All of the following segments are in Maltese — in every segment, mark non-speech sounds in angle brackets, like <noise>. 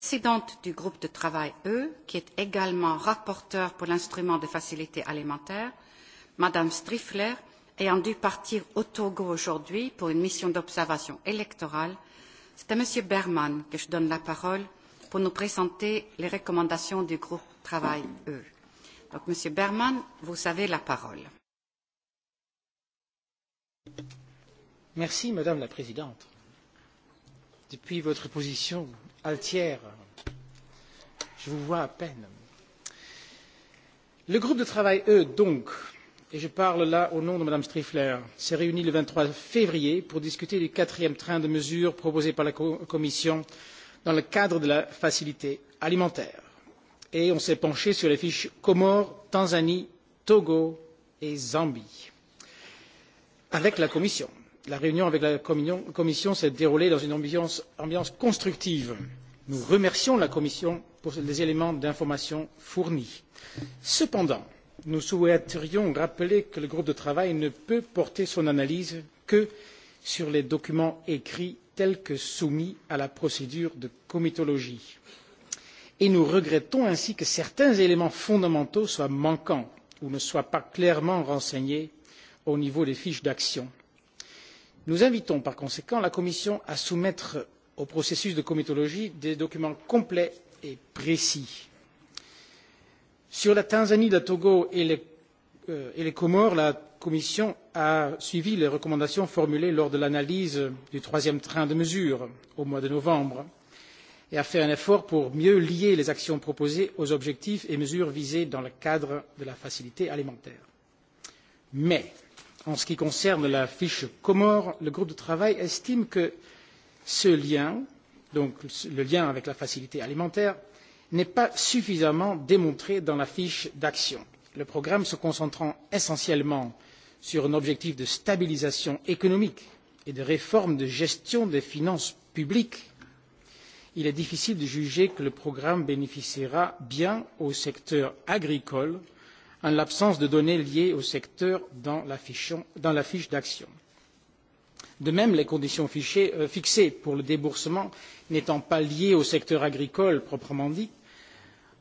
présidente du groupe de travail E, qui est également rapporteure pour l'instrument de facilité alimentaire, Madame Strifler, ayant dû partir au Togo aujourd'hui pour une mission d'observation électorale, c'est à Monsieur Berman que je donne la parole pour nous présenter les recommandations du groupe Travail E. Donc, Monsieur Berman, vous avez la parole. Merci, Madame la Présidente. Depuis votre position Altière, je vous vois à peine. Le groupe de travail, eux, donc, et je parle là au nom de Mme Striffler, s'est réuni le vingt trois février pour discuter du quatrième train de mesures proposé par la Commission dans le cadre de la facilité alimentaire. Et on s'est penché sur les fiches Comores, Tanzanie, Togo et Zambie avec la Commission la réunion avec la Commission s'est déroulée dans une ambiance, ambiance constructive. Nous remercions la Commission pour les éléments d'information fournis. Cependant, nous souhaiterions rappeler que le groupe de travail ne peut porter son analyse que sur les documents écrits tels que soumis à la procédure de comitologie. Et nous regrettons ainsi que certains éléments fondamentaux soient manquants ou ne soient pas clairement renseignés au niveau des fiches d'action. Nous invitons par conséquent la Commission à soumettre au processus de comitologie des documents complets et précis. Sur la Tanzanie, le Togo et les, euh, et les Comores, la Commission a suivi les recommandations formulées lors de l'analyse du troisième train de mesures au mois de novembre et a fait un effort pour mieux lier les actions proposées aux objectifs et mesures visés dans le cadre de la facilité alimentaire. Mais En ce qui concerne la fiche Comore, le groupe de travail estime que ce lien, donc le lien avec la facilité alimentaire, n'est pas suffisamment démontré dans la fiche d'action. Le programme se concentrant essentiellement sur un objectif de stabilisation économique et de réforme de gestion des finances publiques, il est difficile de juger que le programme bénéficiera bien au secteur agricole en l'absence de données liées au secteur dans la fiche d'action. De même, les conditions fichées, euh, fixées pour le déboursement n'étant pas liées au secteur agricole proprement dit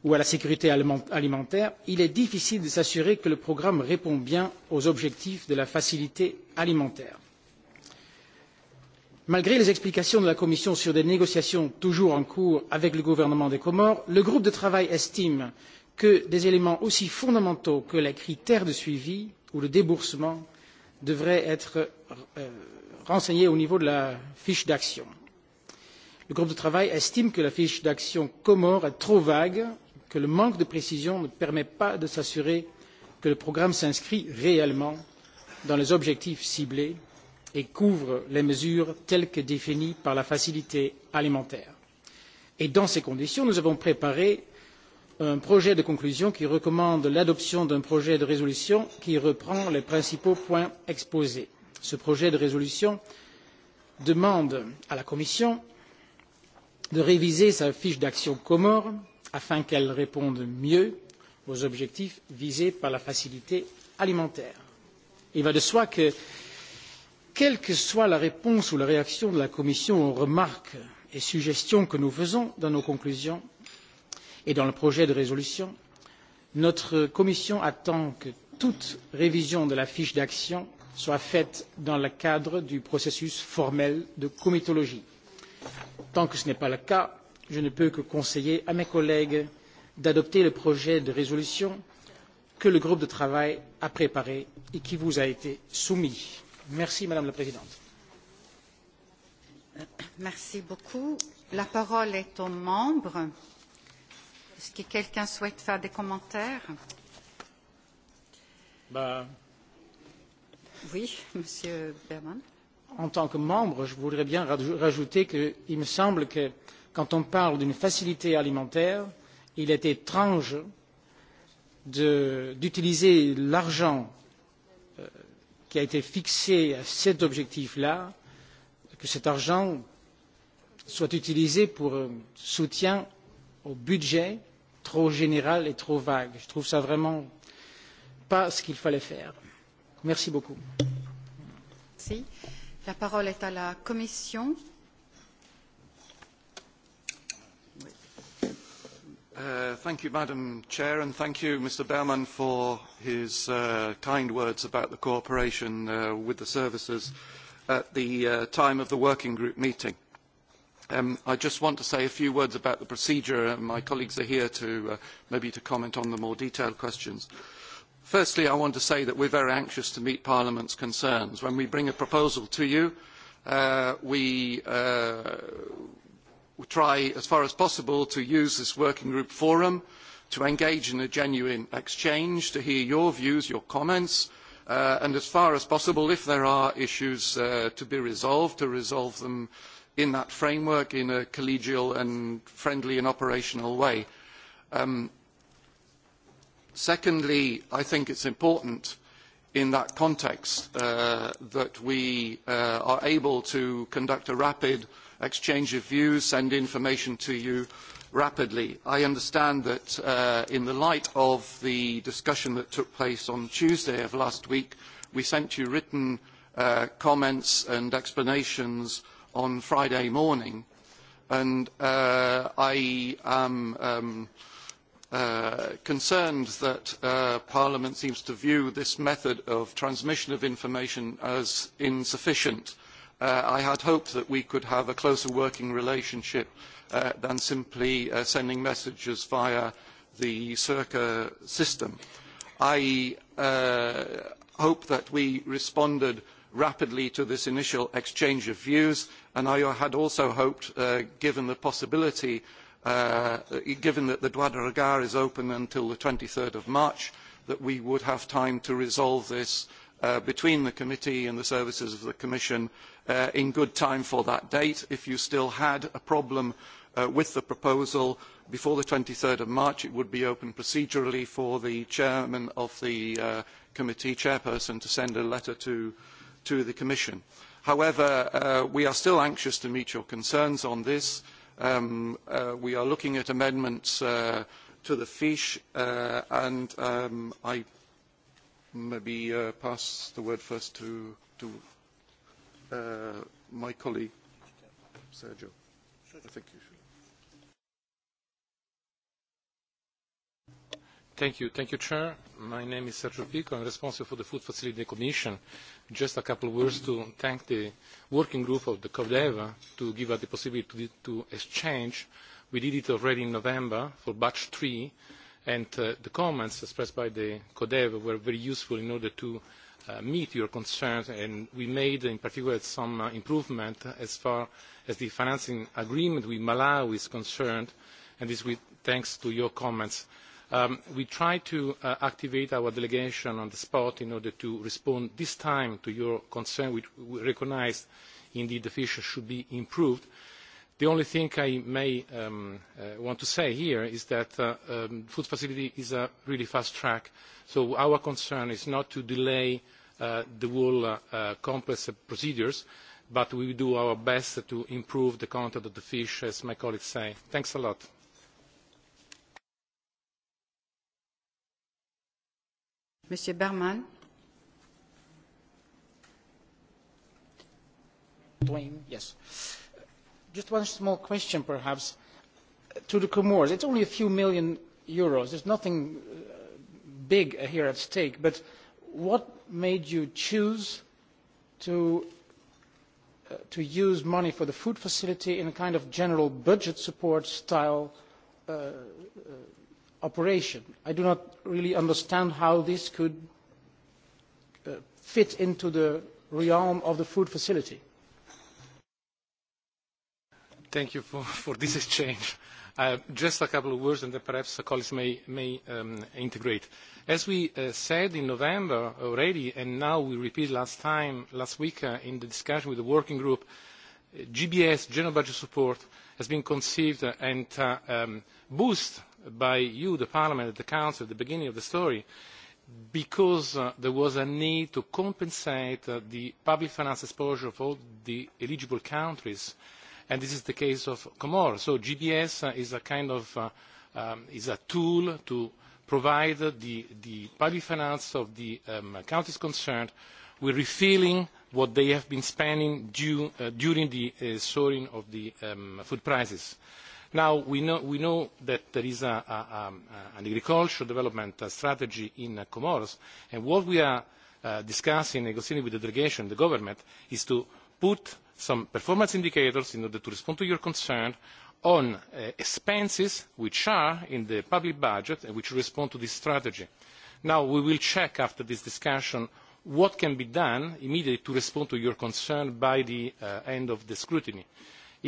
ou à la sécurité alimentaire, il est difficile de s'assurer que le programme répond bien aux objectifs de la facilité alimentaire. Malgré les explications de la Commission sur des négociations toujours en cours avec le gouvernement des Comores, le groupe de travail estime que des éléments aussi fondamentaux que les critères de suivi ou le déboursement devraient être euh, renseignés au niveau de la fiche d'action. Le groupe de travail estime que la fiche d'action Comore est trop vague, que le manque de précision ne permet pas de s'assurer que le programme s'inscrit réellement dans les objectifs ciblés et couvre les mesures telles que définies par la facilité alimentaire. Et dans ces conditions, nous avons préparé un projet de conclusion qui recommande l'adoption d'un projet de résolution qui reprend les principaux points exposés. Ce projet de résolution demande à la Commission de réviser sa fiche d'action Comore afin qu'elle réponde mieux aux objectifs visés par la facilité alimentaire. Il va de soi que, quelle que soit la réponse ou la réaction de la Commission aux remarques et suggestions que nous faisons dans nos conclusions, et dans le projet de résolution, notre commission attend que toute révision de la fiche d'action soit faite dans le cadre du processus formel de comitologie. Tant que ce n'est pas le cas, je ne peux que conseiller à mes collègues d'adopter le projet de résolution que le groupe de travail a préparé et qui vous a été soumis. Merci Madame la Présidente. Merci beaucoup. La parole est aux membres. Est-ce que quelqu'un souhaite faire des commentaires bah, Oui, Monsieur Berman. En tant que membre, je voudrais bien rajouter qu'il me semble que quand on parle d'une facilité alimentaire, il est étrange d'utiliser l'argent euh, qui a été fixé à cet objectif-là, que cet argent soit utilisé pour euh, soutien au budget trop général et trop vague. Je trouve ça vraiment pas ce qu'il fallait faire. Merci beaucoup. Merci. La parole est à la Commission. Uh, thank you, Madam Chair, and thank you, Mr. Bellman, for his uh, kind words about the cooperation uh, with the services at the uh, time of the working group meeting. Um, I just want to say a few words about the procedure. and um, My colleagues are here to uh, maybe to comment on the more detailed questions. Firstly, I want to say that we are very anxious to meet Parliament's concerns. When we bring a proposal to you, uh, we, uh, we try as far as possible to use this working group forum to engage in a genuine exchange, to hear your views, your comments, uh, and as far as possible, if there are issues uh, to be resolved, to resolve them uh, in that framework in a collegial and friendly and operational way. Um, secondly, I think it's important in that context uh, that we uh, are able to conduct a rapid exchange of views, send information to you rapidly. I understand that uh, in the light of the discussion that took place on Tuesday of last week, we sent you written uh, comments and explanations uh, on Friday morning, and uh, I am um, uh, concerned that uh, Parliament seems to view this method of transmission of information as insufficient. Uh, I had hoped that we could have a closer working relationship uh, than simply uh, sending messages via the Circa system. I uh, hope that we responded rapidly to this initial exchange of views, and I had also hoped, uh, given the possibility, uh, given that the Douadaragar is open until the 23rd of March, that we would have time to resolve this uh, between the committee and the services of the Commission uh, in good time for that date. If you still had a problem uh, with the proposal before the 23rd of March, it would be open procedurally for the chairman of the uh, committee chairperson to send a letter to uh, to the Commission. However, uh, we are still anxious to meet your concerns on this. Um, uh, we are looking at amendments uh, to the fish, uh, and um, I maybe uh, pass the word first to, to uh, my colleague, Sergio. Thank you Thank you. Thank you, Chair. My name is Sergio Pico. I'm responsible for the Food Facility Commission just a couple of words to thank the working group of the CODEVA to give us the possibility to, to exchange. We did it already in November for batch three, and uh, the comments expressed by the CODEVA were very useful in order to uh, meet your concerns, and we made in particular some uh, improvement as far as the financing agreement with Malawi is concerned, and this with thanks to your comments Um, we tried to uh, activate our delegation on the spot in order to respond this time to your concern, which we recognize indeed the fisheries should be improved. The only thing I may um, uh, want to say here is that uh, um, food facility is a really fast track, so our concern is not to delay uh, the whole uh, uh, complex procedures, but we will do our best to improve the content of the fish, as my colleagues say. Thanks a lot. Monsieur Berman. Dwayne, yes. Just one small question, perhaps, to the Comores. It's only a few million euros. There's nothing uh, big here at stake, but what made you choose to, uh, to use money for the food facility in a kind of general budget support style uh, uh, operation. I do not really understand how this could uh, fit into the realm of the food facility. Thank you for, for this <laughs> exchange. Uh, just a couple of words and then perhaps the colleagues may, may um, integrate. As we uh, said in November already, and now we repeat last time, last week uh, in the discussion with the working group, uh, GBS, General Budget Support, has been conceived and uh, um, by you, the Parliament, and the Council at the beginning of the story, because uh, there was a need to compensate uh, the public finance exposure of all the eligible countries, and this is the case of Comoros. So GBS uh, is a kind of uh, um, is a tool to provide the, the public finance of the um, countries concerned with refilling what they have been spending due, uh, during the uh, soaring of the um, food prices. Uh, Now, we know, we know that there is a, a, a, an agricultural development strategy in Comoros, and what we are uh, discussing negotiating with the delegation, the government, is to put some performance indicators in order to respond to your concern on uh, expenses which are in the public budget and which respond to this strategy. Now, we will check after this discussion what can be done immediately to respond to your concern by the uh, end of the scrutiny. Uh,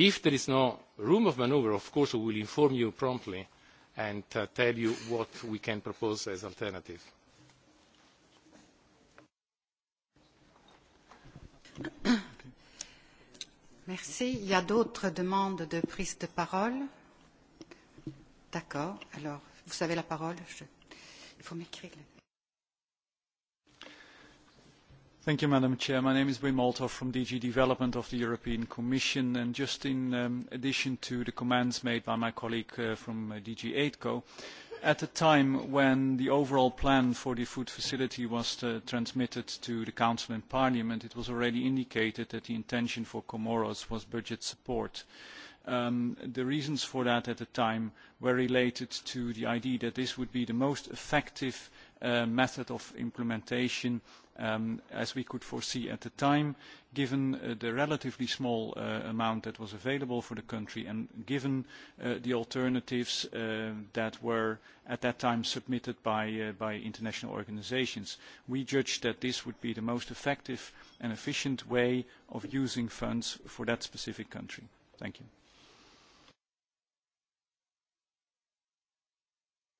If there is no room for manoeuvre, of course, we will inform you promptly and uh, tell you what we can propose as alternative. <coughs> Merci. Il y a d'autres demandes de prise de parole D'accord. Alors, vous avez la parole. Je... Il faut m'écrire. Thank you, Madam Chair. My name is Wim Althoff from DG Development of the European Commission. And just in um, addition to the comments made by my colleague uh, from uh, DG AIDCO, at a time when the overall plan for the food facility was uh, transmitted to the Council and Parliament, it was already indicated that the intention for Comoros was budget support. Um, the reasons for that at the time were related to the idea that this would be the most effective uh, method of implementation um, as we could foresee at the time, given uh, the relatively small uh, amount that was available for the country and given uh, the alternatives uh, that were at that time submitted by, uh, by international organizations. We judged that this would be the most effective and efficient way of using funds for that specific country. Thank you.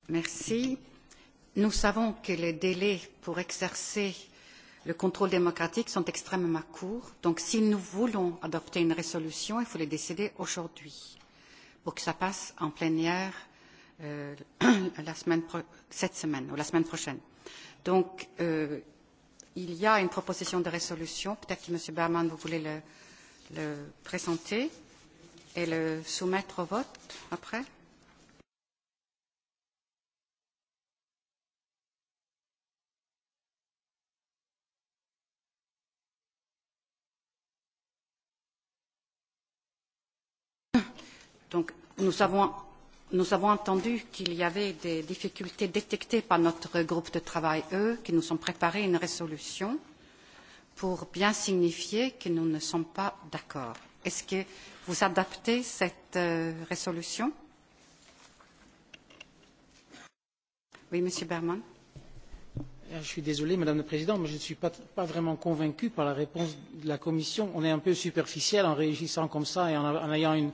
Merci. Nous savons que le délai pour exercer le contrôle démocratique sont extrêmement courts. Donc si nous voulons adopter une résolution, il faut le décider aujourd'hui pour que ça passe en plénière euh, <clears throat> la semaine cette semaine ou la semaine prochaine. Donc euh, il y a une proposition de résolution. Peut-être que M. Berman, vous voulez le, le présenter et le soumettre au vote après Donc, nous avons, nous avons entendu qu'il y avait des difficultés détectées par notre groupe de travail, eux, qui nous ont préparé une résolution pour bien signifier que nous ne sommes pas d'accord. Est-ce que vous adaptez cette euh, résolution Oui, Monsieur Berman. Euh, je suis désolé, Madame la Présidente, mais je ne suis pas, pas vraiment convaincu par la réponse de la Commission. On est un peu superficiel en réagissant comme ça et en, en ayant une,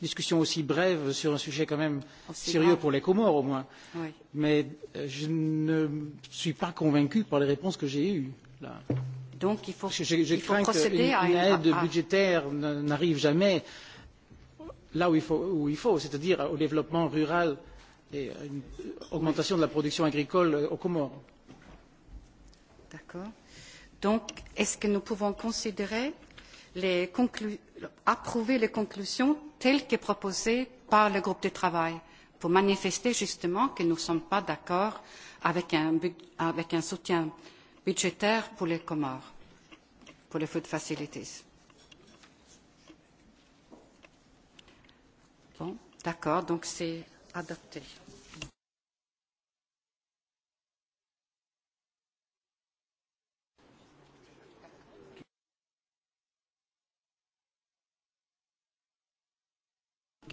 discussion aussi brève sur un sujet quand même aussi oh, sérieux grave. pour les Comores au moins. Oui. Mais euh, je ne suis pas convaincu par les réponses que j'ai eues là. Donc il faut, je, je, je il crains faut procéder une, à une aide à... budgétaire n'arrive jamais là où il faut, où il faut c'est-à-dire au développement rural et à une augmentation oui. de la production agricole euh, aux Comores. D'accord. Donc, est-ce que nous pouvons considérer les conclu... approuver les conclusions tel que proposé par le groupe de travail pour manifester justement que nous ne sommes pas d'accord avec, avec un, soutien budgétaire pour les Comores, pour les food facilities. Bon, d'accord, donc c'est adopté.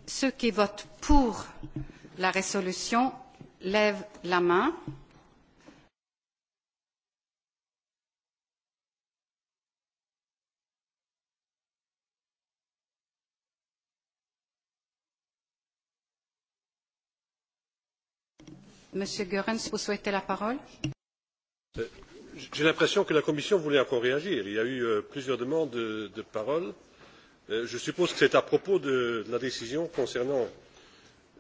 Ceux qui votent pour la résolution lèvent la main. Monsieur Goerens, vous souhaitez la parole euh, J'ai l'impression que la Commission voulait encore réagir. Il y a eu euh, plusieurs demandes de, parole. Euh, Euh, je suppose que c'est à propos de, la décision concernant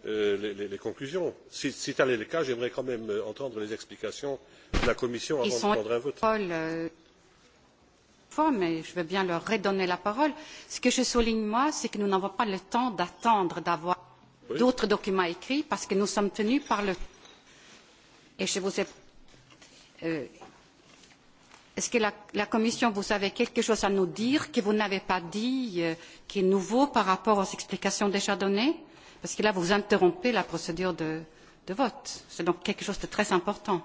euh, les, les, les conclusions. Si, si tel est le cas, j'aimerais quand même euh, entendre les explications de la Commission avant Ils de prendre un vote. Euh, mais je veux bien leur redonner la parole. Ce que je souligne, moi, c'est que nous n'avons pas le temps d'attendre d'avoir oui. d'autres documents écrits parce que nous sommes tenus par le. Et je vous ai. Euh, Est-ce que la, la, Commission, vous avez quelque chose à nous dire que vous n'avez pas dit, euh, qui est nouveau par rapport aux explications déjà données Parce que là, vous interrompez la procédure de, de vote. C'est donc quelque chose de très important.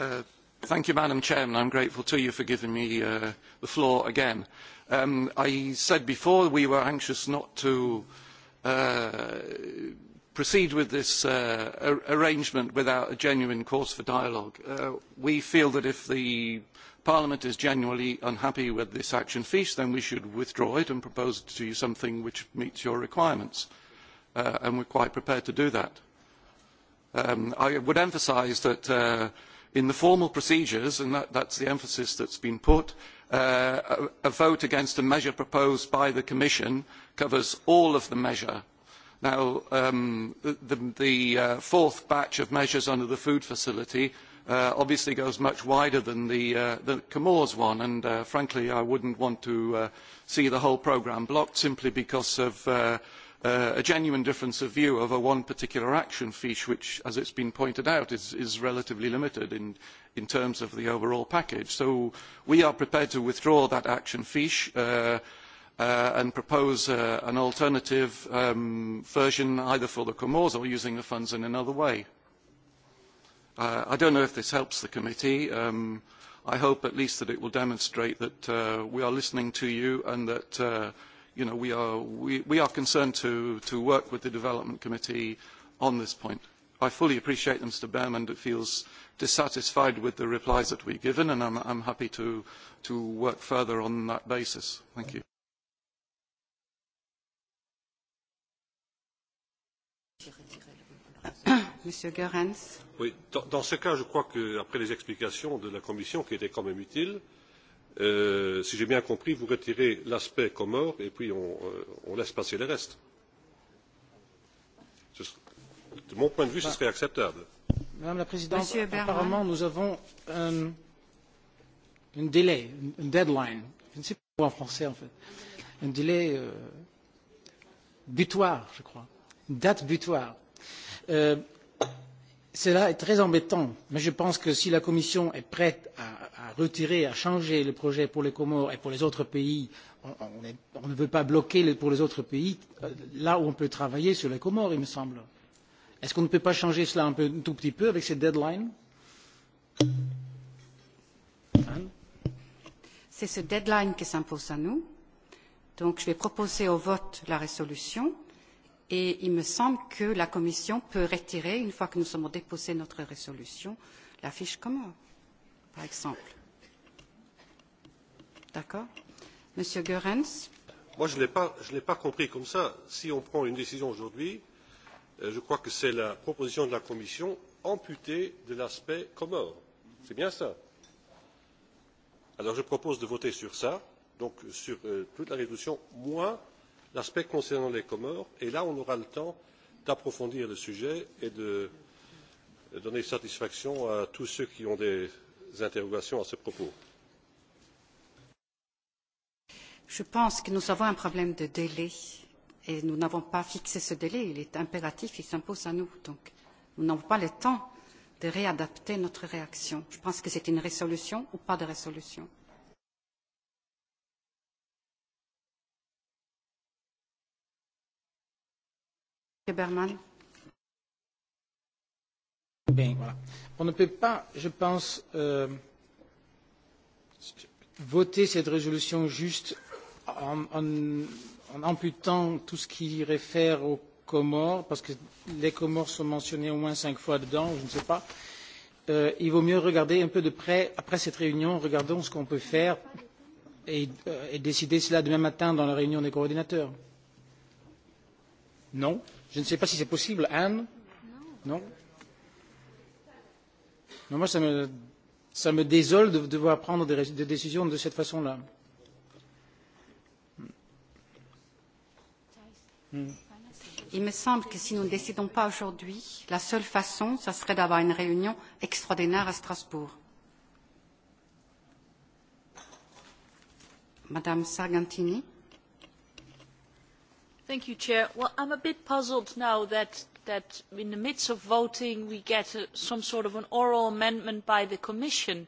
Uh, thank you, Madam Chairman. I'm grateful to you for giving me uh, the floor again. Um, I said before we were anxious not to uh, proceed with this uh, arrangement without a genuine course for dialogue. Uh, we feel that if the Parliament is genuinely unhappy with this action feast, then we should withdraw it and propose to you something which meets your requirements. Uh, and we're quite prepared to do that. Um, I would emphasise that uh, in the formal procedures, and that, that's the emphasis that's been put, uh, a, a vote against a measure proposed by the Commission covers all of the measure Now, um, the, the uh, fourth batch of measures under the food facility uh, obviously goes much wider than the, uh, the Camors one, and uh, frankly, I wouldn't want to uh, see the whole programme blocked simply because of uh, uh, a genuine difference of view over one particular action fiche, which, as it's been pointed out, is, is relatively limited in, in terms of the overall package. So we are prepared to withdraw that action fiche. Uh, uh, and propose uh, an alternative um, version either for the Comores or using the funds in another way. Uh, I don't know if this helps the committee. Um, I hope at least that it will demonstrate that uh, we are listening to you and that uh, you know, we, are, we, we are concerned to, to work with the Development Committee on this point. I fully appreciate that Mr. Behrman feels dissatisfied with the replies that we've given, and I'm, I'm happy to, to work further on that basis. Thank you. <coughs> Monsieur Goerens. Oui, dans, dans ce cas, je crois qu'après les explications de la Commission, qui étaient quand même utiles, euh, si j'ai bien compris, vous retirez l'aspect Comore et puis on, euh, on laisse passer le reste. Ce, de mon point de vue, ce serait acceptable. Madame la Présidente, apparemment, nous avons un, un délai, un deadline. Je ne sais pas en français, en fait. Un délai euh, butoir, je crois. Une date butoir Euh, cela est très embêtant, mais je pense que si la Commission est prête à, à retirer, à changer le projet pour les Comores et pour les autres pays, on, on, est, on ne peut pas bloquer les, pour les autres pays euh, là où on peut travailler sur les Comores, il me semble. Est-ce qu'on ne peut pas changer cela un, peu, un tout petit peu avec ces deadlines C'est ce deadline qui s'impose à nous. Donc je vais proposer au vote la résolution Et il me semble que la Commission peut retirer, une fois que nous avons déposé notre résolution, la fiche commune, par exemple. D'accord Monsieur Goerens Moi, je ne l'ai pas compris comme ça. Si on prend une décision aujourd'hui, euh, je crois que c'est la proposition de la Commission amputée de l'aspect commun. C'est bien ça. Alors, je propose de voter sur ça, donc sur euh, toute la résolution, moins L'aspect concernant les Comores, et là on aura le temps d'approfondir le sujet et de donner satisfaction à tous ceux qui ont des interrogations à ce propos. Je pense que nous avons un problème de délai et nous n'avons pas fixé ce délai. Il est impératif, il s'impose à nous. Donc nous n'avons pas le temps de réadapter notre réaction. Je pense que c'est une résolution ou pas de résolution. Berman. Bien, voilà. On ne peut pas, je pense, euh, voter cette résolution juste en, en, en amputant tout ce qui réfère aux Comores, parce que les Comores sont mentionnés au moins cinq fois dedans, je ne sais pas. Euh, il vaut mieux regarder un peu de près, après cette réunion, regardons ce qu'on peut faire et, euh, et décider cela demain matin dans la réunion des coordinateurs. Non Je ne sais pas si c'est possible. Anne Non Non, moi, ça me, ça me désole de devoir prendre des, des décisions de cette façon-là. Hmm. Il me semble que si nous ne décidons pas aujourd'hui, la seule façon, ce serait d'avoir une réunion extraordinaire à Strasbourg. Madame Sargentini Thank you, Chair. Well, I'm a bit puzzled now that, that in the midst of voting we get a, uh, some sort of an oral amendment by the Commission.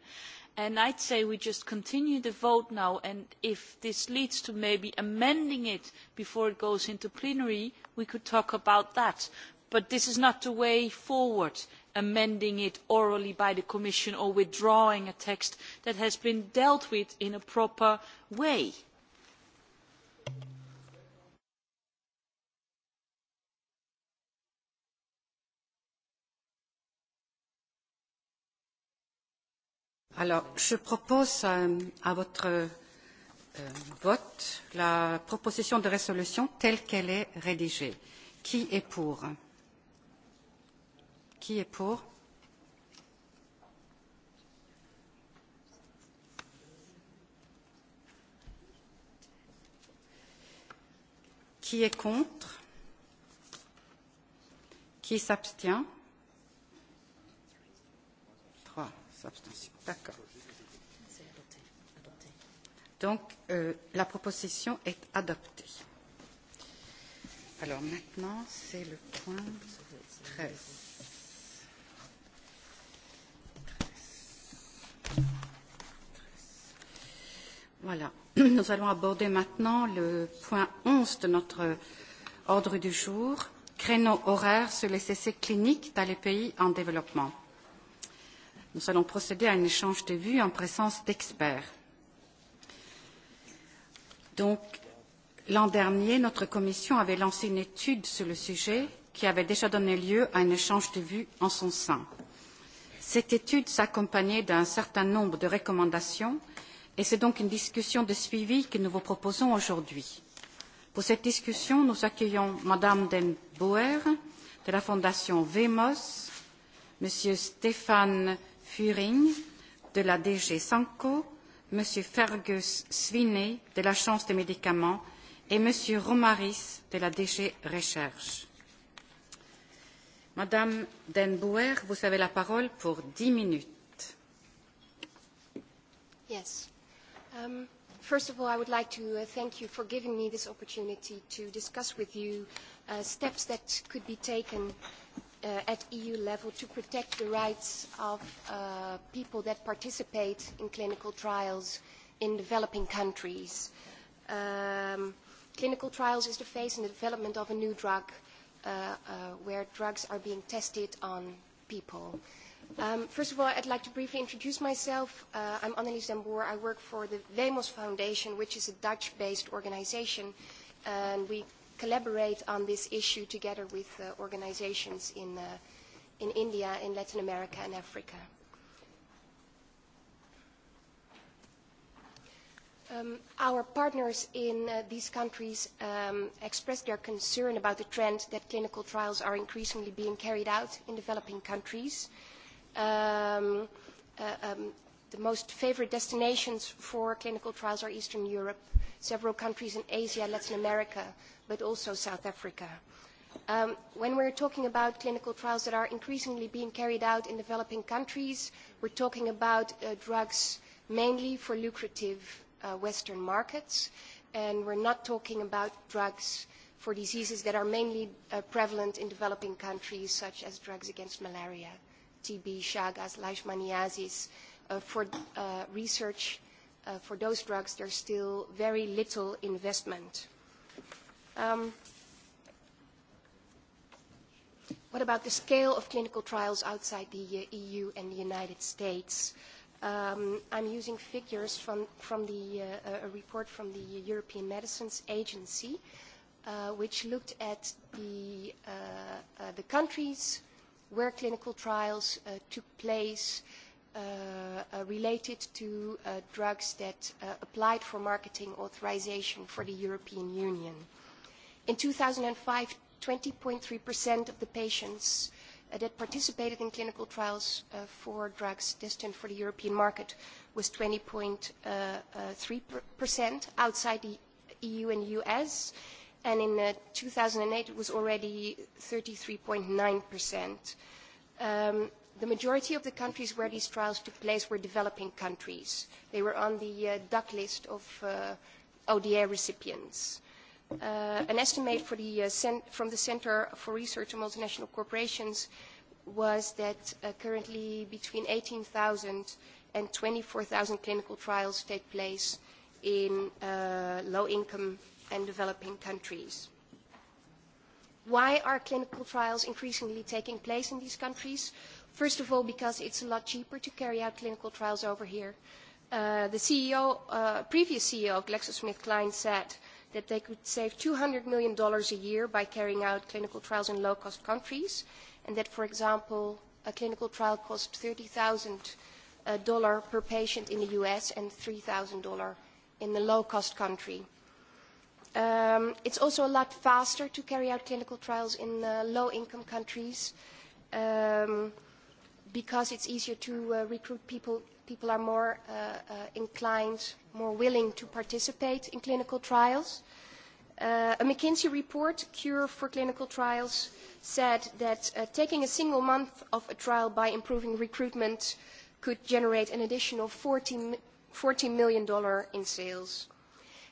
And I'd say we just continue the vote now, and if this leads to maybe amending it before it goes into plenary, we could talk about that. But this is not the way forward, amending it orally by the Commission or withdrawing a text that has been dealt with in a proper way. Alors, je propose à, euh, à votre euh, vote la proposition de résolution telle qu'elle est rédigée. Qui est pour Qui est pour Qui est contre Qui s'abstient abstention. D'accord. Donc, euh, la proposition est adoptée. Alors maintenant, c'est le point 13. Voilà. <clears throat> Nous allons aborder maintenant le point 11 de notre ordre du jour, créneau horaire sur les essais cliniques dans les pays en développement. Nous allons procéder à un échange de vues en présence d'experts. Donc, l'an dernier, notre commission avait lancé une étude sur le sujet qui avait déjà donné lieu à un échange de vues en son sein. Cette étude s'accompagnait d'un certain nombre de recommandations et c'est donc une discussion de suivi que nous vous proposons aujourd'hui. Pour cette discussion, nous accueillons Madame Den Boer de la Fondation VEMOS, Monsieur Stéphane Furing de la DG Sanco, M. Fergus Swinney de l'Agence des médicaments et M. Romaris de la DG Recherche. Madame Denbouwer, vous avez la parole pour dix minutes. Yes. Um, first of all, I would like to uh, thank you for giving me this opportunity to discuss with you uh, steps that could be taken uh, at EU level to protect the rights of uh, people that participate in clinical trials in developing countries. Um, clinical trials is the phase in the development of a new drug uh, uh, where drugs are being tested on people. Um, first of all, I'd like to briefly introduce myself. Uh, I'm Annelies den Boer. I work for the VEMOS Foundation, which is a Dutch-based organization, and we collaborate on this issue together with uh, organizations in, uh, in India, in Latin America and Africa. Um, our partners in uh, these countries um, expressed their concern about the trend that clinical trials are increasingly being carried out in developing countries. Um, uh, um, the most favoured destinations for clinical trials are Eastern Europe, several countries in Asia, Latin America, but also South Africa. Um, when we're talking about clinical trials that are increasingly being carried out in developing countries, we're talking about uh, drugs mainly for lucrative uh, Western markets, and we're not talking about drugs for diseases that are mainly uh, prevalent in developing countries, such as drugs against malaria, TB, Chagas, Leishmaniasis, uh, for uh, research uh, for those drugs, there's still very little investment. Um, what about the scale of clinical trials outside the uh, EU and the United States? Um, I'm using figures from, from the, uh, a report from the European Medicines Agency, uh, which looked at the, uh, uh, the countries where clinical trials uh, took place, uh, Uh, uh, related to uh, drugs that uh, applied for marketing authorization for the European Union. In 2005, 20.3% of the patients uh, that participated in clinical trials uh, for drugs destined for the European market was 20.3% uh, uh, outside the EU and US, and in uh, 2008 it was already 33.9%. Um, the majority of the countries where these trials took place were developing countries. They were on the uh, duck list of uh, ODA recipients. Uh, an estimate for the, uh, from the Center for Research on Multinational Corporations was that uh, currently between 18,000 and 24,000 clinical trials take place in uh, low-income and developing countries. Why are clinical trials increasingly taking place in these countries? Uh, First of all, because it's a lot cheaper to carry out clinical trials over here. Uh, the CEO, uh, previous CEO of GlaxoSmithKline said that they could save $200 million a year by carrying out clinical trials in low-cost countries, and that, for example, a clinical trial costs $30,000 uh, per patient in the US and $3,000 in the low-cost country. Um, it's also a lot faster to carry out clinical trials in uh, low-income countries. Um, because it's easier to uh, recruit people, people are more uh, uh, inclined, more willing to participate in clinical trials. Uh, a McKinsey report, Cure for Clinical Trials, said that uh, taking a single month of a trial by improving recruitment could generate an additional $14, $14 million in sales.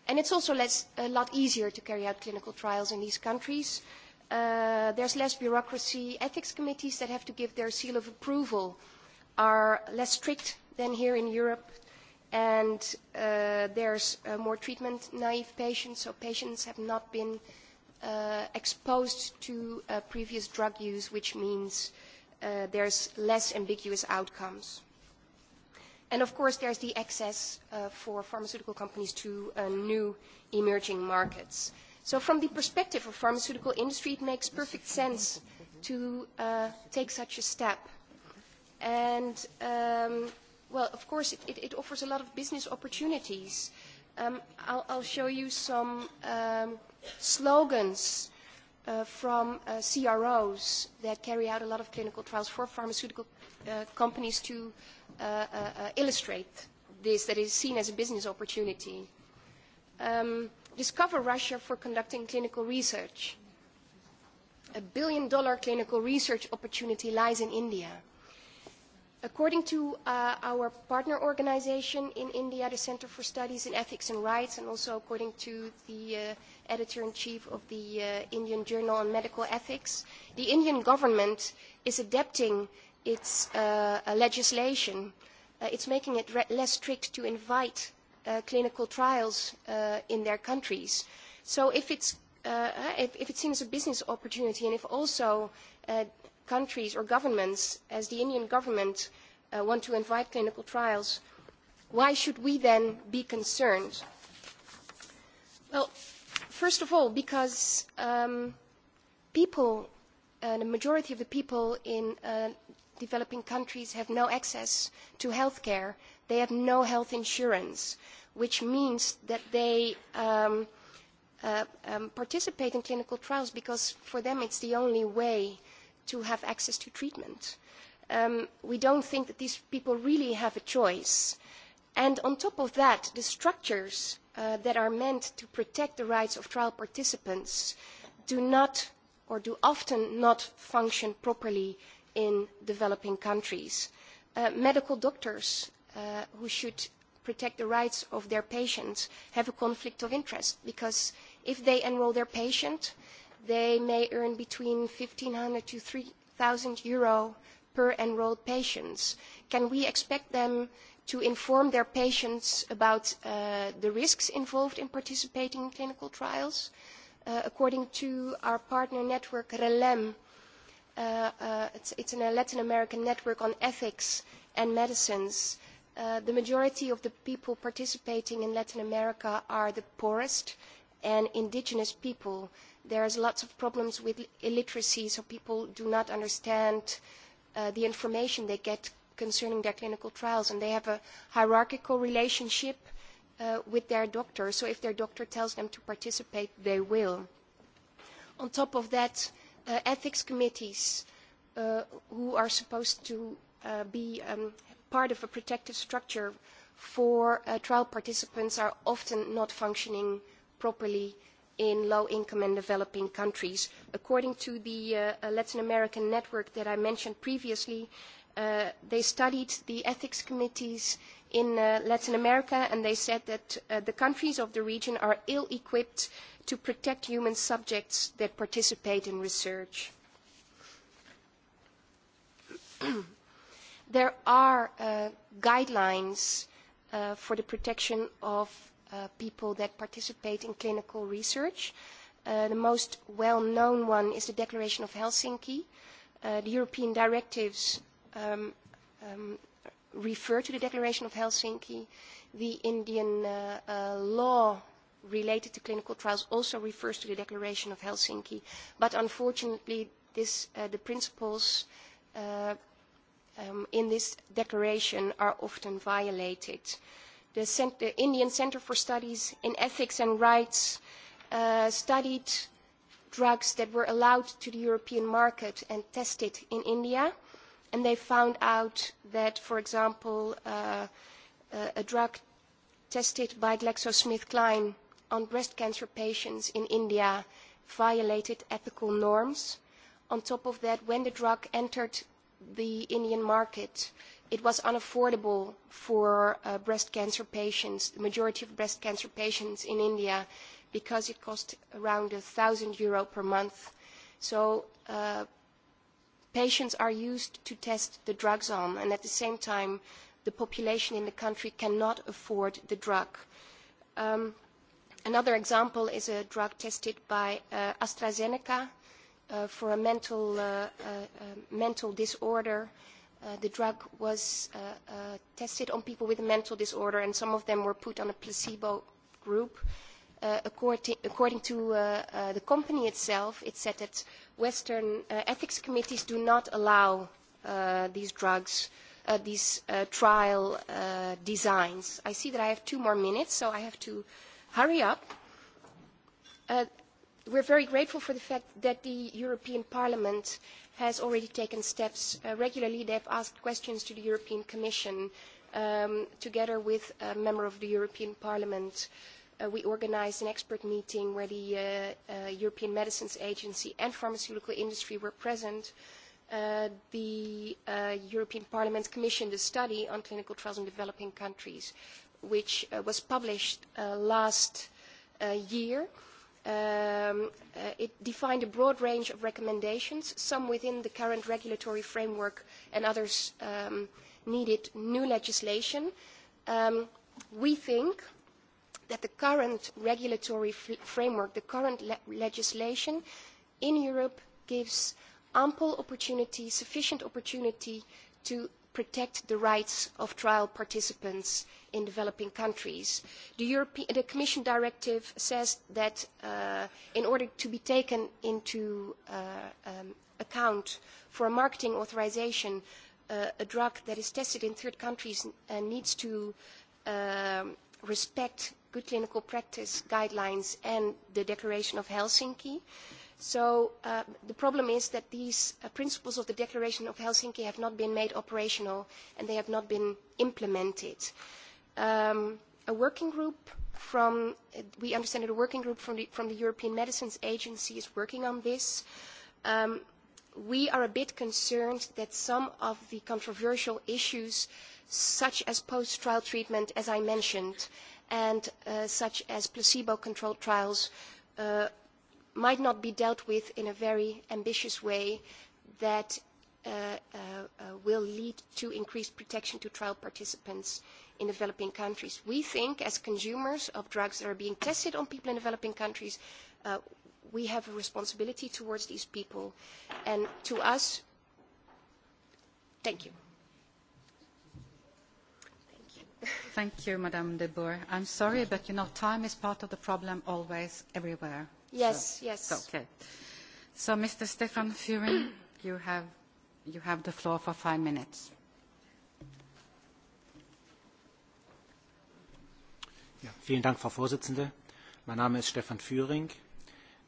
And it's also less, a lot easier to carry out clinical trials in these countries uh, there's less bureaucracy. Ethics committees that have to give their seal of approval are less strict than here in Europe. And uh, there's uh, more treatment-naive patients, so patients have not been uh, exposed to uh, previous drug use, which means uh, there's less ambiguous outcomes. And of course, there's the access uh, for pharmaceutical companies to uh, new emerging markets. Uh, So from the perspective of pharmaceutical industry, it makes perfect sense to uh, take such a step. And, um, well, of course, it, it, it offers a lot of business opportunities. Um, I'll, I'll show you some um, slogans uh, from uh, CROs that carry out a lot of clinical trials for pharmaceutical uh, companies to uh, uh, uh illustrate this, that is seen as a business opportunity. Um, discover Russia for conducting clinical research. A billion dollar clinical research opportunity lies in India. According to uh, our partner organization in India, the Center for Studies in Ethics and Rights, and also according to the uh, editor-in-chief of the uh, Indian Journal on Medical Ethics, the Indian government is adapting its uh, legislation. Uh, it's making it re less strict to invite uh, clinical trials uh, in their countries. So if, it's, uh, if, if it seems a business opportunity and if also uh, countries or governments, as the Indian government, uh, want to invite clinical trials, why should we then be concerned? Well, first of all, because um, people, uh, the majority of the people in uh, developing countries have no access to health care They have no health insurance, which means that they um, uh, um, participate in clinical trials because for them it's the only way to have access to treatment. Um, we don't think that these people really have a choice. And on top of that, the structures uh, that are meant to protect the rights of trial participants do not or do often not function properly in developing countries. Uh, medical doctors uh, who should protect the rights of their patients have a conflict of interest because if they enroll their patient, they may earn between 1,500 to 3,000 euro per enrolled patient. Can we expect them to inform their patients about uh, the risks involved in participating in clinical trials? Uh, according to our partner network, RELEM, uh, uh, it's, it's a Latin American network on ethics and medicines. Uh, Uh, the majority of the people participating in Latin America are the poorest and indigenous people. There are lots of problems with illiteracy, so people do not understand uh, the information they get concerning their clinical trials, and they have a hierarchical relationship uh, with their doctor, so if their doctor tells them to participate, they will. On top of that, uh, ethics committees uh, who are supposed to uh, be um, part of a protective structure for uh, trial participants are often not functioning properly in low-income and developing countries. According to the uh, uh, Latin American network that I mentioned previously, uh, they studied the ethics committees in uh, Latin America and they said that uh, the countries of the region are ill-equipped to protect human subjects that participate in research. <clears throat> there are uh, guidelines uh, for the protection of uh, people that participate in clinical research. Uh, the most well-known one is the Declaration of Helsinki. Uh, the European directives um, um, refer to the Declaration of Helsinki. The Indian uh, uh, law related to clinical trials also refers to the Declaration of Helsinki. But unfortunately, this, uh, the principles uh, um, in this declaration are often violated. The, Cent the Indian Center for Studies in Ethics and Rights uh, studied drugs that were allowed to the European market and tested in India, and they found out that, for example, uh, a drug tested by GlaxoSmithKline on breast cancer patients in India violated ethical norms. On top of that, when the drug entered the Indian market, it was unaffordable for uh, breast cancer patients, the majority of breast cancer patients in India, because it cost around a thousand euro per month. So uh, patients are used to test the drugs on, and at the same time, the population in the country cannot afford the drug. Um, another example is a drug tested by uh, AstraZeneca, uh, for a mental, uh, uh, um, mental disorder. Uh, the drug was uh, uh, tested on people with a mental disorder and some of them were put on a placebo group. Uh, according, according to uh, uh, the company itself, it said that Western uh, ethics committees do not allow uh, these drugs, uh, these uh, trial uh, designs. I see that I have two more minutes, so I have to hurry up. Uh, we're very grateful for the fact that the European Parliament has already taken steps. Uh, regularly, they've asked questions to the European Commission um, together with a member of the European Parliament. Uh, we organised an expert meeting where the uh, uh, European Medicines Agency and pharmaceutical industry were present. Uh, the uh, European Parliament commissioned a study on clinical trials in developing countries, which uh, was published uh, last uh, year. Um, uh, it defined a broad range of recommendations, some within the current regulatory framework and others um, needed new legislation. Um, we think that the current regulatory framework, the current le legislation in Europe gives ample opportunity, sufficient opportunity to protect the rights of trial participants in developing countries. The, the Commission directive says that uh, in order to be taken into uh, um, account for a marketing authorisation, uh, a drug that is tested in third countries uh, needs to um, respect good clinical practice guidelines and the Declaration of Helsinki. Uh, So uh, the problem is that these uh, principles of the Declaration of Helsinki have not been made operational and they have not been implemented. Um, a working group from, uh, we understand that a working group from the, from the European Medicines Agency is working on this. Um, we are a bit concerned that some of the controversial issues, such as post-trial treatment, as I mentioned, and uh, such as placebo-controlled trials, uh, might not be dealt with in a very ambitious way that uh, uh, uh, will lead to increased protection to trial participants in developing countries. We think, as consumers of drugs that are being tested on people in developing countries, uh, we have a responsibility towards these people. And to us, thank you. Thank you, Madame de Boer. I'm sorry, but you know, time is part of the problem always, everywhere. Yes, no. yes. Okay. So, Mr. Stefan Furin, you have, you have the floor for five minutes. Ja, vielen Dank, Frau Vorsitzende. Mein Name ist Stefan Führing.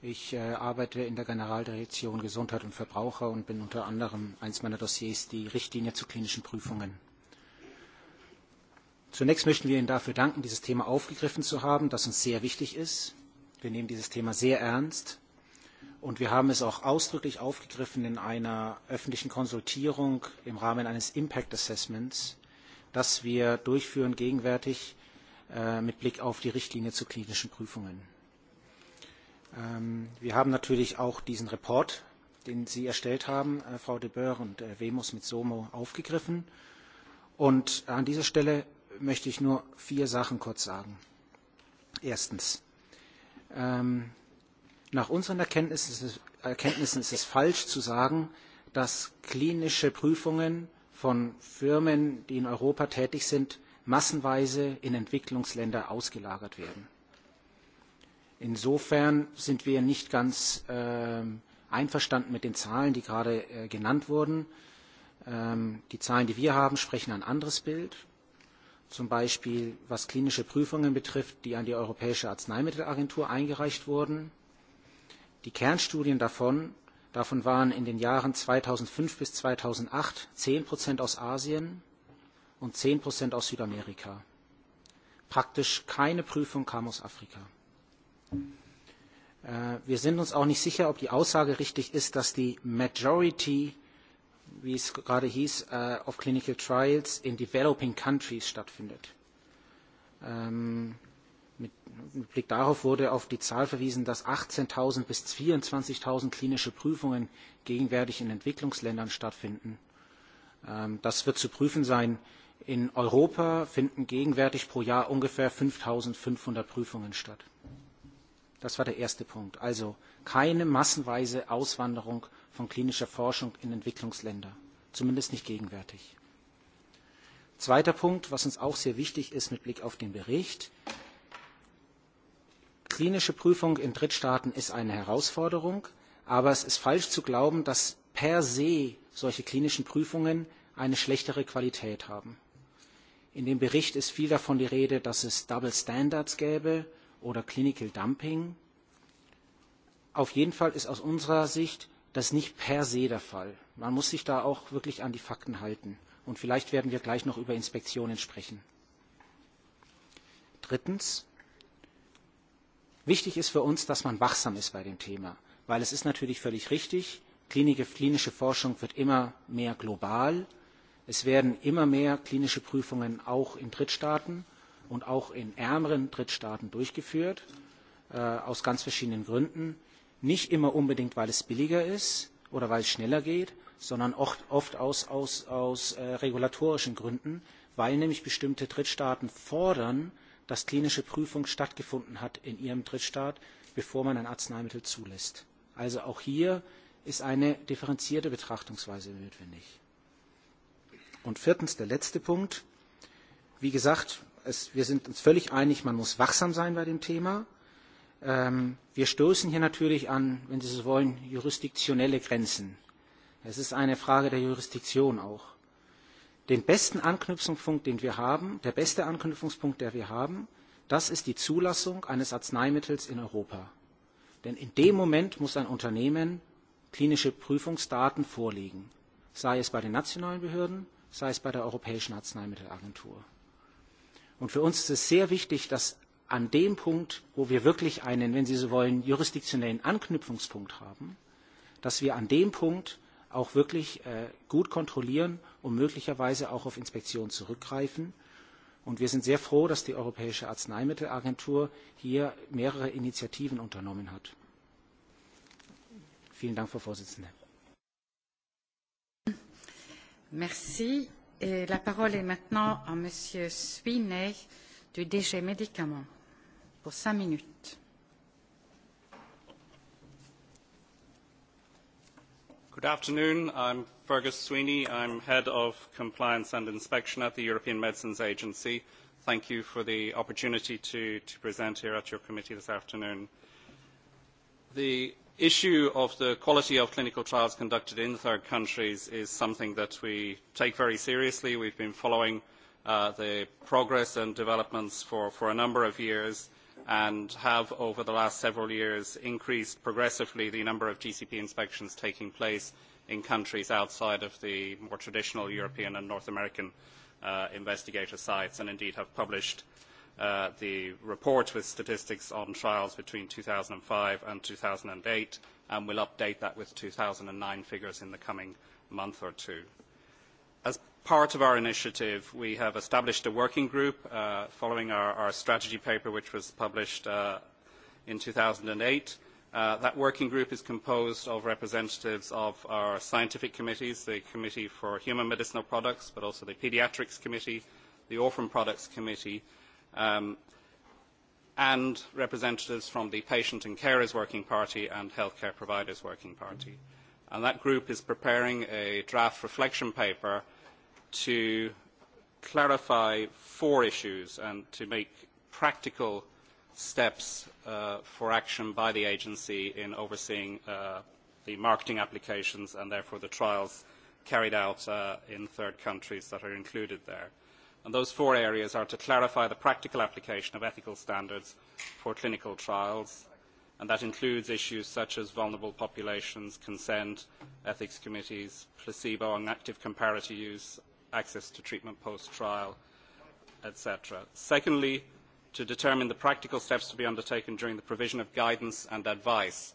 Ich äh, arbeite in der Generaldirektion Gesundheit und Verbraucher und bin unter anderem eines meiner Dossiers die Richtlinie zu klinischen Prüfungen. Zunächst möchten wir Ihnen dafür danken, dieses Thema aufgegriffen zu haben, das uns sehr wichtig ist. Wir nehmen dieses Thema sehr ernst. Und wir haben es auch ausdrücklich aufgegriffen in einer öffentlichen Konsultierung im Rahmen eines Impact Assessments, das wir durchführen gegenwärtig äh, mit Blick auf die Richtlinie zu klinischen Prüfungen. Ähm, wir haben natürlich auch diesen Report, den Sie erstellt haben, äh, Frau de Boer und äh, Wemus mit Somo, aufgegriffen. Und an dieser Stelle möchte ich nur vier Sachen kurz sagen. Erstens. Ähm, nach unseren Erkenntnissen ist, es, Erkenntnissen ist es falsch zu sagen, dass klinische Prüfungen von Firmen, die in Europa tätig sind, massenweise in Entwicklungsländer ausgelagert werden. Insofern sind wir nicht ganz äh, einverstanden mit den Zahlen, die gerade äh, genannt wurden. Ähm, die Zahlen, die wir haben, sprechen ein anderes Bild zum Beispiel was klinische Prüfungen betrifft, die an die Europäische Arzneimittelagentur eingereicht wurden. Die Kernstudien davon, davon waren in den Jahren 2005 bis 2008 zehn Prozent aus Asien und zehn Prozent aus Südamerika. Praktisch keine Prüfung kam aus Afrika. Äh, wir sind uns auch nicht sicher, ob die Aussage richtig ist, dass die Majority wie es gerade hieß, äh, auf Clinical Trials in Developing Countries stattfindet. Ähm, mit, mit Blick darauf wurde auf die Zahl verwiesen, dass 18.000 bis 24.000 klinische Prüfungen gegenwärtig in Entwicklungsländern stattfinden. Ähm, das wird zu prüfen sein. In Europa finden gegenwärtig pro Jahr ungefähr 5.500 Prüfungen statt. Das war der erste Punkt. Also keine massenweise Auswanderung von klinischer Forschung in Entwicklungsländern, zumindest nicht gegenwärtig. Zweiter Punkt, was uns auch sehr wichtig ist mit Blick auf den Bericht. Klinische Prüfung in Drittstaaten ist eine Herausforderung, aber es ist falsch zu glauben, dass per se solche klinischen Prüfungen eine schlechtere Qualität haben. In dem Bericht ist viel davon die Rede, dass es Double Standards gäbe oder Clinical Dumping. Auf jeden Fall ist aus unserer Sicht das ist nicht per se der Fall. Man muss sich da auch wirklich an die Fakten halten. Und vielleicht werden wir gleich noch über Inspektionen sprechen. Drittens. Wichtig ist für uns, dass man wachsam ist bei dem Thema, weil es ist natürlich völlig richtig, klinische Forschung wird immer mehr global. Es werden immer mehr klinische Prüfungen auch in Drittstaaten und auch in ärmeren Drittstaaten durchgeführt, äh, aus ganz verschiedenen Gründen. Nicht immer unbedingt, weil es billiger ist oder weil es schneller geht, sondern oft, oft aus, aus, aus äh, regulatorischen Gründen, weil nämlich bestimmte Drittstaaten fordern, dass klinische Prüfung stattgefunden hat in ihrem Drittstaat, bevor man ein Arzneimittel zulässt. Also auch hier ist eine differenzierte Betrachtungsweise notwendig. Und viertens, der letzte Punkt. Wie gesagt, es, wir sind uns völlig einig, man muss wachsam sein bei dem Thema. Ähm, wir stoßen hier natürlich an, wenn Sie so wollen, jurisdiktionelle Grenzen. Es ist eine Frage der Jurisdiktion auch. Den besten Anknüpfungspunkt, den wir haben, der beste Anknüpfungspunkt, der wir haben, das ist die Zulassung eines Arzneimittels in Europa. Denn in dem Moment muss ein Unternehmen klinische Prüfungsdaten vorlegen, sei es bei den nationalen Behörden, sei es bei der Europäischen Arzneimittelagentur. Und für uns ist es sehr wichtig, dass an dem Punkt, wo wir wirklich einen, wenn Sie so wollen, jurisdiktionellen Anknüpfungspunkt haben, dass wir an dem Punkt auch wirklich äh, gut kontrollieren und möglicherweise auch auf Inspektionen zurückgreifen. Und wir sind sehr froh, dass die Europäische Arzneimittelagentur hier mehrere Initiativen unternommen hat. Vielen Dank, Frau Vorsitzende. Merci. Et la parole est maintenant à Monsieur Swinney du DG Médicaments pour minutes. Good afternoon. I'm Fergus Sweeney. I'm Head of Compliance and Inspection at the European Medicines Agency. Thank you for the opportunity to, to present here at your committee this afternoon. The issue of the quality of clinical trials conducted in third countries is something that we take very seriously. We've been following uh, the progress and developments for, for a number of years and have over the last several years increased progressively the number of GCP inspections taking place in countries outside of the more traditional European and North American uh, investigator sites and indeed have published uh, the report with statistics on trials between two thousand and five and two thousand and eight and will update that with two thousand and nine figures in the coming month or two. As part of our initiative, we have established a working group uh, following our, our strategy paper, which was published uh, in 2008. Uh, that working group is composed of representatives of our scientific committees, the Committee for Human Medicinal Products, but also the Pediatrics Committee, the Orphan Products Committee, um, and representatives from the Patient and Carers Working Party and Healthcare Providers Working Party. And that group is preparing a draft reflection paper to clarify four issues and to make practical steps uh, for action by the agency in overseeing uh, the marketing applications and therefore the trials carried out uh, in third countries that are included there. And those four areas are to clarify the practical application of ethical standards for clinical trials, and that includes issues such as vulnerable populations, consent, ethics committees, placebo and active comparator use, access to treatment post-trial, etc. Secondly, to determine the practical steps to be undertaken during the provision of guidance and advice.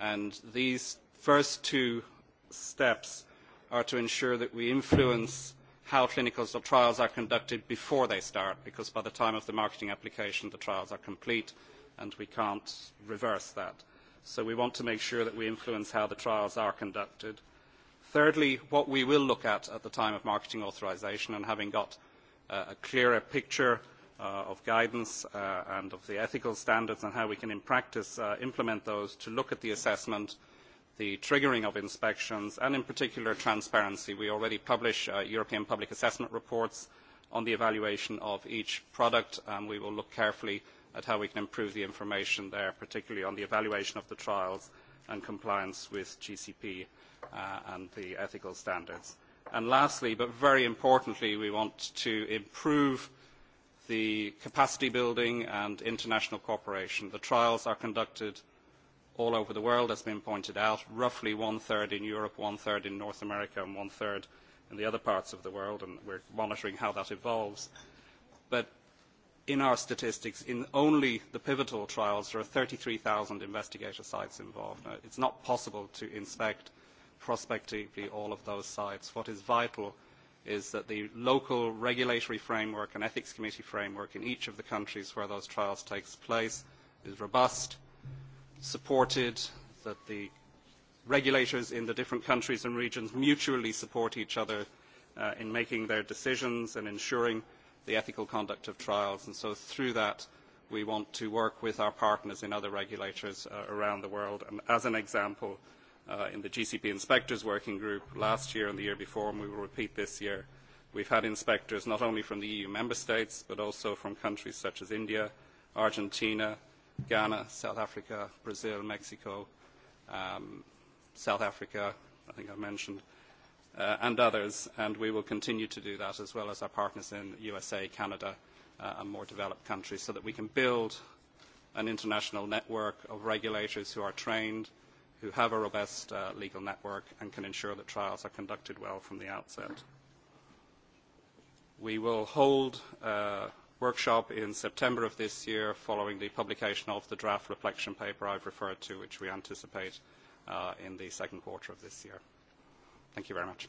And these first two steps are to ensure that we influence how clinical trials are conducted before they start, because by the time of the marketing application, the trials are complete, and we can't reverse that. So we want to make sure that we influence how the trials are conducted. Thirdly, what we will look at at the time of marketing authorisation and having got uh, a clearer picture uh, of guidance uh, and of the ethical standards and how we can in practice uh, implement those to look at the assessment, the triggering of inspections and in particular transparency. We already publish uh, European public assessment reports on the evaluation of each product and we will look carefully at how we can improve the information there, particularly on the evaluation of the trials and compliance with GCP uh, and the ethical standards. And lastly, but very importantly, we want to improve the capacity building and international cooperation. The trials are conducted all over the world, as been pointed out, roughly one-third in Europe, one-third in North America, and one-third in the other parts of the world, and we're monitoring how that evolves. But in our statistics, in only the pivotal trials, there are 33,000 investigator sites involved. Now, it's not possible to inspect prospectively all of those sites. What is vital is that the local regulatory framework and ethics committee framework in each of the countries where those trials take place is robust, supported, that the regulators in the different countries and regions mutually support each other uh, in making their decisions and ensuring the ethical conduct of trials. And so through that, we want to work with our partners in other regulators uh, around the world. And as an example, uh, in the GCP Inspectors Working Group last year and the year before, and we will repeat this year. We've had inspectors not only from the EU member states, but also from countries such as India, Argentina, Ghana, South Africa, Brazil, Mexico, um, South Africa, I think I mentioned, uh, and others, and we will continue to do that as well as our partners in the USA, Canada, uh, and more developed countries so that we can build an international network of regulators who are trained, who have a robust uh, legal network and can ensure that trials are conducted well from the outset. We will hold a uh, workshop in September of this year following the publication of the draft reflection paper I've referred to, which we anticipate uh, in the second quarter of this year. Thank you very much.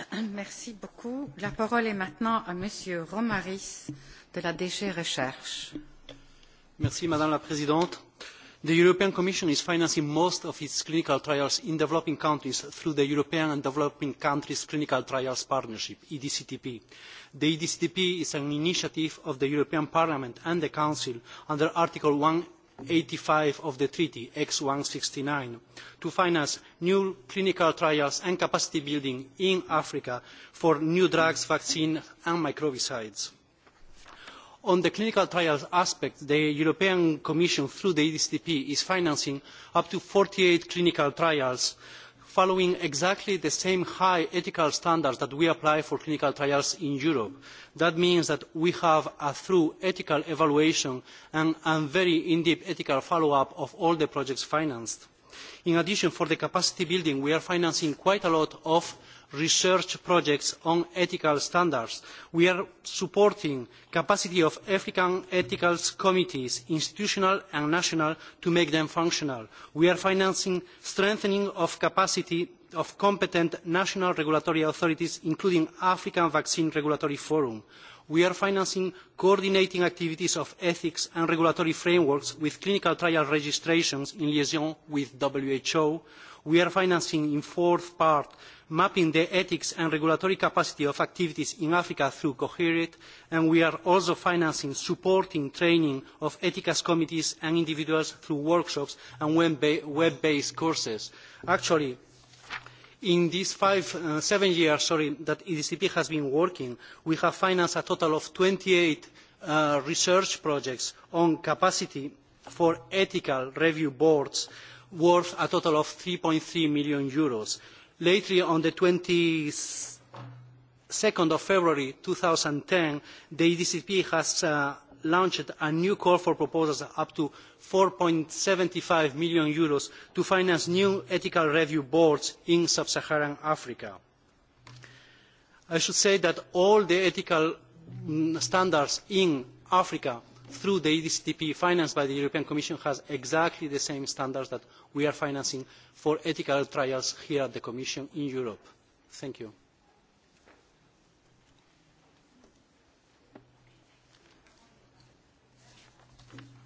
<clears throat> Merci beaucoup. La parole est maintenant à Monsieur Romaris de la DG Recherche. Merci Madame la Présidente. The European Commission is financing most of its clinical trials in developing countries through the European and Developing Countries Clinical Trials Partnership, EDCTP. The EDCTP is an initiative of the European Parliament and the Council under Article one eighty five of the Treaty, ex one hundred and sixty nine to finance new clinical trials and capacity building in Africa for new drugs, vaccines and microbicides. On the clinical trials aspect, the European Commission through the EDCP is financing up to forty eight clinical trials following exactly the same high ethical standards that we apply for clinical trials in Europe. That means that we have a thorough ethical evaluation and, a very in-depth ethical follow-up of all the projects financed. In addition, for the capacity building, we are financing quite a lot of research projects on ethical standards. We are supporting the capacity of African ethical committees, institutional and national, to make them functional. We are financing strengthening of capacity of competent national regulatory authorities, including the African Vaccine Regulatory Forum we are financing coordinating activities of ethics and regulatory frameworks with clinical trial registrations in liaison with WHO. We are financing in fourth part mapping the ethics and regulatory capacity of activities in Africa through Coherit, and we are also financing supporting training of ethics committees and individuals through workshops and web-based courses. Actually, In these five, uh, seven years sorry, that EDCP has been working, we have financed a total of twenty eight uh, research projects on capacity for ethical review boards worth a total of EUR three three million euros. Later on the 22nd of February ten, the EDCP has uh, launched a new call for proposals up to EUR four seventy five million Euros to finance new ethical review boards in sub-Saharan Africa. I should say that all the ethical mm, standards in Africa through the EDCTP financed by the European Commission has exactly the same standards that we are financing for ethical trials here at the Commission in Europe. Thank you.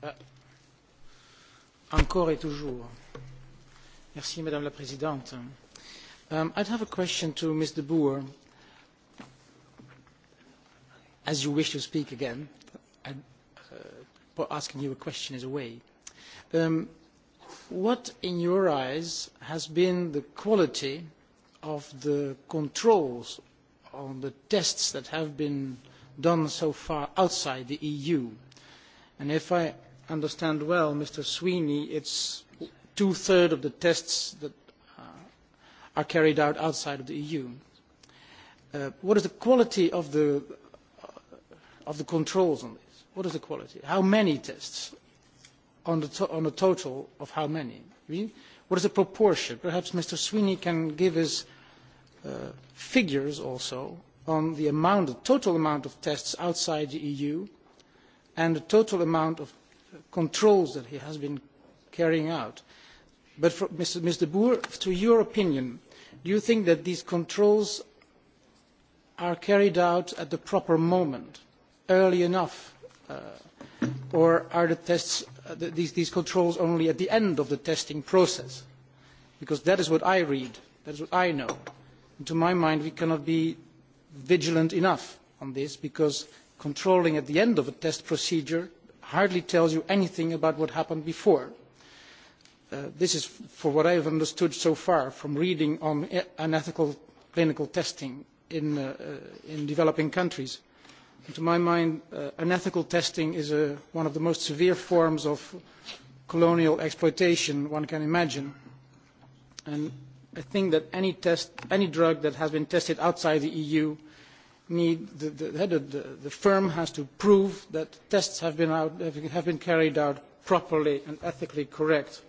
Euh, encore et toujours. Merci, Madame la Présidente. Um, I'd have a question to Mr. Boer, as you wish to speak again, and uh, asking you a question is a way. Um, what, in your eyes, has been the quality of the controls on the tests that have been done so far outside the EU? And if I understand well Mr. Sweeney, it's two-thirds of the tests that uh, are carried out outside of the EU. Uh, what is the quality of the, uh, of the controls on this? What is the quality? How many tests on, the to on a total of how many? what is the proportion? Perhaps Mr. Sweeney can give us uh, figures also on the amount, the total amount of tests outside the EU and the total amount of controls that he has been carrying out. But for, Mr. Mr. Boer, to your opinion, do you think that these controls are carried out at the proper moment, early enough, uh, or are the tests, uh, the, these, these controls only at the end of the testing process? Because that is what I read, that is what I know. And to my mind, we cannot be vigilant enough on this because controlling at the end of a test procedure hardly tells you anything about what happened before. Uh, this is for what I have understood so far from reading on unethical e, clinical testing in, uh, uh, in developing countries. And to my mind, uh, unethical testing is a, uh, one of the most severe forms of colonial exploitation one can imagine. And I think that any, test, any drug that has been tested outside the EU need the, the, the, the firm has to prove that tests have been, out, have been carried out properly and ethically correct.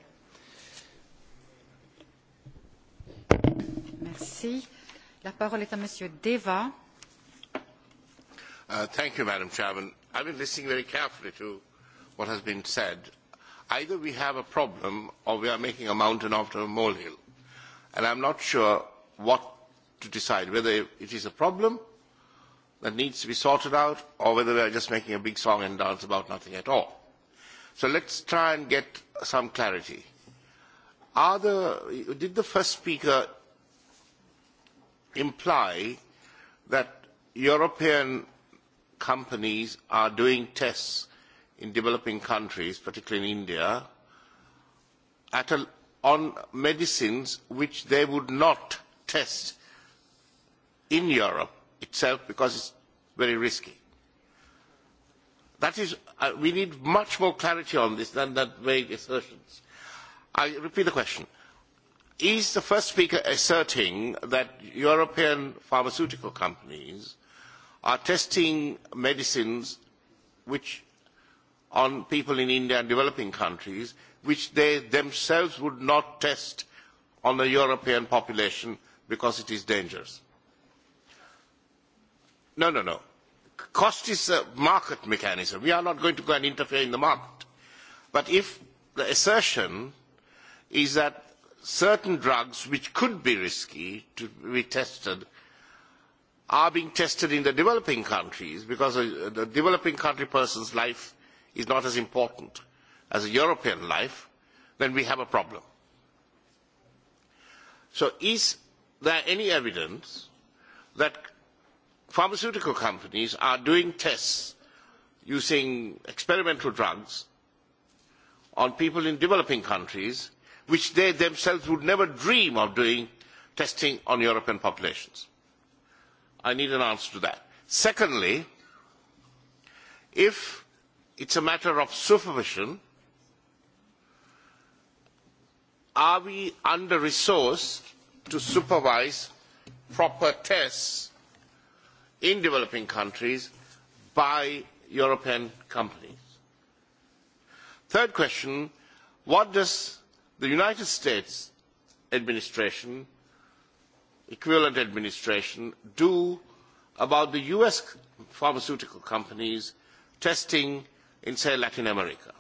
Merci. La parole est à Monsieur Deva. Uh, thank you, Madam Chairman. I've been listening very carefully to what has been said. Either we have a problem or we are making a mountain after a molehill. And I'm not sure what to decide, whether it is a problem that needs to be sorted out or whether we are just making a big song and dance about nothing at all. So let's try and get some clarity. Are the, did the first speaker imply that European companies are doing tests in developing countries, particularly in India, at a, on medicines which they would not test in Europe? itself because it is very risky. That is, uh, we need much more clarity on this than that vague assertions. I repeat the question. Is the first speaker asserting that European pharmaceutical companies are testing medicines which on people in India and developing countries which they themselves would not test on the European population because it is dangerous? No, no, no. Cost is a market mechanism. We are not going to go and interfere in the market. But if the assertion is that certain drugs which could be risky to be tested are being tested in the developing countries because a, uh, the developing country person's life is not as important as a European life, then we have a problem. So is there any evidence that pharmaceutical companies are doing tests using experimental drugs on people in developing countries, which they themselves would never dream of doing testing on European populations. I need an answer to that. Secondly, if it's a matter of supervision, are we under-resourced to supervise proper tests in developing countries by European companies. Third question, what does the United States administration, equivalent administration, do about the US pharmaceutical companies testing in, say, Latin America?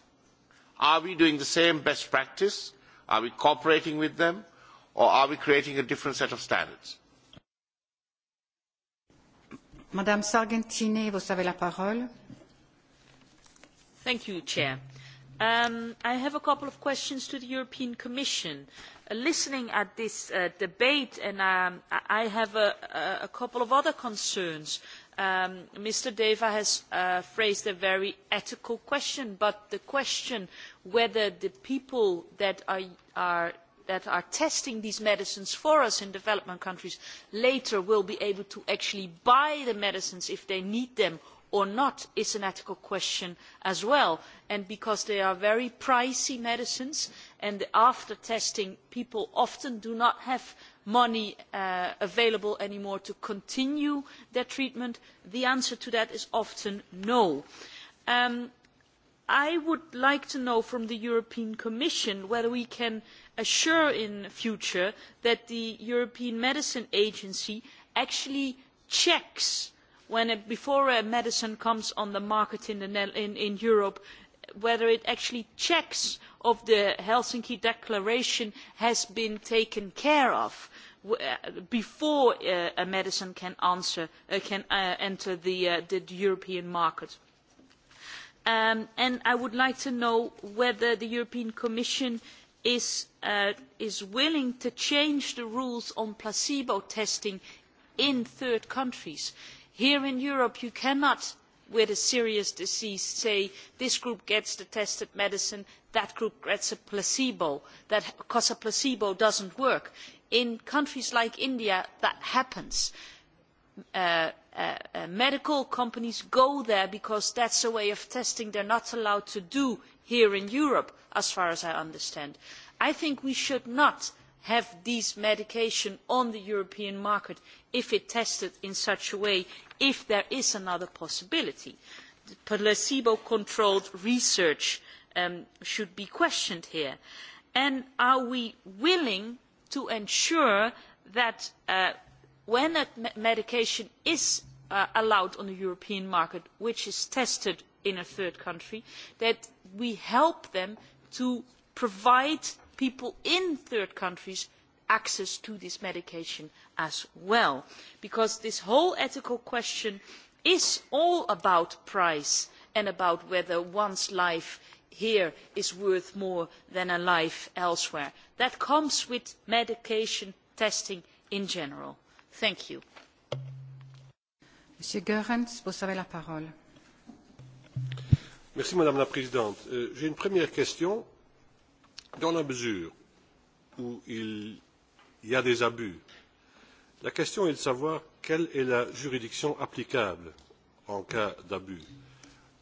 Are we doing the same best practice? Are we cooperating with them? Or are we creating a different set of standards? Madame Sargentini, vous avez la parole. Thank you, Chair. Um, I have a couple of questions to the European Commission. Uh, listening at this uh, debate, and um, I have a, a, a couple of other concerns. Um, Mr. Deva has uh, phrased a very ethical question, but the question whether the people that are, are that are testing these medicines for us in developing countries later will be able to actually buy the medicines if they need them or not is an ethical question as well. And because they are very pricey medicines and after testing people often do not have money uh, available anymore to continue their treatment, the answer to that is often no. Um, I would like to know from the European Commission whether we can assure in future that the European Medicine Agency actually checks when it, before a medicine comes on the market in, the, in, in Europe whether it actually checks if the Helsinki Declaration has been taken care of uh, before uh, a medicine can, answer, uh, can uh, enter uh, the, the, European market. Um, and I would like to know whether the European Commission is, uh, is willing to change the rules on placebo testing in third countries. Here in Europe, you cannot, with a serious disease, say this group gets the tested medicine, that group gets a placebo, because a placebo does not work. In countries like India, that happens. Uh, uh, uh medical companies go there because that is a way of testing they are not allowed to do here in Europe, as far as I understand. I think we should not have these medications on the European market if it is tested in such a way, if there is another possibility. The placebo-controlled research um, should be questioned here. And are we willing to ensure that uh, when a medication is uh, allowed on the European market, which is tested in a third country, that we help them to provide people in third countries access to this medication as well. Because this whole ethical question is all about price and about whether one's life here is worth more than a life elsewhere. That comes with medication testing in general. Thank you. Monsieur Goerens, vous avez la parole. Merci, Madame la Présidente. Euh, J'ai une première question. Dans la mesure où il y a des abus, la question est de savoir quelle est la juridiction applicable en cas d'abus.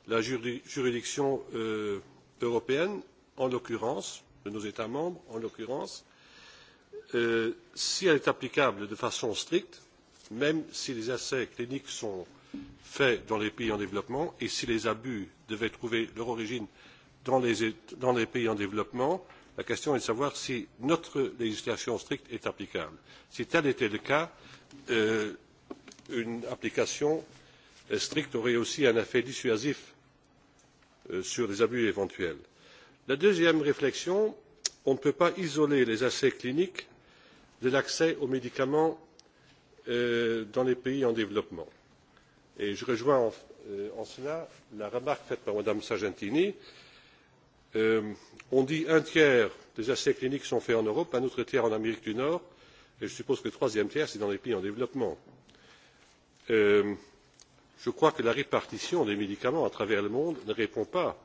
La juridiction euh, européenne, en l'occurrence, de nos États membres, en l'occurrence, euh, si elle est applicable de façon stricte, même si les essais cliniques sont faits dans les pays en développement et si les abus devaient trouver leur origine dans les, dans les pays en développement, la question est de savoir si notre législation stricte est applicable. Si tel était le cas, euh, une application euh, stricte aurait aussi un effet dissuasif euh, sur les abus éventuels. La deuxième réflexion, on ne peut pas isoler les essais cliniques de l'accès aux médicaments euh, dans les pays en développement Et je rejoins en, euh, en cela la remarque faite par Mme Sargentini. Euh, on dit un tiers des essais cliniques sont faits en Europe, un autre tiers en Amérique du Nord, et je suppose que le troisième tiers, c'est dans les pays en développement. Euh, je crois que la répartition des médicaments à travers le monde ne répond pas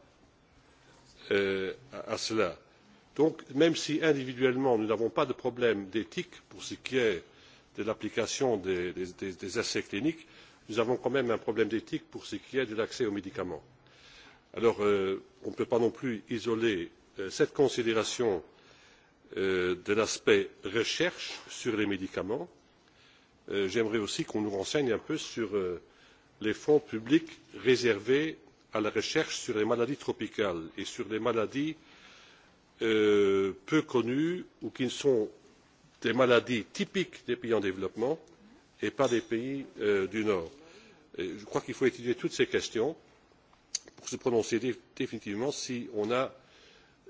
euh, à, à cela. Donc, même si individuellement nous n'avons pas de problème d'éthique pour ce qui est de l'application des, des, des, des essais cliniques, nous avons quand même un problème d'éthique pour ce qui est de l'accès aux médicaments. alors euh, on ne peut pas non plus isoler euh, cette considération euh, de l'aspect recherche sur les médicaments. Euh, j'aimerais aussi qu'on nous renseigne un peu sur euh, les fonds publics réservés à la recherche sur les maladies tropicales et sur les maladies euh, peu connues ou qui sont des maladies typiques des pays en développement et par les pays euh, du Nord. Et je crois qu'il faut étudier toutes ces questions pour se prononcer dé définitivement si on a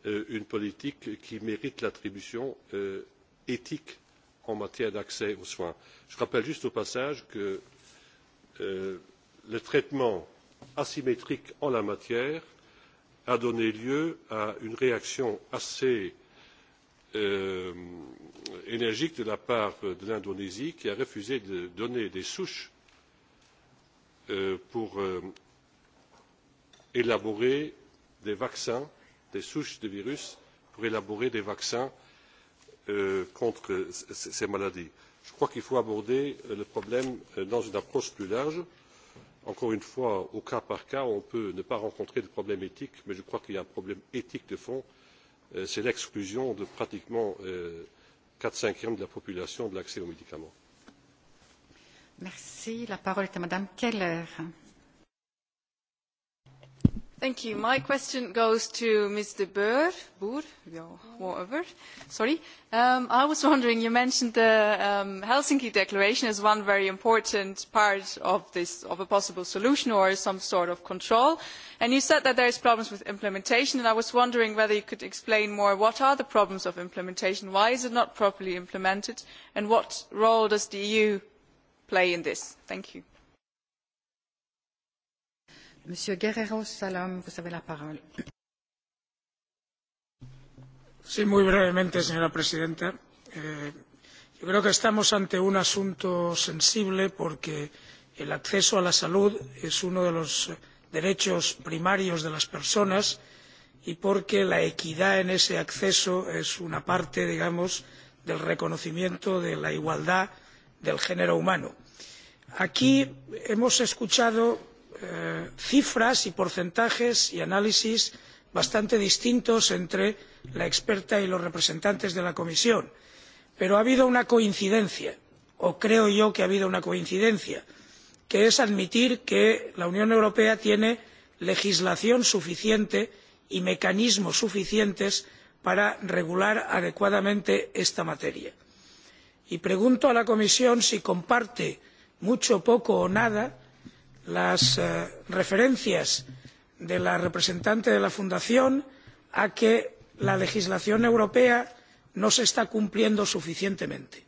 euh, une politique qui mérite l'attribution euh, éthique en matière d'accès aux soins. Je rappelle juste au passage que euh, le traitement asymétrique en la matière a donné lieu à une réaction assez euh, énergique de la part de l'Indonésie qui a refusé de donner des souches euh, pour euh, élaborer des vaccins, des souches de virus pour élaborer des vaccins euh, contre ces maladies. Je crois qu'il faut aborder euh, le problème euh, dans une approche plus large. Encore une fois, au cas par cas, on peut ne pas rencontrer de problème éthique, mais je crois qu'il y a un problème éthique de fond Euh, c'est l'exclusion de pratiquement euh, quatre cinquièmes de la population de l'accès aux médicaments. Merci. La parole est à Madame Keller. Thank you. My question goes to Mr. Boer, Boer, whatever. Sorry. Um, I was wondering, you mentioned the um, Helsinki Declaration as one very important part of, this, of a possible solution or some sort of control. And you said that there is problems with implementation, and I was wondering whether you could explain more what are the problems of implementation, why is it not properly implemented, and what role does the EU play in this? Thank you. Monsieur Guerrero Salam, vous avez la parole. Sí, muy brevemente, señora presidenta. Eh, yo creo que estamos ante un asunto sensible porque el acceso a la salud es uno de los derechos primarios de las personas y porque la equidad en ese acceso es una parte, digamos, del reconocimiento de la igualdad del género humano. Aquí hemos escuchado Eh, cifras y porcentajes y análisis bastante distintos entre la experta y los representantes de la comisión pero ha habido una coincidencia o creo yo que ha habido una coincidencia que es admitir que la unión europea tiene legislación suficiente y mecanismos suficientes para regular adecuadamente esta materia. y pregunto a la comisión si comparte mucho poco o nada las eh, referencias de la representante de la fundación a que la legislación europea no se está cumpliendo suficientemente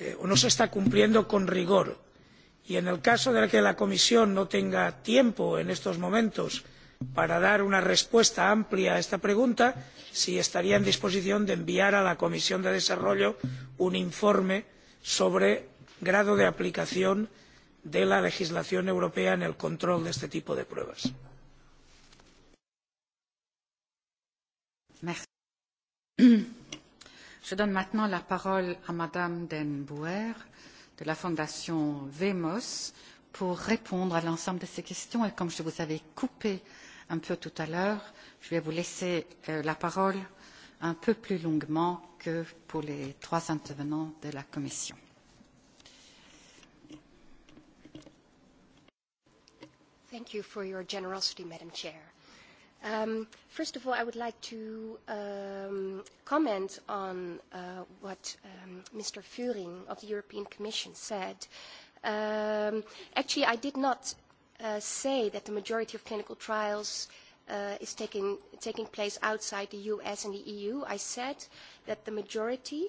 eh, o no se está cumpliendo con rigor y en el caso de que la comisión no tenga tiempo en estos momentos para dar una respuesta amplia a esta pregunta si estaría en disposición de enviar a la comisión de desarrollo un informe sobre el grado de aplicación de de la legislación europea en el control de este tipo de pruebas. <clears throat> Je donne maintenant la parole à Madame Den Bouwer de la Fondation VEMOS pour répondre à l'ensemble de ces questions. Et comme je vous avais coupé un peu tout à l'heure, je vais vous laisser euh, la parole un peu plus longuement que pour les trois intervenants de la Commission. Thank you for your generosity, Madam Chair. Um, first of all, I would like to um, comment on uh, what um, Mr. Führing of the European Commission said. Um, actually, I did not uh, say that the majority of clinical trials uh, is taking, taking place outside the US and the EU. I said that the majority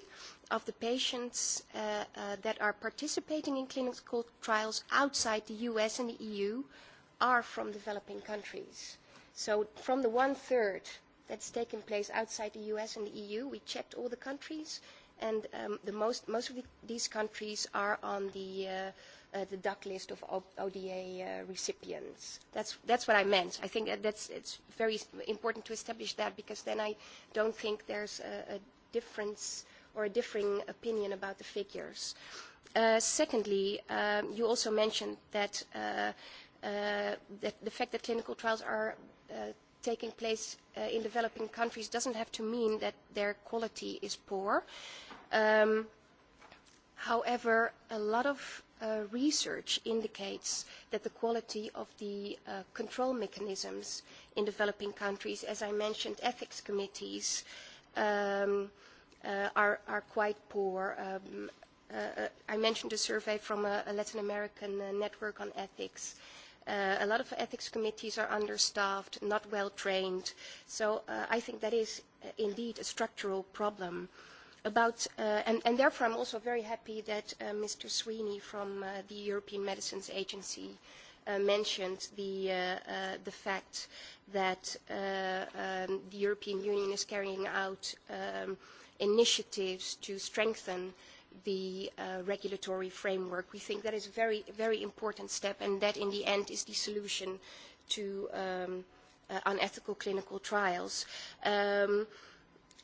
of the patients uh, uh, that are participating in clinical trials outside the US and the EU are from developing countries. So from the one-third that's taken place outside the US and the EU, we checked all the countries, and um, the most, most of the, these countries are on the, uh, uh, the duck list of ODA uh, recipients. That's, that's what I meant. I think that that's, it's very important to establish that because then I don't think there's a, a difference or a differing opinion about the figures. Uh, secondly, um, you also mentioned that uh, uh, that the fact that clinical trials are uh, taking place uh, in developing countries doesn't have to mean that their quality is poor. Um, however, a lot of uh, research indicates that the quality of the uh, control mechanisms in developing countries, as I mentioned, ethics committees um, uh, are, are quite poor. Um, uh, uh I mentioned a survey from a, a Latin American uh, network on ethics uh, Uh, a lot of ethics committees are understaffed, not well trained. So uh, I think that is uh, indeed a structural problem. About, uh, and, and therefore I'm also very happy that uh, Mr. Sweeney from uh, the European Medicines Agency uh, mentioned the, uh, uh, the fact that uh, um, the European Union is carrying out um, initiatives to strengthen uh, the uh, regulatory framework. We think that is a very, very important step and that in the end is the solution to um, uh, unethical clinical trials. Um,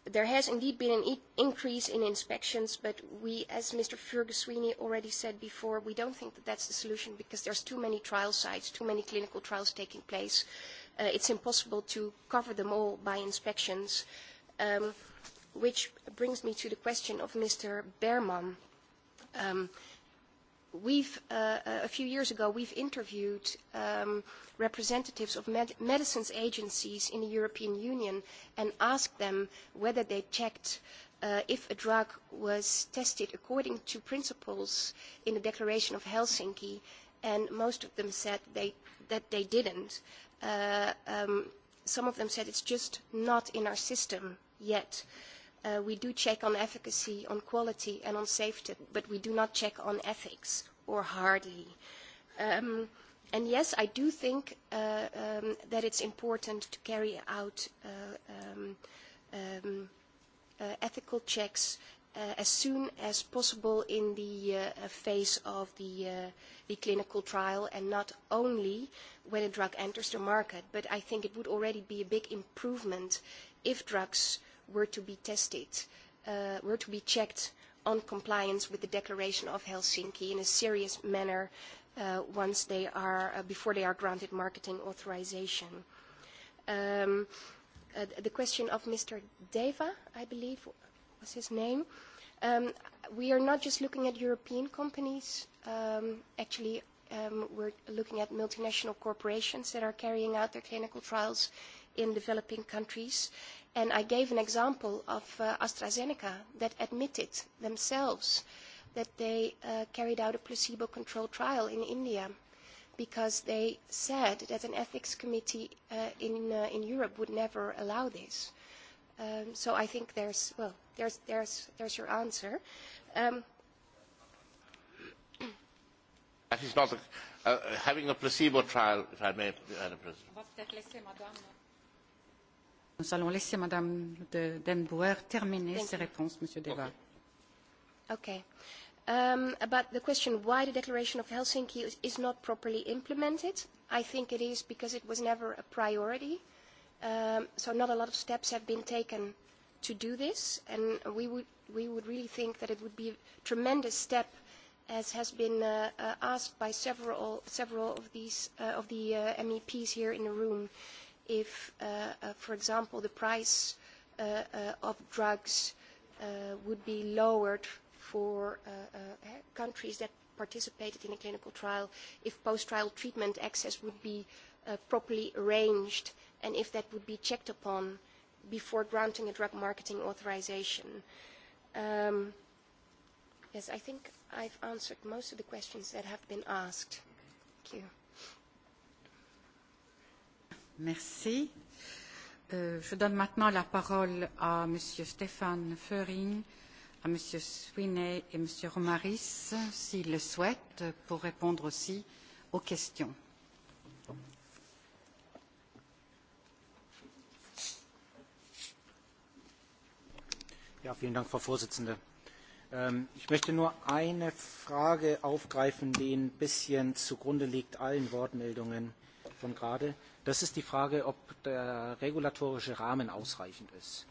there has indeed been an e increase in inspections, but we, as Mr. Fergusweeney already said before, we don't think that that's the solution because there's too many trial sites, too many clinical trials taking place. Uh, it's impossible to cover them all by inspections. Um, which brings me to the question of Mr. Berman. Um, we've, uh, a few years ago, we've interviewed um, representatives of med medicines agencies in the European Union and asked them whether they checked uh, if a drug was tested according to principles in the Declaration of Helsinki, and most of them said they, that they didn't. Uh, um, some of them said it's just not in our system yet. Uh, Uh, we do check on efficacy, on quality, and on safety, but we do not check on ethics, or hardly. Um, and yes, I do think uh, um, that it's important to carry out uh, um, um, uh, ethical checks uh, as soon as possible in the uh, phase of the, uh, the clinical trial and not only when a drug enters the market. But I think it would already be a big improvement if drugs uh, were to be tested, uh, were to be checked on compliance with the Declaration of Helsinki in a serious manner uh, once they are, uh, before they are granted marketing authorization. Um, uh, the question of Mr. Deva, I believe, was his name. Um, we are not just looking at European companies. Um, actually, um, we're looking at multinational corporations that are carrying out their clinical trials in developing countries. Uh, And I gave an example of uh, AstraZeneca that admitted themselves that they uh, carried out a placebo-controlled trial in India because they said that an ethics committee uh, in, uh, in Europe would never allow this. Um, so I think there's, well, there's, there's, there's your answer. Um, that is not a, uh, having a placebo trial, if I may, Madam President. Nous allons laisser Madame de terminer Thank ses réponses, Monsieur Deva. Okay. Um, about the question why the Declaration of Helsinki is, is not properly implemented, I think it is because it was never a priority. Um, so not a lot of steps have been taken to do this, and we would, we would really think that it would be a tremendous step, as has been uh, uh, asked by several, several of, these, uh, of the uh, MEPs here in the room. Uh, if, uh, uh, for example, the price uh, uh, of drugs uh, would be lowered for uh, uh, countries that participated in a clinical trial, if post-trial treatment access would be uh, properly arranged and if that would be checked upon before granting a drug marketing authorization. Um, yes, I think I've answered most of the questions that have been asked. Thank you. Merci. Euh, je donne maintenant la parole à Monsieur Stéphane Feuring, à Monsieur Swinney et Monsieur Romaris, s'ils le souhaitent, pour répondre aussi aux questions. Ja, vielen Dank, Frau Vorsitzende. Ähm, ich möchte nur eine Frage aufgreifen, die ein bisschen zugrunde liegt allen Wortmeldungen von gerade. Das ist die Frage, ob der regulatorische Rahmen ausreichend ist.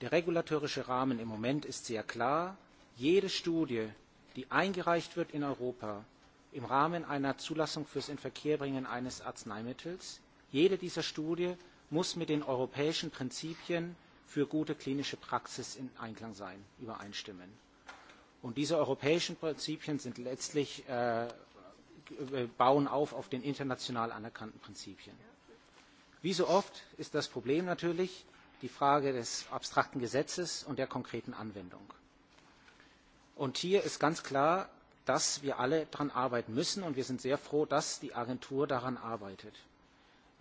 Der regulatorische Rahmen im Moment ist sehr klar. Jede Studie, die eingereicht wird in Europa im Rahmen einer Zulassung fürs Inverkehrbringen eines Arzneimittels, jede dieser Studie muss mit den europäischen Prinzipien für gute klinische Praxis in Einklang sein, übereinstimmen. Und diese europäischen Prinzipien sind letztlich äh, bauen auf auf den international anerkannten Prinzipien. Wie so oft ist das Problem natürlich die Frage des abstrakten Gesetzes und der konkreten Anwendung. Und hier ist ganz klar, dass wir alle daran arbeiten müssen und wir sind sehr froh, dass die Agentur daran arbeitet.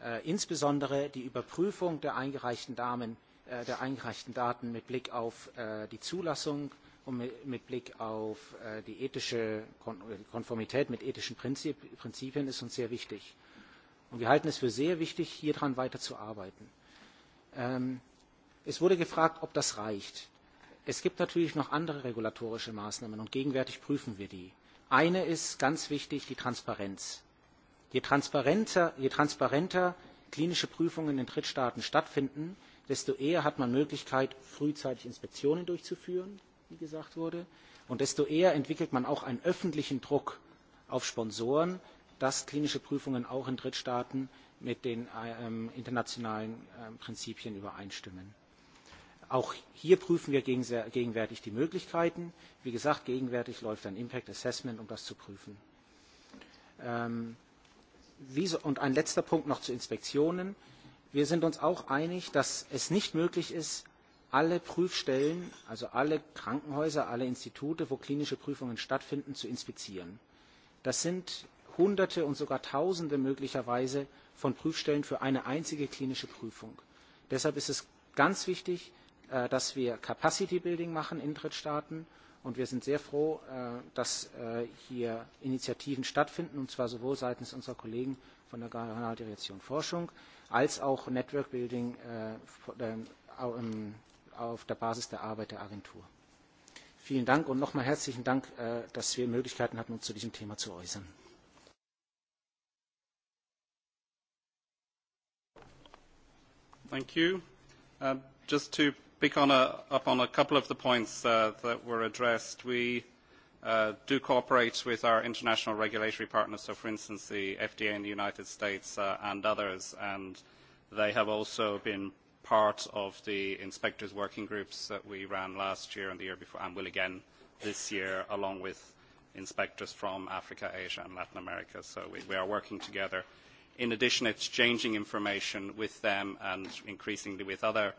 Äh, insbesondere die Überprüfung der eingereichten, Damen, äh, der eingereichten Daten mit Blick auf äh, die Zulassung und mit, mit Blick auf äh, die ethische Kon Konformität mit ethischen Prinzip, Prinzipien ist uns sehr wichtig. Und wir halten es für sehr wichtig, hier dran weiterzuarbeiten. Ähm, es wurde gefragt, ob das reicht. Es gibt natürlich noch andere regulatorische Maßnahmen und gegenwärtig prüfen wir die. Eine ist ganz wichtig, die Transparenz. Je transparenter, je transparenter klinische Prüfungen in Drittstaaten stattfinden, desto eher hat man Möglichkeit, frühzeitig Inspektionen durchzuführen, wie gesagt wurde, und desto eher entwickelt man auch einen öffentlichen Druck auf Sponsoren, dass klinische Prüfungen auch in Drittstaaten mit den ähm, internationalen ähm, Prinzipien übereinstimmen. Auch hier prüfen wir gegenwärtig die Möglichkeiten. Wie gesagt, gegenwärtig läuft ein Impact Assessment, um das zu prüfen. Ähm, und ein letzter Punkt noch zu Inspektionen. Wir sind uns auch einig, dass es nicht möglich ist, alle Prüfstellen, also alle Krankenhäuser, alle Institute, wo klinische Prüfungen stattfinden, zu inspizieren. Das sind Hunderte und sogar Tausende möglicherweise von Prüfstellen für eine einzige klinische Prüfung. Deshalb ist es ganz wichtig, äh, dass wir Capacity Building machen in Drittstaaten und wir sind sehr froh, äh, dass äh, hier Initiativen stattfinden und zwar sowohl seitens unserer Kollegen von der Generaldirektion Forschung als auch Network Building ähm, auf der Basis der Arbeit der Agentur. Vielen Dank und nochmal herzlichen Dank, dass wir Möglichkeiten hatten, uns zu diesem Thema zu äußern. Thank you. Uh, just to pick on a, up on a couple of the points uh, that were addressed, we uh, do cooperate with our international regulatory partners, so for instance the FDA in the United States uh, and others, and they have also been part of the inspectors working groups that we ran last year and the year before, and will again this year, along with inspectors from Africa, Asia and Latin America. So we, we are working together in addition exchanging information with them and increasingly with other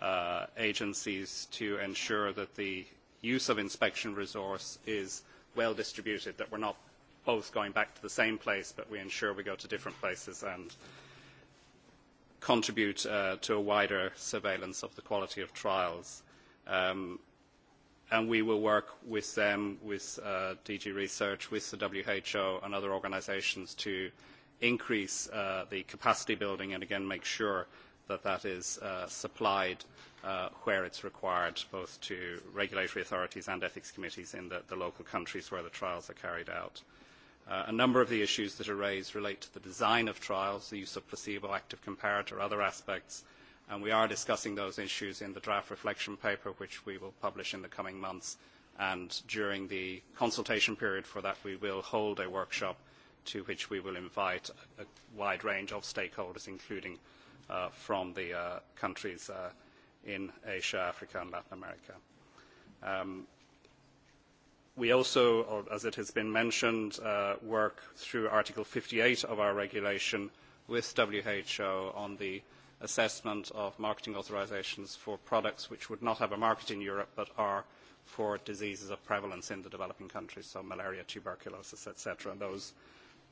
uh, agencies to ensure that the use of inspection resource is well distributed, that we are not both going back to the same place, but we ensure we go to different places and contribute uh, to a wider surveillance of the quality of trials. Um, and we will work with them, with uh, DG Research, with the WHO and other organisations to uh, increase uh, the capacity building and again make sure that that is uh, supplied uh, where it's required both to regulatory authorities and ethics committees in the, the local countries where the trials are carried out. Uh, a number of the issues that are raised relate to the design of trials, the use of placebo, active comparator, other aspects, and we are discussing those issues in the draft reflection paper, which we will publish in the coming months, and during the consultation period for that, we will hold a workshop to which we will invite a wide range of stakeholders, including uh, from the uh, countries uh, in Asia, Africa, and Latin America. Um, we also, or as it has been mentioned, uh, work through Article 58 of our regulation with WHO on the assessment of marketing authorizations for products which would not have a market in Europe but are for diseases of prevalence in the developing countries, so malaria, tuberculosis, etc., and those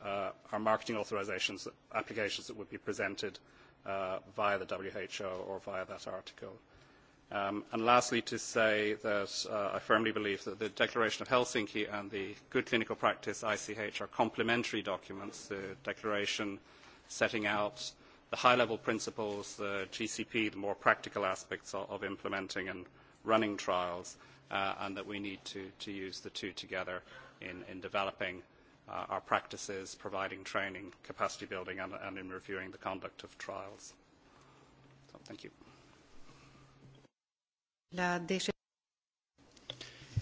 uh, are marketing authorizations applications that would be presented uh, via the WHO or via that article. Um, and lastly, to say that uh, I firmly believe that the Declaration of Helsinki and the Good Clinical Practice ICH are complementary documents. The declaration setting out the high-level principles, the GCP, the more practical aspects of, of implementing and running trials, uh, and that we need to, to use the two together in, in developing uh, our practices, providing training, capacity building, and, and in reviewing the conduct of trials. So, thank you. La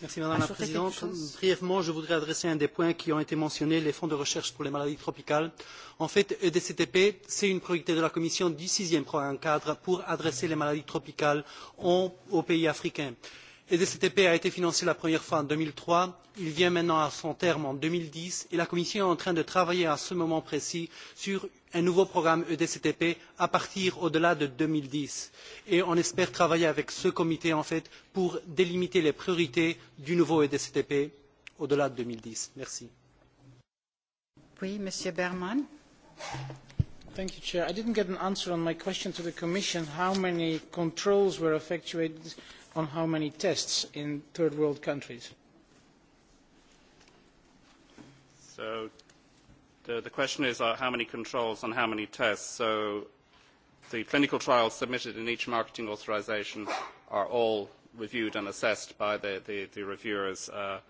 Merci Madame la Présidente. Brièvement, je voudrais adresser un des points qui ont été mentionnés, les fonds de recherche pour les maladies tropicales. En fait, EDCTP, c'est une priorité de la Commission du sixième programme cadre pour adresser les maladies tropicales en, aux pays africains. Euh, le dctp a été financé la première fois en deux mille trois il vient maintenant à son terme en deux mille dix et la commission est en train de travailler à ce moment précis sur un nouveau programme edctp à partir au delà de deux mille dix et on espère travailler avec ce comité en fait pour délimiter les priorités du nouveau edctp au delà de deux mille dix merci. Berman. Thank you, Chair. I didn't get an answer on my question to the Commission, how many controls were effectuated on how many tests in third world countries? So the, the question is uh, how many controls on how many tests. So the clinical trials submitted in each marketing authorization are all reviewed and assessed by the, the, the reviewers uh,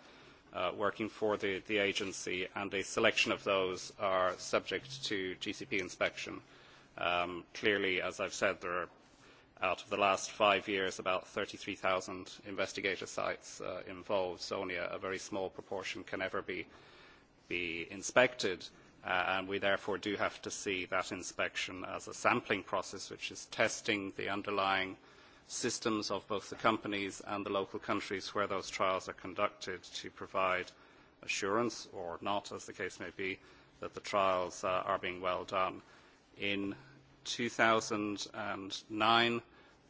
uh, working for the, the agency, and a selection of those are subject to GCP inspection. Um, clearly, as I've said, there are, out of the last five years, about 33,000 investigator sites uh, involved, so only a, a very small proportion can ever be, be inspected. Uh, and we therefore do have to see that inspection as a sampling process, which is testing the underlying uh, systems of both the companies and the local countries where those trials are conducted to provide assurance or not, as the case may be, that the trials uh, are being well done. In 2009,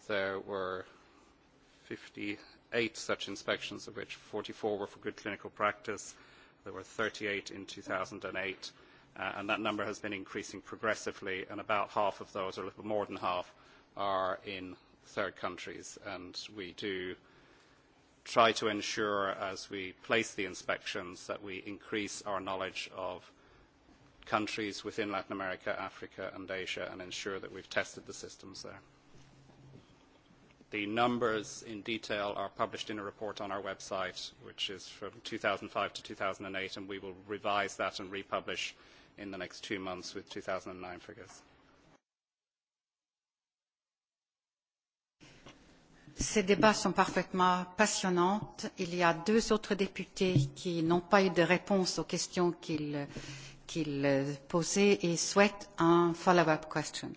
there were 58 such inspections, of which 44 were for good clinical practice. There were 38 in 2008, uh, and that number has been increasing progressively, and about half of those, or a little more than half, are in third countries, and we do try to ensure as we place the inspections that we increase our knowledge of countries within Latin America, Africa and Asia and ensure that we've tested the systems there. The numbers in detail are published in a report on our website, which is from 2005 to 2008, and we will revise that and republish in the next two months with 2009 figures. Ces débats sont parfaitement passionnants. Il y a deux autres députés qui n'ont pas eu de réponse aux questions qu'ils qu posaient et souhaitent un follow-up question.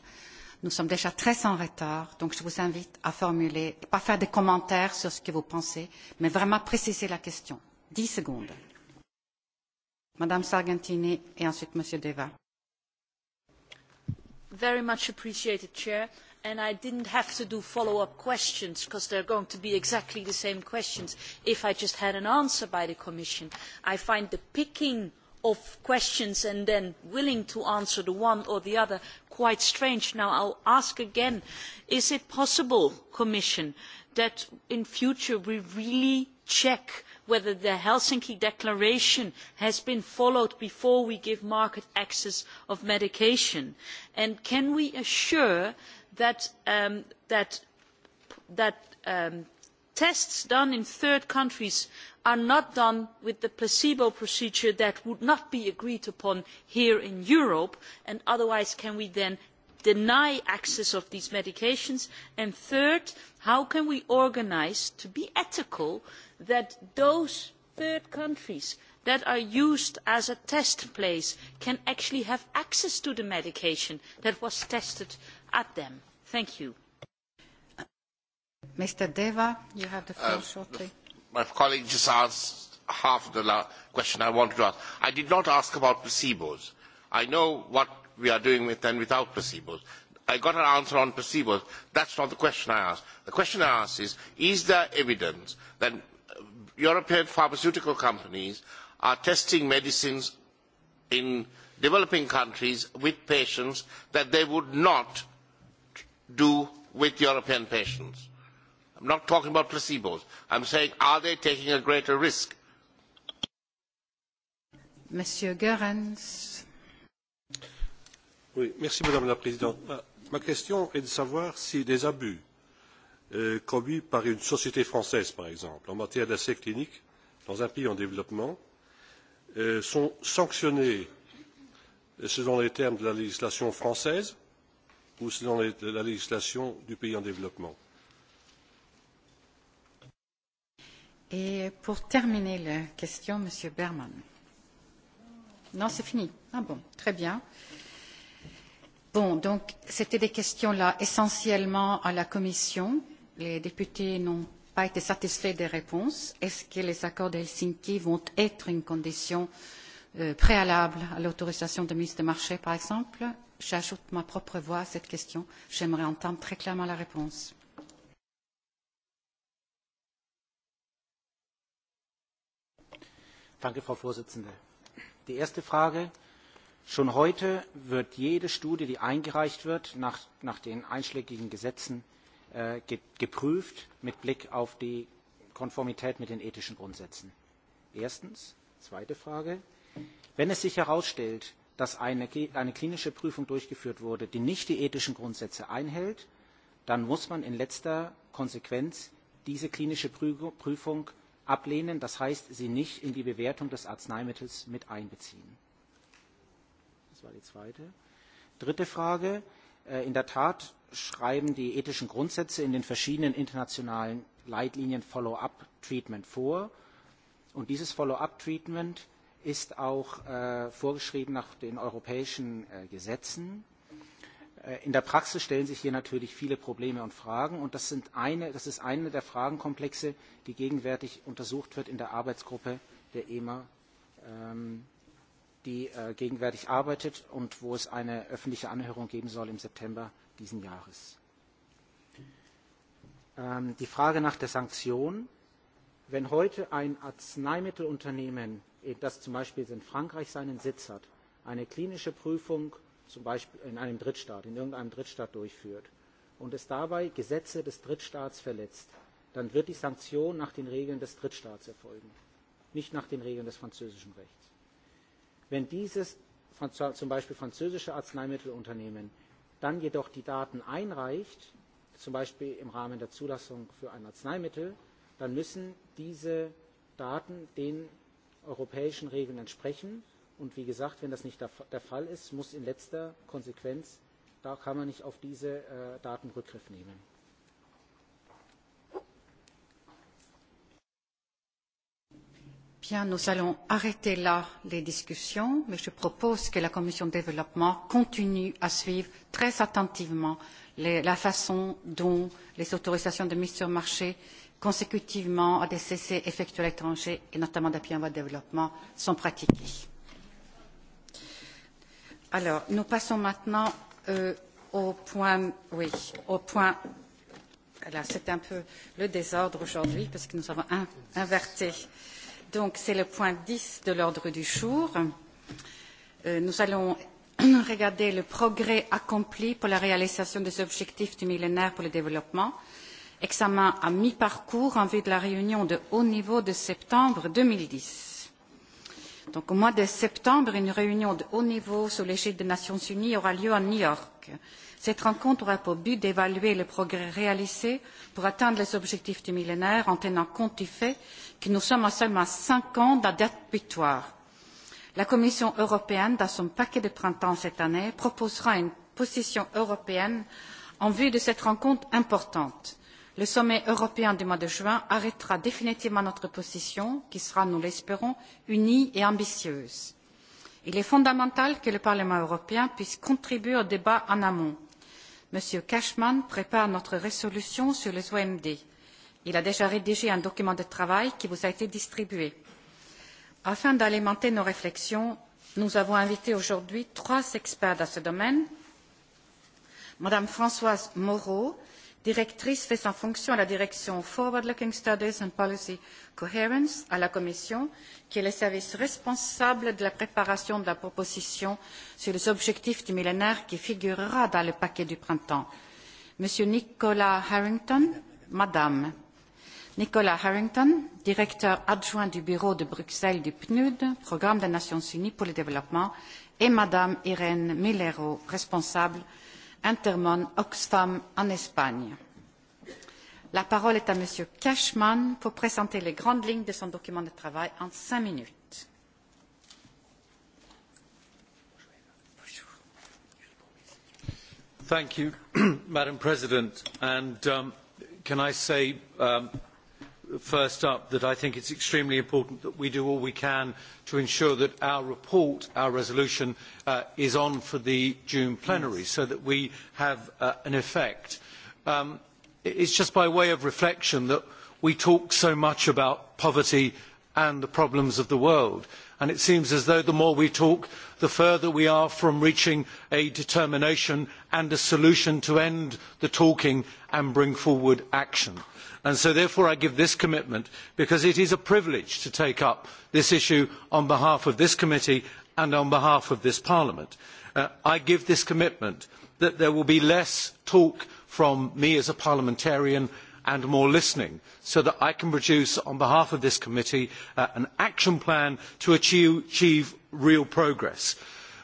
Nous sommes déjà très en retard, donc je vous invite à formuler, pas faire de commentaires sur ce que vous pensez, mais vraiment préciser la question. Dix secondes. Madame Sargentini et ensuite Monsieur Deva. Very much appreciated, Chair and I didn't have to do follow-up questions because they are going to be exactly the same questions if I just had an answer by the Commission. I find the picking of questions and then willing to answer the one or the other quite strange. Now I will ask again, is it possible, Commission, that in future we really check whether the Helsinki Declaration has been followed before we give market access of medication? And can we assure that, um, that, that um, tests done in third countries are not done with the placebo procedure that would not be agreed upon here in Europe, and otherwise can we then deny access to these medications? And third, how can we organise to be ethical that those third countries that are used as a test place can actually have access to the medication that was tested at them. Thank you. Mr. Deva, you have the floor uh, shortly. My colleague just asked half the la question I wanted to ask. I did not ask about placebos. I know what we are doing with and without placebos. I got an answer on placebos. That's not the question I asked. The question I asked is, is there evidence that European pharmaceutical companies are testing medicines in developing countries with patients that they would not do with European patients. I not talking about placebos. I saying, are they taking a greater risk? Oui, merci, Madame la Présidente. Ma, ma, question est de savoir si des abus euh, commis par une société française, par exemple, en matière d'essais cliniques dans un pays en développement, euh, sont sanctionnés selon les termes de la législation française ou selon la législation du pays en développement. Et pour terminer la question, Monsieur Berman. Non, c'est fini. Ah bon, très bien. Bon, donc c'était des questions là essentiellement à la Commission. Les députés n'ont pas été satisfaits des réponses. Est-ce que les accords d'Helsinki vont être une condition euh, préalable à l'autorisation de mise de marché, par exemple j'ajoute ma propre voix à cette question. J'aimerais entendre très clairement la réponse. Danke, Frau Vorsitzende. Die erste Frage. Schon heute wird jede Studie, die eingereicht wird, nach, nach den einschlägigen Gesetzen äh, ge geprüft mit Blick auf die Konformität mit den ethischen Grundsätzen. Erstens. Zweite Frage. Wenn es sich herausstellt, dass eine, eine klinische Prüfung durchgeführt wurde, die nicht die ethischen Grundsätze einhält, dann muss man in letzter Konsequenz diese klinische Prüfung ablehnen, das heißt, sie nicht in die Bewertung des Arzneimittels mit einbeziehen. Das war die zweite. Dritte Frage. Äh, in der Tat schreiben die ethischen Grundsätze in den verschiedenen internationalen Leitlinien Follow-up-Treatment vor. Und dieses Follow-up-Treatment ist auch äh, vorgeschrieben nach den europäischen äh, Gesetzen. Äh, in der Praxis stellen sich hier natürlich viele Probleme und Fragen und das, sind eine, das ist eine der Fragenkomplexe, die gegenwärtig untersucht wird in der Arbeitsgruppe der EMA, ähm, die äh, gegenwärtig arbeitet und wo es eine öffentliche Anhörung geben soll im September diesen Jahres. Ähm, die Frage nach der Sanktion. Wenn heute ein Arzneimittelunternehmen Äh, das zum Beispiel in Frankreich seinen Sitz hat, eine klinische Prüfung zum Beispiel in einem Drittstaat, in irgendeinem Drittstaat durchführt und es dabei Gesetze des Drittstaats verletzt, dann wird die Sanktion nach den Regeln des Drittstaats erfolgen, nicht nach den Regeln des französischen Rechts. Wenn dieses zum Beispiel französische Arzneimittelunternehmen dann jedoch die Daten einreicht, zum Beispiel im Rahmen der Zulassung für ein Arzneimittel, dann müssen diese Daten den europäischen Regeln entsprechen. Und wie gesagt, wenn das nicht der, der Fall ist, muss in letzter Konsequenz, da kann man nicht auf diese äh, Daten Rückgriff nehmen. Bien, nous allons arrêter là les discussions, mais je propose que la Commission de développement continue à suivre très attentivement les, la façon dont les autorisations de mise sur marché consécutivement à des cessés effectués à l'étranger et notamment d'appui en voie de développement sont pratiqués. Alors, nous passons maintenant euh, au point, oui, au point, alors c'est un peu le désordre aujourd'hui parce que nous avons un, inverté. Donc, c'est le point 10 de l'ordre du jour. Euh, nous allons regarder le progrès accompli pour la réalisation des objectifs du millénaire pour le développement examen à mi-parcours en vue de la réunion de haut niveau de septembre deux mille dix. Donc au mois de septembre, une réunion de haut niveau sous l'égide des Nations Unies aura lieu à New York. Cette rencontre aura pour but d'évaluer les progrès réalisés pour atteindre les objectifs du millénaire en tenant compte du fait que nous sommes à seulement cinq ans de la date butoir. La Commission européenne, dans son paquet de printemps cette année, proposera une position européenne en vue de cette rencontre importante. Le sommet européen du mois de juin arrêtera définitivement notre position, qui sera, nous l'espérons, unie et ambitieuse. Il est fondamental que le Parlement européen puisse contribuer au débat en amont. M. Cashman prépare notre résolution sur les OMD. Il a déjà rédigé un document de travail qui vous a été distribué. Afin d'alimenter nos réflexions, nous avons invité aujourd'hui trois experts dans ce domaine. Madame Françoise Moreau, directrice fait sa fonction à la direction Forward-Looking Studies and Policy Coherence à la Commission, qui est le service responsable de la préparation de la proposition sur les objectifs du millénaire qui figurera dans le paquet du printemps. Monsieur Nicolas Harrington, Madame Nicolas Harrington, directeur adjoint du bureau de Bruxelles du PNUD, programme des Nations Unies pour le développement, et Madame Irène Millero, responsable Intermon Oxfam en Espagne. La parole est à Monsieur Cashman pour présenter les grandes lignes de son document de travail en cinq minutes. Thank you, <clears throat> Madam President. And um, can I say um, first up that I think it is extremely important that we do all we can to ensure that our report, our resolution, uh, is on for the June plenary so that we have uh, an effect. Um, it is just by way of reflection that we talk so much about poverty and the problems of the world. And it seems as though the more we talk, the further we are from reaching a determination and a solution to end the talking and bring forward action. And so therefore I give this commitment because it is a privilege to take up this issue on behalf of this committee and on behalf of this parliament. Uh, I give this commitment that there will be less talk from me as a parliamentarian and more listening so that I can produce on behalf of this committee uh, an action plan to achieve, achieve, real progress.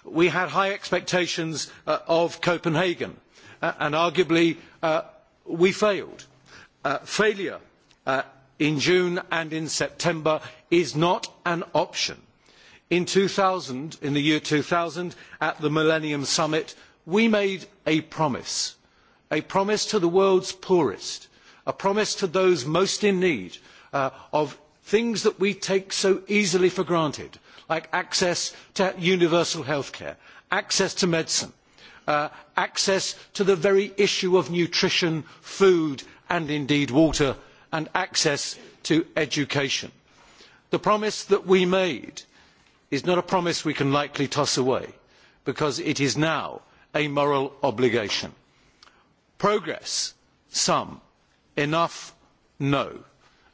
We had high expectations uh, of Copenhagen uh, and arguably uh, we failed. Uh, failure uh, in June and in September is not an option. In 2000, in the year two thousand, at the Millennium Summit, we made a promise, a promise to the world's poorest, a promise to those most in need uh, of things that we take so easily for granted, like access to universal health care, access to medicine, uh, access to the very issue of nutrition, food and indeed water and access to education. The promise that we made is not a promise we can lightly toss away because it is now a moral obligation. Progress, some. Enough, no.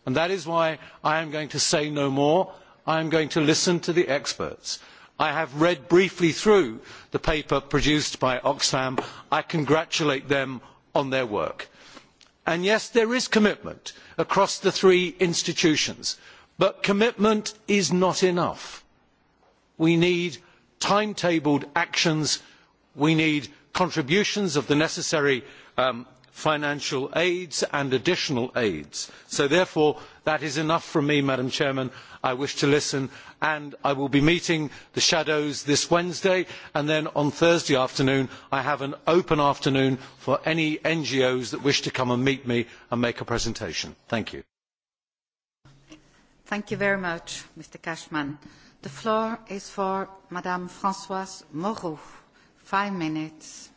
And that is why I am going to say no more. I am going to listen to the experts. I have read briefly through the paper produced by Oxfam. I congratulate them on their work. And yes, there is commitment across the three institutions, but commitment is not enough. We need timetabled actions. We need contributions of the necessary um, financial aids and additional aids. So therefore, that is enough from me, Madam Chairman. I wish to listen and I will be meeting the shadows this Wednesday and then on Thursday afternoon I have an open afternoon for any NGOs that wish to come and meet me and make a presentation. Thank you. Thank you very much, Mr. Cashman. The floor is for Madame Françoise Moreau. Five minutes.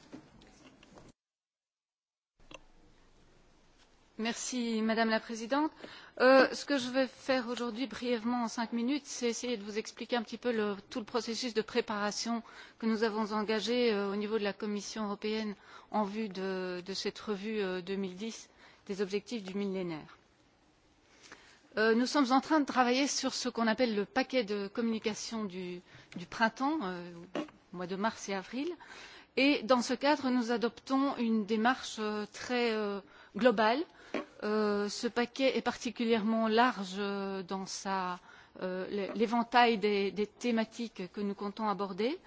Merci Madame la Présidente. Euh, ce que je vais faire aujourd'hui brièvement en cinq minutes, c'est essayer de vous expliquer un petit peu le, tout le processus de préparation que nous avons engagé euh, au niveau de la Commission européenne en vue de, de cette revue euh, 2010 des objectifs du millénaire. Euh, nous sommes en train de travailler sur ce qu'on appelle le paquet de communication du, du printemps, euh, mois de mars et avril. Et dans ce cadre, nous adoptons une démarche euh, très euh, globale euh, Euh, ce paquet est particulièrement large euh, dans sa euh, l'éventail des, des thématiques que nous comptons aborder.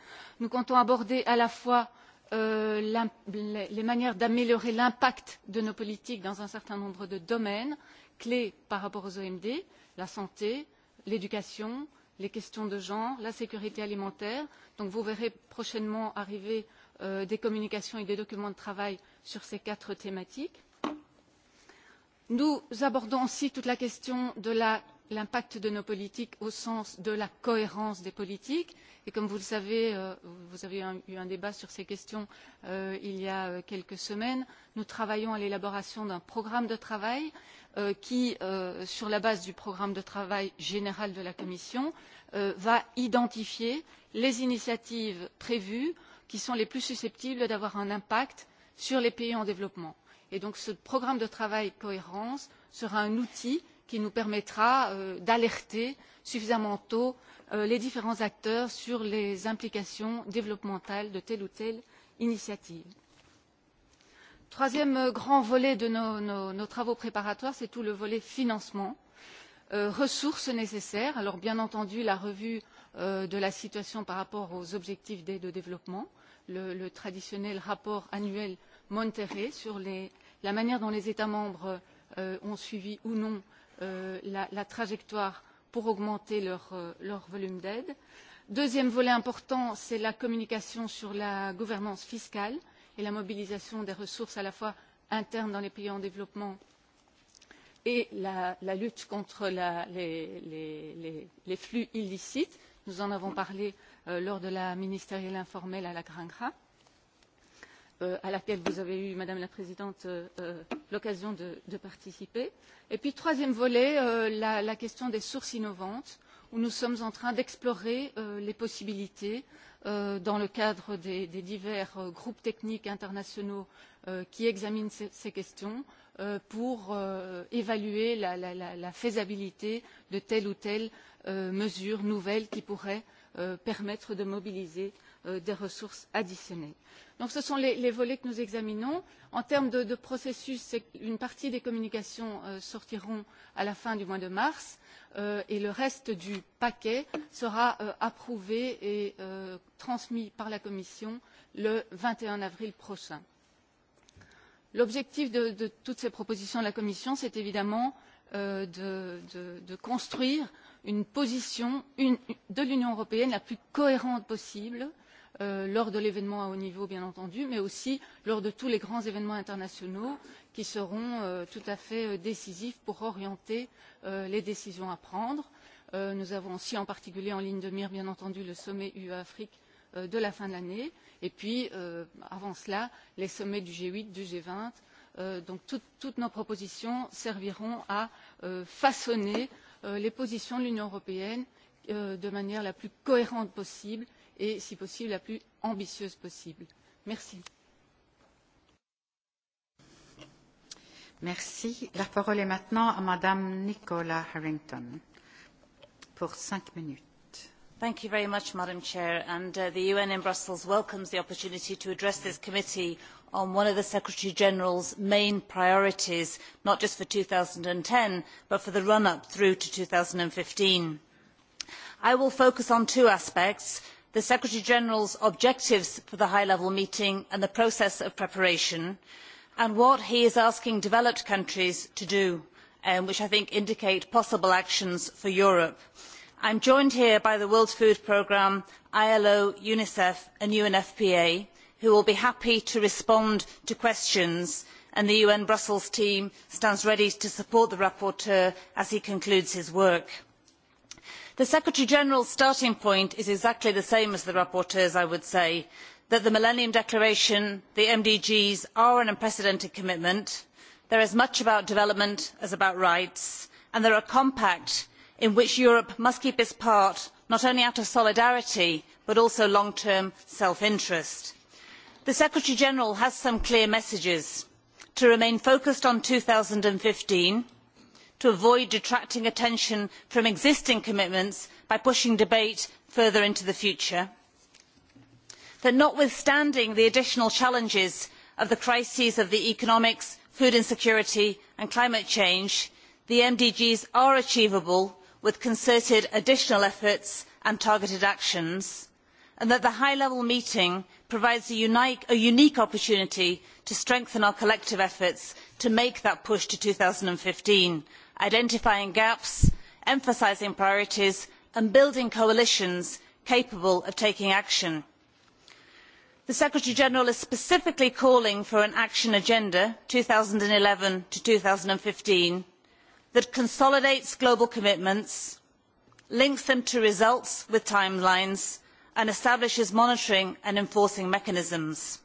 Nous comptons aborder à la fois euh, les, les manières d'améliorer l'impact de nos politiques dans un certain nombre de domaines clés par rapport aux OMD, la santé, l'éducation, les questions de genre, la sécurité alimentaire. Donc vous verrez prochainement arriver euh, des communications et des documents de travail sur ces quatre thématiques. Nous abordons aussi toute la question de l'impact de nos politiques au sens de la cohérence des politiques. Et comme vous le savez, euh, vous avez un, eu un débat sur ces questions euh, il y a euh, quelques semaines, nous travaillons à l'élaboration d'un programme de travail euh, qui, euh, sur la base du programme de travail général de la Commission, euh, va identifier les initiatives prévues qui sont les plus susceptibles d'avoir un impact sur les pays en développement. Et donc ce programme de travail cohérence sera un outil qui nous permettra euh, d'alerter suffisamment tôt euh, les différents acteurs sur les implications développementales de telle ou telle initiative. Troisième euh, grand volet de nos, nos, nos travaux préparatoires, c'est tout le volet financement euh, ressources nécessaires. Alors bien entendu, la revue euh, de la situation par rapport aux objectifs d'aide au développement, le, le traditionnel rapport annuel Monterrey sur les la manière dont les États membres euh, ont suivi ou non euh, la, la trajectoire pour augmenter leur, euh, leur volume d'aide. Deuxième volet important, c'est la communication sur la gouvernance fiscale et la mobilisation des ressources à la fois internes dans les pays en développement et la, la lutte contre la, les, les, les, les flux illicites. Nous en avons parlé euh, lors de la ministérielle informelle à la Grangra. Euh, euh, à laquelle vous avez eu, Madame la Présidente, euh, euh, l'occasion de, de participer. Et puis, troisième volet, euh, la, la question des sources innovantes, où nous sommes en train d'explorer euh, les possibilités euh, dans le cadre des, des divers euh, groupes techniques internationaux euh, qui examinent ces, ces questions euh, pour euh, évaluer la, la, la, la faisabilité de telle ou telle euh, mesure nouvelle qui pourrait euh, permettre de mobiliser euh, Euh, des ressources additionnelles. Donc ce sont les, les volets que nous examinons. En termes de, de processus, une partie des communications euh, sortiront à la fin du mois de mars euh, et le reste du paquet sera euh, approuvé et euh, transmis par la Commission le 21 avril prochain. L'objectif de, de toutes ces propositions de la Commission, c'est évidemment euh, de, de, de construire une position une, de l'Union européenne la plus cohérente possible euh, lors de l'événement à haut niveau, bien entendu, mais aussi lors de tous les grands événements internationaux qui seront euh, tout à fait euh, décisifs pour orienter euh, les décisions à prendre. Euh, nous avons aussi en particulier en ligne de mire, bien entendu, le sommet UE-Afrique euh, de la fin de l'année, et puis euh, avant cela, les sommets du G8, du G20. Euh, donc tout, toutes nos propositions serviront à euh, façonner euh, les positions de l'Union européenne euh, de manière la plus cohérente possible et, si possible, la plus ambitieuse possible. Merci. Merci. La parole est maintenant à Madame Nicola Harrington pour cinq minutes. Thank you very much, Madam Chair. And uh, the UN in Brussels welcomes the opportunity to address this committee on one of the Secretary General's main priorities, not just for 2010, but for the run-up through to 2015. I will focus on two aspects, the secretary general's objectives for the high level meeting and the process of preparation and what he is asking developed countries to do um, which i think indicate possible actions for europe. i am joined here by the world food programme ilo unicef and unfpa who will be happy to respond to questions and the un brussels team stands ready to support the rapporteur as he concludes his work. The Secretary General's starting point is exactly the same as the rapporteur's, I would say, that the Millennium Declaration, the MDGs, are an unprecedented commitment. They are as much about development as about rights, and they are a compact in which Europe must keep its part not only out of solidarity but also long term self interest. The Secretary General has some clear messages to remain focused on fifteen to avoid detracting attention from existing commitments by pushing debate further into the future. That notwithstanding the additional challenges of the crises of the economics, food insecurity and climate change, the MDGs are achievable with concerted additional efforts and targeted actions, and that the high-level meeting provides a unique, a unique opportunity to strengthen our collective efforts to make that push to fifteen identifying gaps, emphasising priorities and building coalitions capable of taking action. The Secretary General is specifically calling for an action agenda thousand to fifteen that consolidates global commitments, links them to results with timelines, and establishes monitoring and enforcing mechanisms.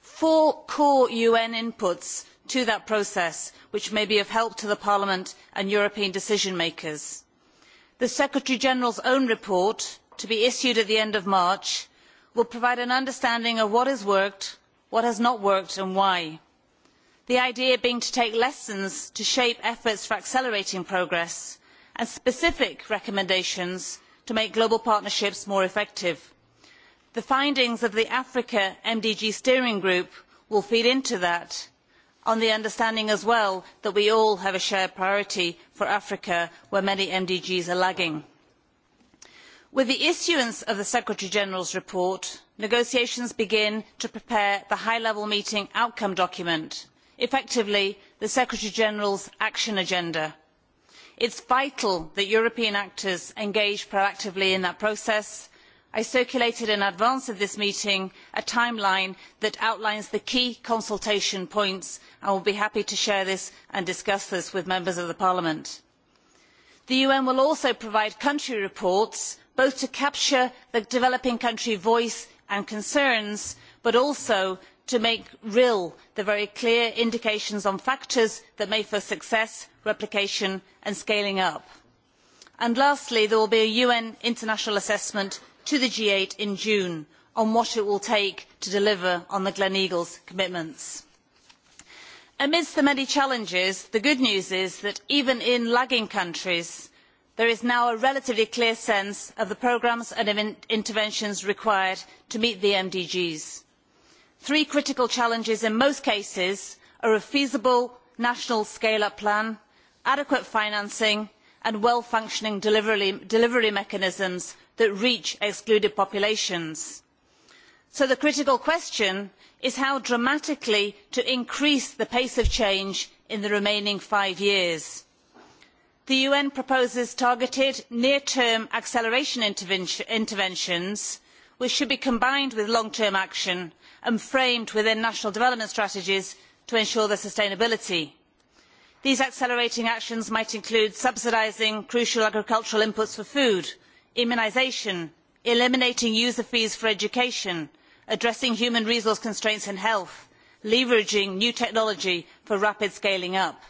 Four core UN inputs to that process which may be of help to parliament and european decision makers. the secretary general's own report to be issued at the end of march will provide an understanding of what has worked what has not worked and why the idea being to take lessons to shape efforts for accelerating progress and specific recommendations to make global partnerships more effective. the findings of the africa mdg steering group will feed into that on the understanding as well that we all have a shared priority for Africa where many MDGs are lagging. With the issuance of the Secretary General's report, negotiations begin to prepare the high level meeting outcome document, effectively the Secretary General's action agenda. It is vital that European actors engage proactively in that process I circulated in advance of this meeting a timeline that outlines the key consultation points and will be happy to share this and discuss this with members of Parliament. The UN will also provide country reports both to capture the developing country voice and concerns but also to make real the very clear indications on factors that make for success, replication and scaling up. And lastly, there will be a UN international assessment to the g eight in June on what it will take to deliver on the Gleneagles commitments. Amidst the many challenges, the good news is that even in lagging countries, there is now a relatively clear sense of the programmes and interventions required to meet the MDGs. Three critical challenges in most cases are a feasible national scale-up plan, adequate financing and well-functioning delivery, delivery mechanisms that reach excluded populations. So the critical question is how dramatically to increase the pace of change in the remaining five years. The UN proposes targeted near-term acceleration interventions which should be combined with long-term action and framed within national development strategies to ensure their sustainability. These accelerating actions might include subsidising crucial agricultural inputs for food, immunisation eliminating user fees for education addressing human resource constraints in health leveraging new technology for rapid scaling up.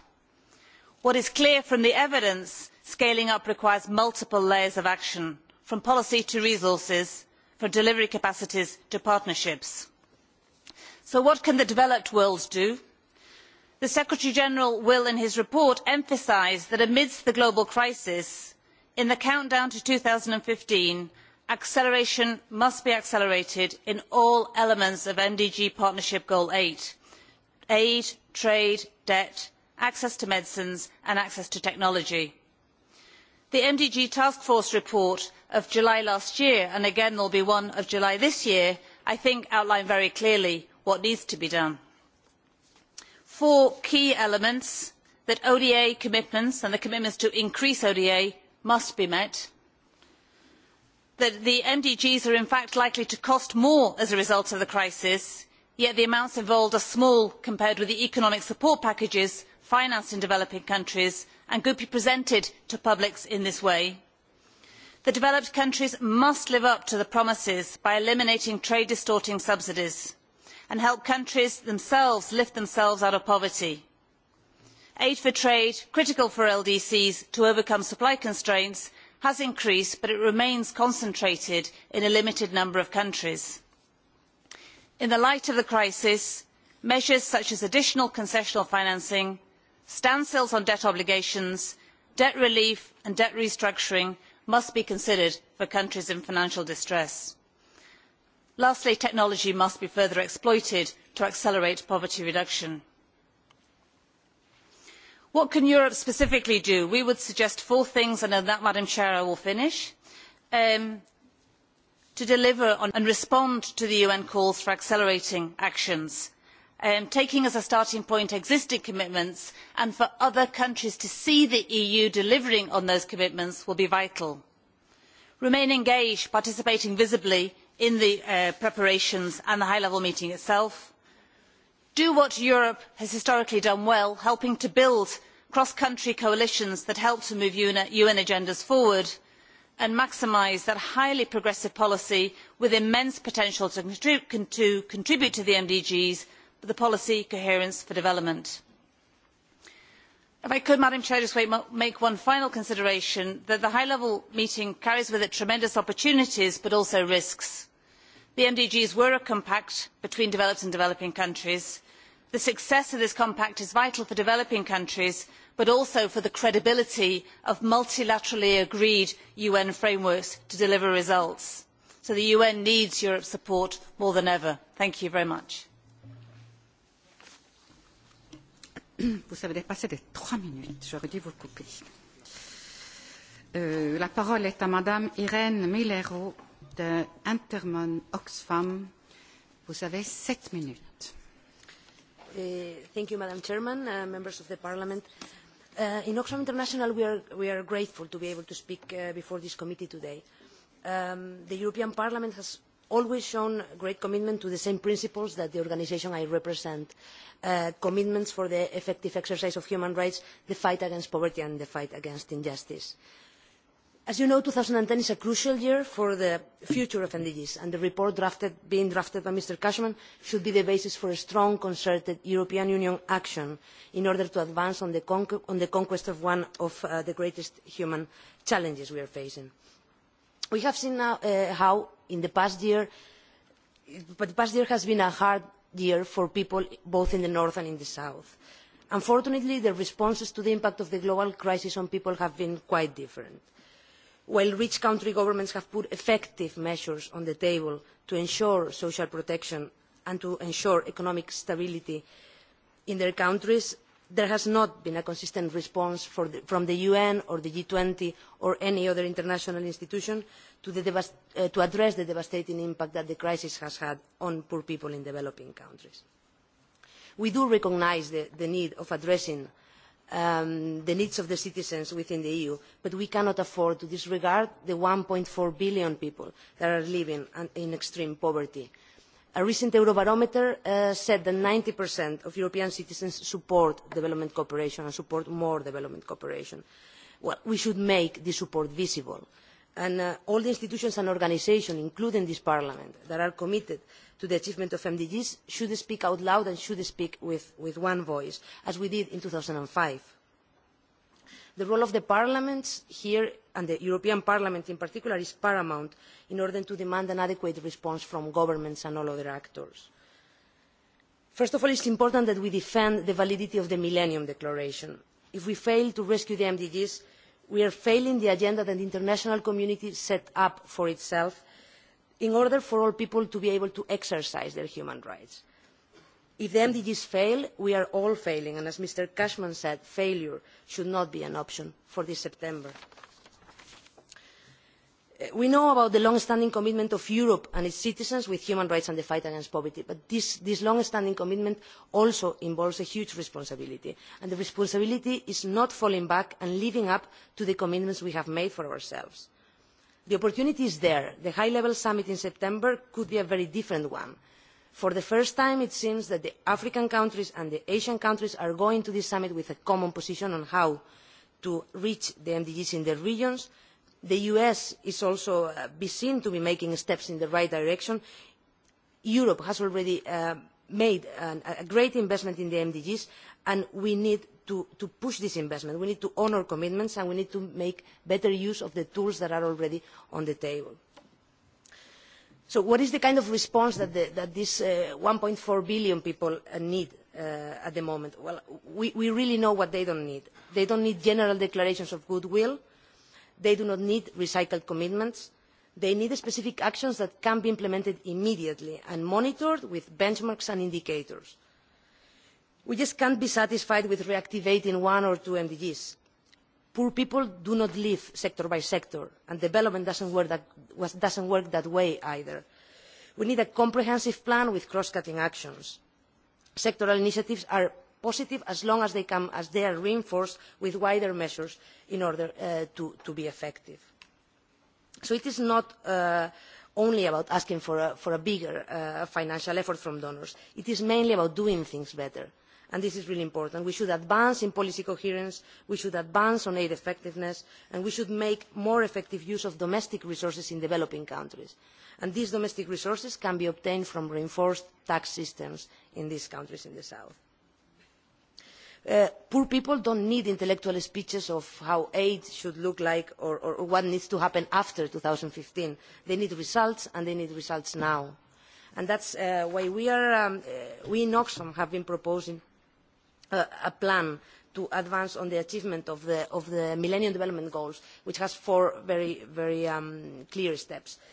what is clear from the evidence scaling up requires multiple layers of action from policy to resources from delivery capacities to partnerships. so what can the developed world do? the secretary general will in his report emphasise that amidst the global crisis in the countdown to two thousand and fifteen acceleration must be accelerated in all elements of mdg partnership goal eight aid trade debt access to medicines and access to technology. the mdg task force report of july last year and again there will be one of july this year i think outline very clearly what needs to be done. four key elements that oda commitments and the commitments to increase oda must be met, that the MDGs are in fact likely to cost more as a result of the crisis, yet the amounts involved are small compared with the economic support packages financed in developing countries and could be presented to publics in this way. The developed countries must live up to the promises by eliminating trade distorting subsidies and help countries themselves lift themselves out of poverty aid for trade critical for ldcs to overcome supply constraints has increased but it remains concentrated in a limited number of countries. in the light of the crisis measures such as additional concessional financing standstills on debt obligations debt relief and debt restructuring must be considered for countries in financial distress. lastly technology must be further exploited to accelerate poverty reduction. What can Europe specifically do? We would suggest four things, and on that, Madam Chair, I will finish. Um, to deliver on and respond to the UN calls for accelerating actions, um, taking as a starting point existing commitments and for other countries to see the EU delivering on those commitments will be vital. Remain engaged, participating visibly in the uh, preparations and the high-level meeting itself. Do what Europe has historically done well, helping to build cross country coalitions that help to move UN agendas forward and maximise that highly progressive policy with immense potential to, contrib to contribute to the MDGs, but the policy coherence for development. If I could, Madam Chair, just make one final consideration that the high-level meeting carries with it tremendous opportunities but also risks. The MDGs were a compact between developed and developing countries the success of this compact is vital for developing countries but also for the credibility of multilaterally agreed un frameworks to deliver results so the un needs europe's support more than ever. thank you very much. <clears throat> Euh, la parole est à Madame Irène Millero de Intermon Oxfam. Vous avez sept minutes. Uh, thank you, Madam Chairman, uh, members of the Parliament. Uh, in Oxfam International, we are, we are grateful to be able to speak uh, before this committee today. Um, the European Parliament has always shown great commitment to the same principles that the organisation I represent, uh, commitments for the effective exercise of human rights, the fight against poverty and the fight against injustice. Uh, As you know, 2010 is a crucial year for the future of NDGs, and the report drafted, being drafted by Mr. Cashman should be the basis for a strong, concerted European Union action in order to advance on the, con on the conquest of one of uh, the greatest human challenges we are facing. We have seen now uh, how, in the past year, but the past year has been a hard year for people both in the north and in the south. Unfortunately, the responses to the impact of the global crisis on people have been quite different while rich country governments have put effective measures on the table to ensure social protection and to ensure economic stability in their countries, there has not been a consistent response the, from the UN or the g twenty or any other international institution to, uh, to, address the devastating impact that the crisis has had on poor people in developing countries. We do recognise the, the need of addressing um, the needs of the citizens within the EU, but we cannot afford to disregard the 1.4 billion people that are living in extreme poverty. A recent Eurobarometer uh, said that 90% of European citizens support development cooperation and support more development cooperation. Well, we should make this support visible and uh, all the institutions and organizations, including this parliament, that are committed to the achievement of MDGs should speak out loud and should speak with, with one voice, as we did in 2005. The role of the parliaments here, and the European Parliament in particular, is paramount in order to demand an adequate response from governments and all other actors. First of all, it's important that we defend the validity of the Millennium Declaration. If we fail to rescue the MDGs, we are failing the agenda that the international community set up for itself in order for all people to be able to exercise their human rights. If the MDGs fail, we are all failing, and as Mr. Cashman said, failure should not be an option for this September. Uh, we know about the long-standing commitment of Europe and its citizens with human rights and the fight against poverty, but this, this long-standing commitment also involves a huge responsibility. And the responsibility is not falling back and living up to the commitments we have made for ourselves. The opportunity is there. The high-level summit in September could be a very different one. For the first time, it seems that the African countries and the Asian countries are going to this summit with a common position on how to reach the MDGs in their regions, The US is also uh, be seen to be making steps in the right direction. Europe has already uh, made an, a great investment in the MDGs and we need to, to push this investment. We need to honour commitments and we need to make better use of the tools that are already on the table. So what is the kind of response that, the, that these uh, 1.4 billion people uh, need uh, at the moment? Well, we, we really know what they don't need. They don't need general declarations of goodwill. They do not need recycled commitments. They need specific actions that can be implemented immediately and monitored with benchmarks and indicators. We just can't be satisfied with reactivating one or two MDGs. Poor people do not live sector by sector, and development doesn't work that, doesn't work that way either. We need a comprehensive plan with cross-cutting actions. Sectoral initiatives are positive as long as they, come, as they are reinforced with wider measures in order uh, to, to be effective. So it is not uh, only about asking for a, for a bigger uh, financial effort from donors. It is mainly about doing things better. And this is really important. We should advance in policy coherence, we should advance on aid effectiveness, and we should make more effective use of domestic resources in developing countries. And these domestic resources can be obtained from reinforced tax systems in these countries in the south. Uh, poor people don't need intellectual speeches of how aid should look like or, or what needs to happen after fifteen. They need results, and they need results now. And that's uh, why we, are, um, uh, we in Oxfam have been proposing a, uh, a plan to advance on the achievement of the, of the Millennium Development Goals, which has four very, very um, clear steps. Uh,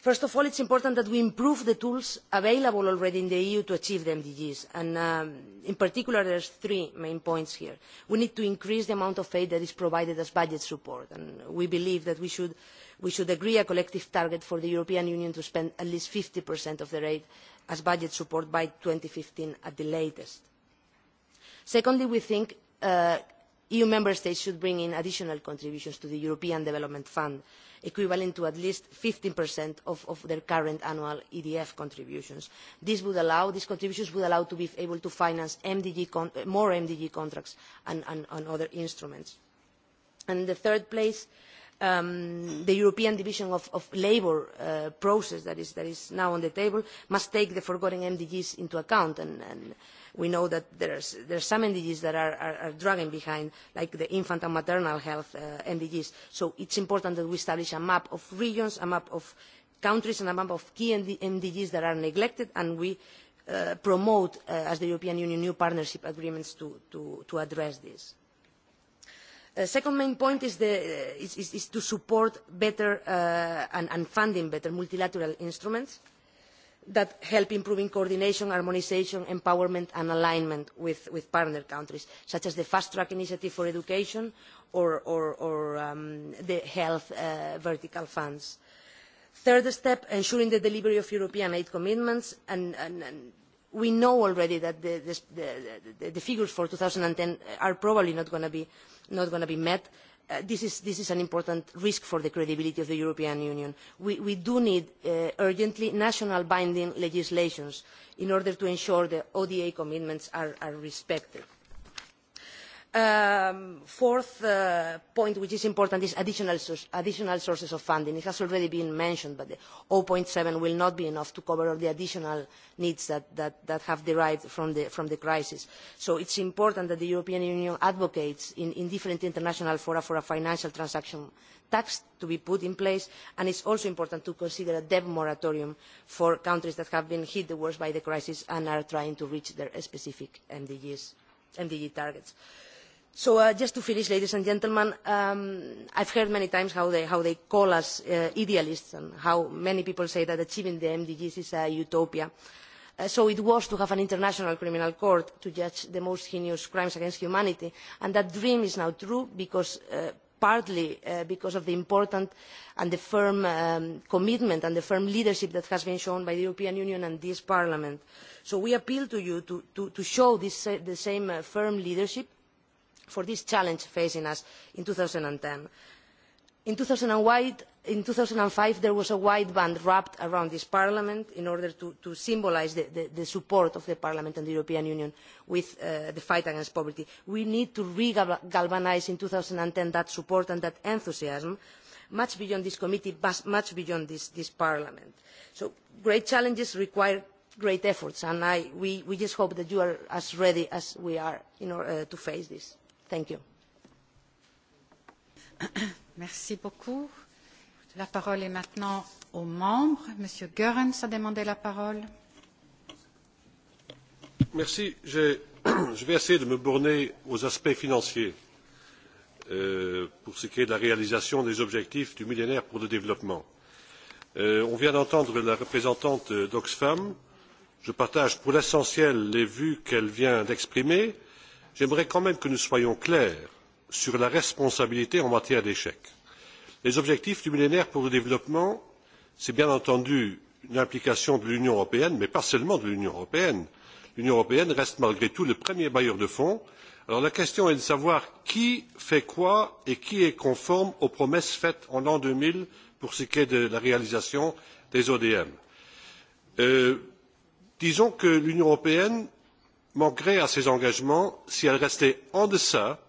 First of all, it is important that we improve the tools available already in the EU to achieve the MDGs. And um, in particular, there are three main points here. We need to increase the amount of aid that is provided as budget support. And we believe that we should, we should agree a collective target for the European Union to spend at least 50% of the aid as budget support by fifteen at the latest. Secondly, we think uh, EU member states should bring in additional contributions to the European Development Fund equivalent to at least 15% of, of their current annual EDF contributions. This would allow, these contributions would allow to be able to finance MDG con eh, more MDG contracts and, and, and other instruments. And in the third place, um, the European Division of, of Labour uh, process that is, that is now on the table must take the forgotten MDGs into account and, and we know that there's, there's some NDGs that are, are, are dragging behind, like the infant and maternal health uh, NDGs. So it's important that we establish a map of regions, a map of countries, and a map of key NDGs that are neglected, and we uh, promote, uh, as the European Union, new partnership agreements to, to, to address this. The uh, second main point is, the, uh, is, is, is to support better uh, and, and funding better multilateral instruments. Uh, that help improving coordination, harmonisation, empowerment and alignment with, with, partner countries, such as the Fast Track Initiative for Education or, or, or um, the health uh, vertical funds. Third step, ensuring the delivery of European aid commitments. And, and, and we know already that the, the, the, the figures for 2010 are probably not going to be, not going to be met Uh, this, is, this is an important risk for the credibility of the European Union. We, we do need uh, urgently national binding legislations in order to ensure the ODA commitments are, are respected. Um, fourth uh, point, which is important, is additional, additional sources of funding. It has already been mentioned, but the 0.7 will not be enough to cover all the additional needs that, that, that have derived from the, from the crisis. So it's important that the European Union advocates in, in different international fora for a financial transaction tax to be put in place, and it's also important to consider a debt moratorium for countries that have been hit the worst by the crisis and are trying to reach their specific MDGs, MDG targets. So uh, just to finish, ladies and gentlemen, um, I've heard many times how they, how they call us uh, idealists and how many people say that achieving the MDGs is a utopia. Uh, so it was to have an international criminal court to judge the most heinous crimes against humanity. And that dream is now true because uh, partly uh, because of the important and the firm um, commitment and the firm leadership that has been shown by the European Union and this Parliament. So we appeal to you to, to, to show this, uh, the same uh, firm leadership for this challenge facing us in 2010. In 2008, in 2005, there was a white band wrapped around this parliament in order to, to symbolize the, the, the support of the parliament and the European Union with uh, the fight against poverty. We need to re-galvanize in 2010 that support and that enthusiasm much beyond this committee, but much beyond this, this parliament. So great challenges require great efforts, and I, we, we just hope that you are as ready as we are in order, uh, to face this. Thank you. <coughs> Merci beaucoup. La parole est maintenant aux membres. Monsieur Goerens a demandé la parole. Merci. Je, <coughs> je vais essayer de me borner aux aspects financiers euh, pour ce qui est de la réalisation des objectifs du millénaire pour le développement. Euh, on vient d'entendre la représentante d'Oxfam. Je partage pour l'essentiel les vues qu'elle vient d'exprimer. Euh, j'aimerais quand même que nous soyons clairs sur la responsabilité en matière d'échecs. les objectifs du millénaire pour le développement c'est bien entendu une implication de l'union européenne mais pas seulement de l'union européenne. l'union européenne reste malgré tout le premier bailleur de fonds. alors la question est de savoir qui fait quoi et qui est conforme aux promesses faites en l'an deux mille pour ce qui est de la réalisation des odm. Euh, disons que l'union européenne manquerait à ses engagements si elle restait en deçà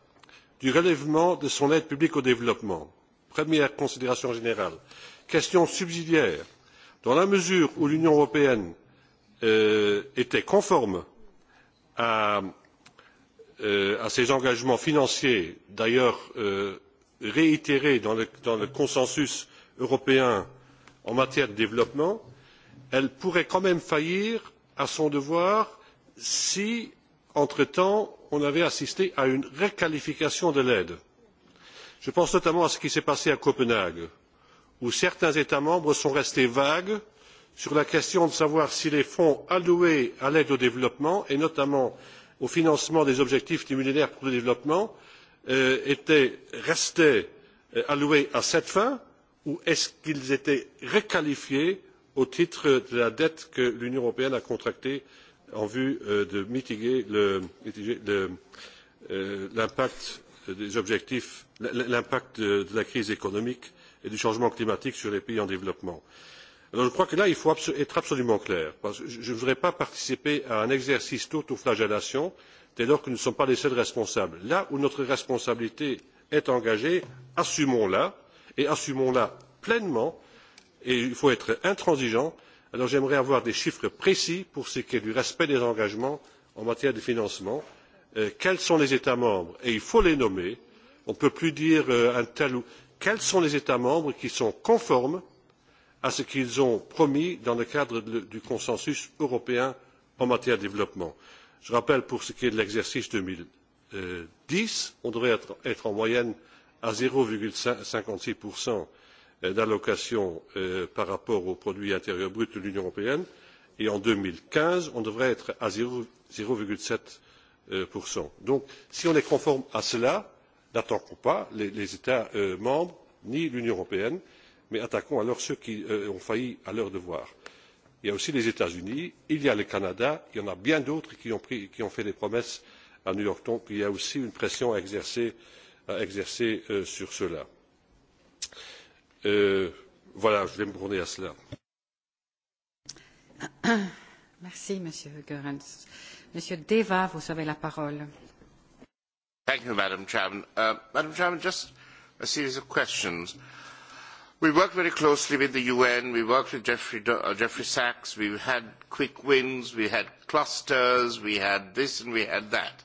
du relèvement de son aide publique au développement. Première considération générale. Question subsidiaire. Dans la mesure où l'Union européenne euh, était conforme à, euh, à, ses engagements financiers, d'ailleurs euh, réitérés dans le, dans le, consensus européen en matière de développement, elle pourrait quand même faillir à son devoir si, entre-temps, on avait assisté à une requalification de l'aide. Je pense notamment à ce qui s'est passé à Copenhague, où certains États membres sont restés vagues sur la question de savoir si les fonds alloués à l'aide au développement, et notamment au financement des objectifs du millénaire pour le développement, euh, étaient, restaient euh, alloués à cette fin, ou est-ce qu'ils étaient requalifiés au titre de la dette que l'Union européenne a contractée en vue euh, de mitiguer euh, l'impact des objectifs, l'impact de, de la crise économique et du changement climatique sur les pays en développement. Alors je crois que là, il faut être absolument clair. Parce que je ne voudrais pas participer à un exercice d'autoflagellation dès lors que nous ne sommes pas les seuls responsables. Là où notre responsabilité est engagée, assumons-la et assumons-la pleinement. Et il faut être intransigeant alors j'aimerais avoir des chiffres précis pour ce qui est du respect des engagements en matière de financement euh, quels sont les états membres et il faut les nommer on ne peut plus dire euh, un tel ou quels sont les états membres qui sont conformes à ce qu'ils ont promis dans le cadre de, du consensus européen en matière de développement. je rappelle pour ce qui est de l'exercice deux mille euh, dix on devrait être, être en moyenne à zéro cinquante six Euh, d'allocation euh, par rapport au produit intérieur brut de l'union européenne et en deux mille quinze on devrait être à zéro sept euh, donc si on est conforme à cela n'attaquons pas les, les états membres ni l'union européenne mais attaquons alors ceux qui ont failli à leur devoir. il y a aussi les états unis il y a le canada il y en a bien d'autres qui, qui ont fait des promesses à new york donc il y a aussi une pression à exercer, à exercer sur ceux Euh, voilà, je vais me tourner à cela. <coughs> Merci, Monsieur Goerens. Monsieur Deva, vous avez la parole. Thank you, Madam Chairman. Uh, Madam Chairman, just a series of questions. We worked very closely with the UN. We worked with Jeffrey, uh, Jeffrey Sachs. We had quick wins. We had clusters. We had this and we had that.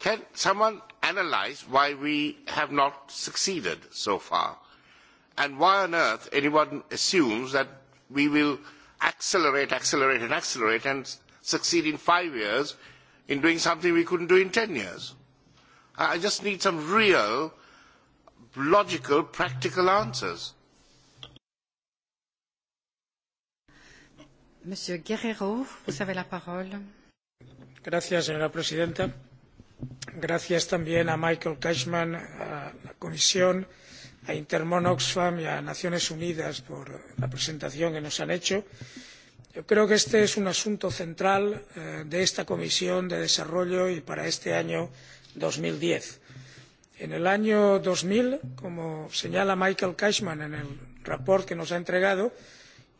Can someone analyse why we have not succeeded so far? And why on earth anyone assumes that we will accelerate, accelerate, and accelerate and succeed in five years in doing something we couldn't do in ten years? I just need some real, logical, practical answers. Monsieur Guerrero, vous avez la parole. Gracias, señora presidenta. Gracias también a Michael Cashman, a la Comisión a Intermon Oxfam y a Naciones Unidas por la presentación que nos han hecho. Yo creo que este es un asunto central eh, de esta Comisión de Desarrollo y para este año dos mil diez. En el año dos mil, como señala Michael Cashman en el informe que nos ha entregado,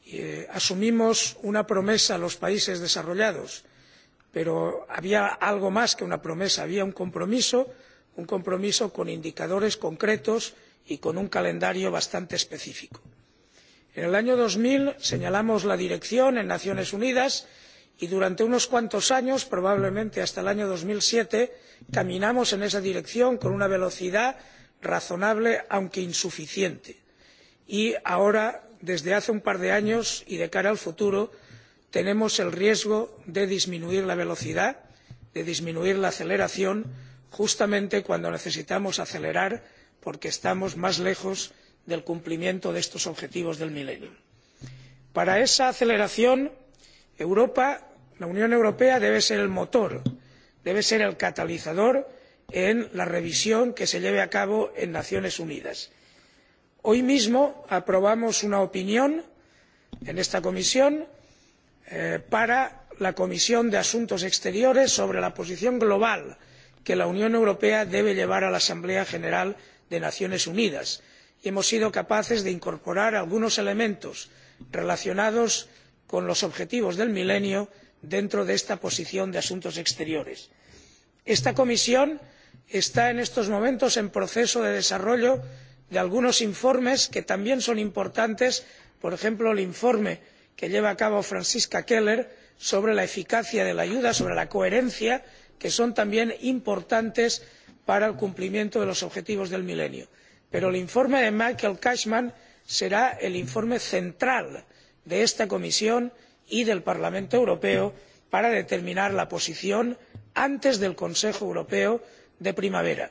eh, asumimos una promesa a los países desarrollados, pero había algo más que una promesa, había un compromiso, un compromiso con indicadores concretos y con un calendario bastante específico. En el año dos mil señalamos la dirección en las Naciones Unidas y durante unos cuantos años, probablemente hasta el año dos mil siete, caminamos en esa dirección con una velocidad razonable, aunque insuficiente. Y ahora, desde hace un par de años y de cara al futuro, tenemos el riesgo de disminuir la velocidad, de disminuir la aceleración, justamente cuando necesitamos acelerar porque estamos más lejos del cumplimiento de estos objetivos del milenio. para esa aceleración europa la unión europea debe ser el motor debe ser el catalizador en la revisión que se lleve a cabo en las naciones unidas. hoy mismo aprobamos una opinión en esta comisión eh, para la comisión de asuntos exteriores sobre la posición global que la unión europea debe llevar a la asamblea general de las naciones unidas y hemos sido capaces de incorporar algunos elementos relacionados con los objetivos del milenio dentro de esta posición de asuntos exteriores. esta comisión está en estos momentos en proceso de desarrollo de algunos informes que también son importantes por ejemplo el informe que lleva a cabo Francisca keller sobre la eficacia de la ayuda sobre la coherencia que son también importantes para el cumplimiento de los objetivos del milenio pero el informe de michael cashman será el informe central de esta comisión y del parlamento europeo para determinar la posición antes del consejo europeo de primavera.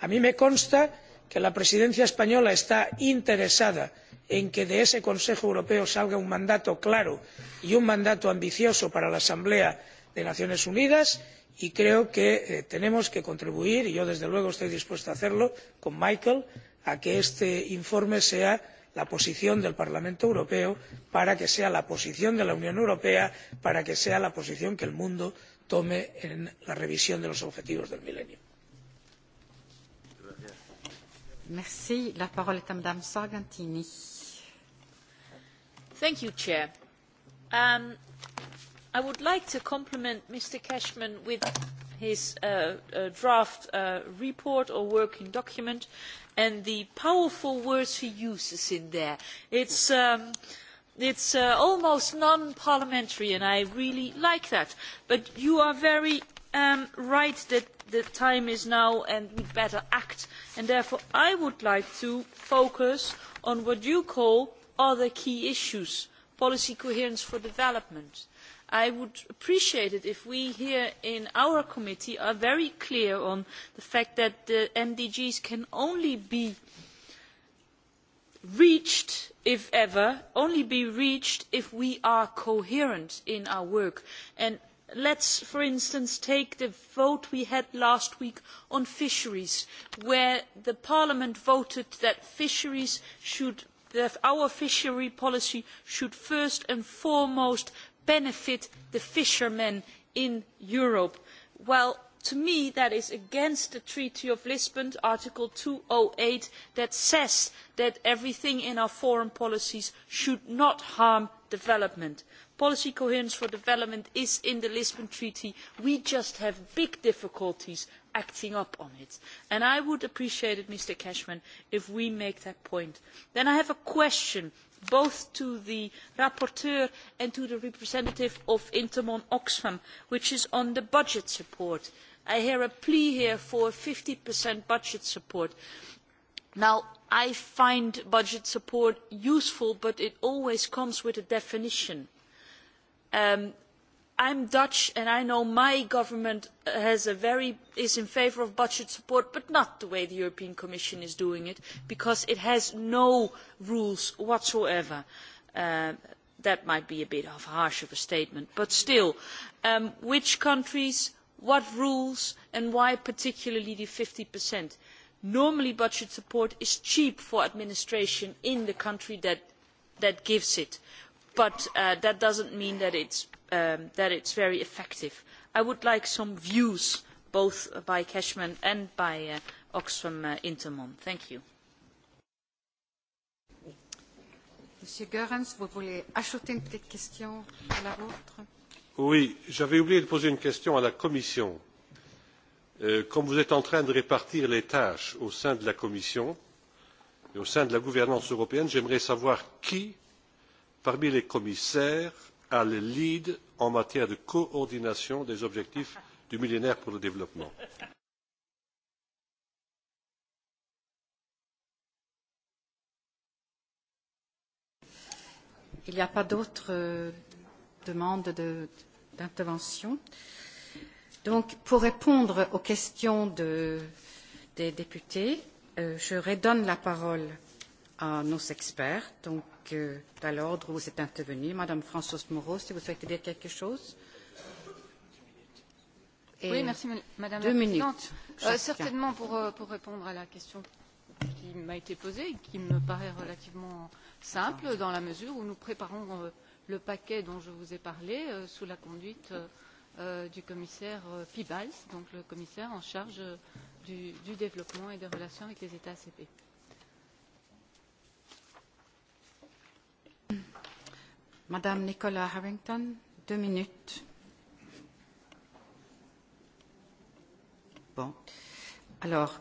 a mí me consta que la presidencia española está interesada en que de ese consejo europeo salga un mandato claro y un mandato ambicioso para la asamblea de las naciones unidas y y creo que eh, tenemos que contribuir y yo desde luego estoy dispuesto a hacerlo con michael a que este informe sea la posición del parlamento europeo para que sea la posición de la unión europea para que sea la posición que el mundo tome en la revisión de los objetivos del milenio. Merci. La parole est à Madame Sargentini. Thank you, Chair. Um, I would like to compliment Mr. Cashman with his uh, uh, draft uh, report or working document and the powerful words he uses in there. It's, um, it's uh, almost non-parliamentary and I really like that. But you are very um, right that the time is now and we better act. And therefore I would like to focus on what you call other key issues, policy coherence for development I would appreciate it if we here in our committee are very clear on the fact that the MDGs can only be reached, if ever, only be reached if we are coherent in our work. And Let us, for instance, take the vote we had last week on fisheries, where Parliament voted that fisheries should, that our fishery policy should first and foremost benefit the fishermen in Europe. Well, to me that is against the Treaty of Lisbon, Article two hundred oh and eight, that says that everything in our foreign policies should not harm development. Policy coherence for development is in the Lisbon Treaty. We just have big difficulties acting up on it. And I would appreciate it, Mr. Cashman, if we make that point. Then I have a question both to the rapporteur and to the representative of Intermon Oxfam, which is on the budget support. I hear a plea here for 50% budget support. Now, I find budget support useful, but it always comes with a definition. Um, I am Dutch and I know my government very, is in favour of budget support, but not the way the European Commission is doing it, because it has no rules whatsoever. Uh, that might be a bit of harsh of a statement, but still, um, which countries, what rules, and why particularly the 50%? Normally budget support is cheap for administration in the country that, that gives it but uh, that does not mean that it um, is very effective. I would like some views both by Cashman and by uh, Oxfam uh, Intermon. Thank you. Monsieur Goerens, vous voulez ajouter une petite question à la vôtre Oui, j'avais oublié de poser une question à la Commission. Euh, comme vous êtes en train de répartir les tâches au sein de la Commission et au sein de la gouvernance européenne, j'aimerais savoir qui parmi les commissaires à le lead en matière de coordination des objectifs du millénaire pour le développement. Il n'y a pas d'autres euh, demandes d'intervention. De, Donc, pour répondre aux questions de, des députés, euh, je redonne la parole à nos experts. Donc, donc dans l'ordre vous êtes intervenu. Madame Françoise Moreau, si vous souhaitez dire quelque chose. Et oui, merci Madame deux la Présidente. Euh, certainement pour, euh, pour répondre à la question qui m'a été posée, qui me paraît relativement simple dans la mesure où nous préparons euh, le paquet dont je vous ai parlé euh, sous la conduite euh, euh du commissaire euh, Pibals, donc le commissaire en charge euh, du, du développement et des relations avec les États ACP. Madame Nicola Harrington, deux minutes. Bon. Alors,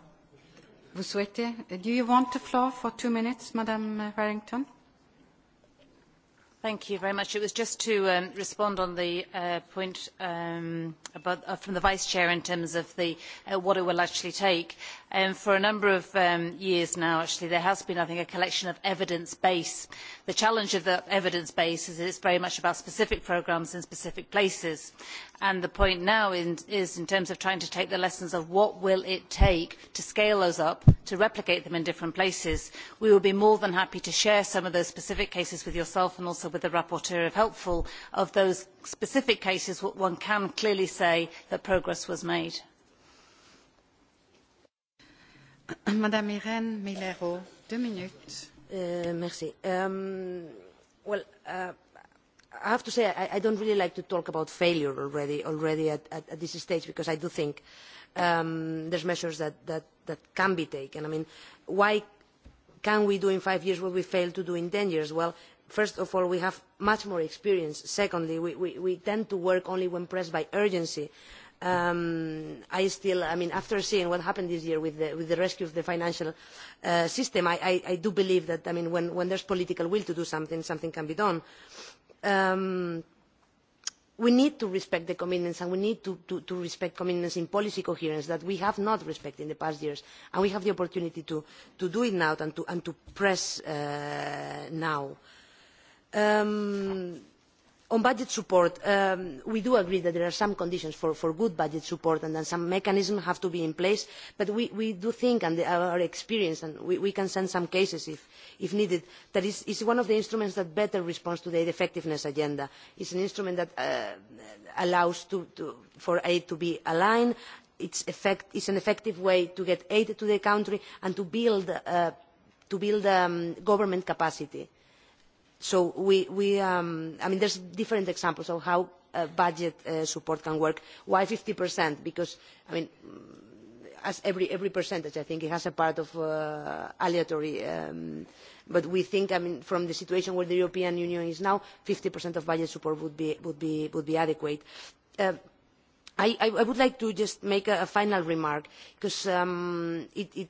vous souhaitez... Do you want the floor for two minutes, Madame Harrington? Thank you very much. It was just to um, respond on the uh, point um, about, uh, from the Vice-Chair in terms of the, uh, what it will actually take. Um, for a number of um, years now, actually, there has been, I think, a collection of evidence base. The challenge of the evidence base is that it's very much about specific programmes in specific places. And the point now in, is in terms of trying to take the lessons of what will it take to scale those up, to replicate them in different places. We will be more than happy to share some of those specific cases with yourself and also with the rapporteur if helpful of those specific cases what one can clearly say that progress was made. <coughs> Madame Irene Milero, deux minutes. Uh, merci. Um, well, uh, I have to say I, I don't really like to talk about failure already, already at, at, at this stage because I do think um, there's measures that, that, that can be taken. I mean, why can we do in five years what we failed to do in ten years? Well, first of all, we have much more experience. Secondly, we, we, we tend to work only when pressed by urgency um, I still, I mean, after seeing what happened this year with the, with the rescue of the financial uh, system, I, I, I do believe that, I mean, when, when there's political will to do something, something can be done. Um, we need to respect the commitments and we need to, to, to respect commitments in policy coherence that we have not respected in the past years and we have the opportunity to, to do it now and to, and to press uh, now. Um, On budget support, um, we do agree that there are some conditions for, for good budget support and that some mechanisms have to be in place, but we, we do think, and our experience, and we, we can send some cases if, if needed, that it's, is one of the instruments that better responds to the aid effectiveness agenda. It's an instrument that uh, allows to, to, for aid to be aligned, it's, effect, it's an effective way to get aid to the country and to build, uh, to build um, government capacity So we, we um, I mean, there's different examples of how uh, budget uh, support can work. Why 50%? Because, I mean, mm, as every, every percentage, I think it has a part of uh, aleatory, um, but we think, I mean, from the situation where the European Union is now, 50% of budget support would be, would be, would be adequate. Uh, I, I would like to just make a, a final remark, because um, it, it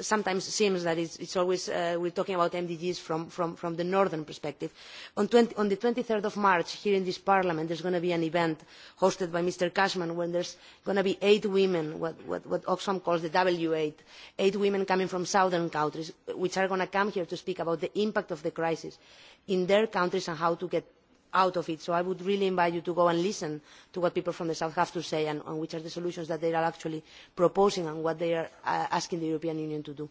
sometimes seems that it's, it's always uh, we're talking about MDGs from, from, from the northern perspective. On, 20, on the 23rd of March, here in this parliament, there's going to be an event hosted by Mr. Cashman when there's going to be eight women, what, what, what Oxfam calls the W8, eight women coming from southern countries, which are going to come here to speak about the impact of the crisis in their countries and how to get out of it. So I would really invite you to go and listen to what people from the South have to say and, and which are the solutions that they are actually proposing and what they are uh, asking the European Union to do.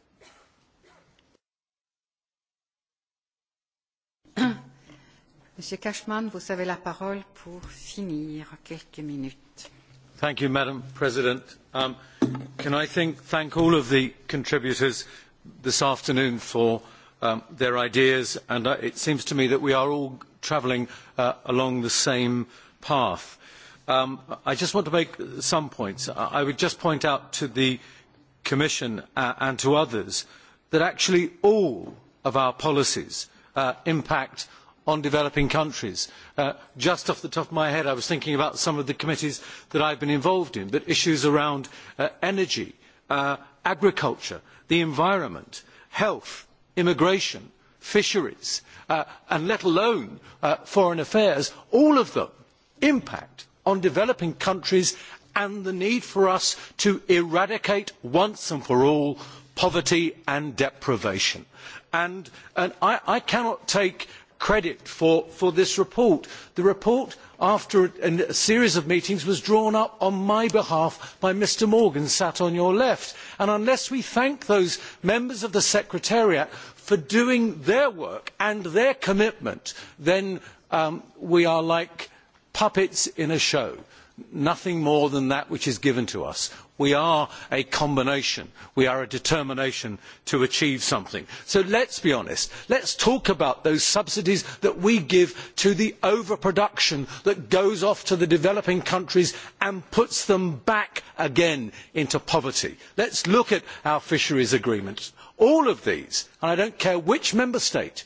<coughs> Monsieur Cashman, vous avez la parole pour finir quelques minutes. Thank you, Madam President. Um, can I think, thank all of the contributors this afternoon for um, their ideas, and uh, it seems to me that we are all travelling uh, along the same path. Um, I just want to make some points. I would just point out to the Commission uh, and to others that actually all of our policies uh, impact on developing countries. Uh, just off the top of my head, I was thinking about some of the committees that I have been involved in, but issues around uh, energy, uh, agriculture, the environment, health, immigration, fisheries, uh, and let alone uh, foreign affairs, all of them impact on developing countries and the need for us to eradicate once and for all poverty and deprivation. And, and I, I, cannot take credit for, this report. The report, after a, series of meetings, was drawn up on my behalf by Mr Morgan, sat on your left. And unless we thank those members of the Secretariat for doing their work and their commitment, then um, we are like puppets in a show nothing more than that which is given to us. We are a combination. We are a determination to achieve something. So let us be honest. Let us talk about those subsidies that we give to the overproduction that goes off to the developing countries and puts them back again into poverty. Let us look at our fisheries agreements. All of these, and I do not care which member state,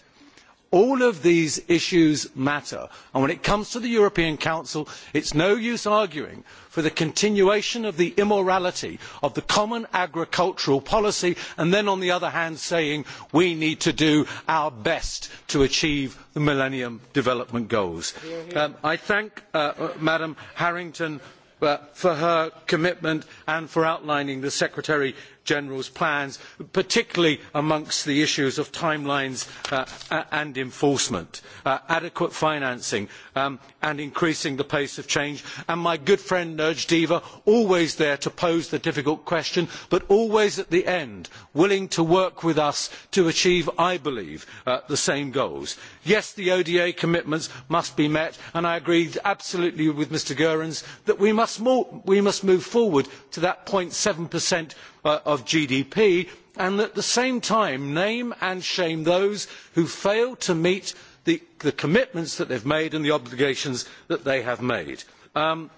All of these issues matter. And when it comes to the European Council, it is no use arguing for the continuation of the immorality of the common agricultural policy and then on the other hand saying we need to do our best to achieve the Millennium Development Goals. Um, I thank uh, uh Madam Harrington uh, for her commitment and for outlining the Secretary General's plans, particularly amongst the issues of timelines uh, and enforcement, uh, adequate financing um, and increasing the pace of change. And my good friend Nurj Diva, always there to pose the difficult question, but always at the end, willing to work with us to achieve, I believe, uh, the same goals. Yes, the ODA commitments must be met, and I agree absolutely with Mr. Goerens that we must, more, we must move forward to that 0.7% Uh, of GDP, and at the same time name and shame those who fail to meet the, commitments that they have made and the obligations that they have made. I am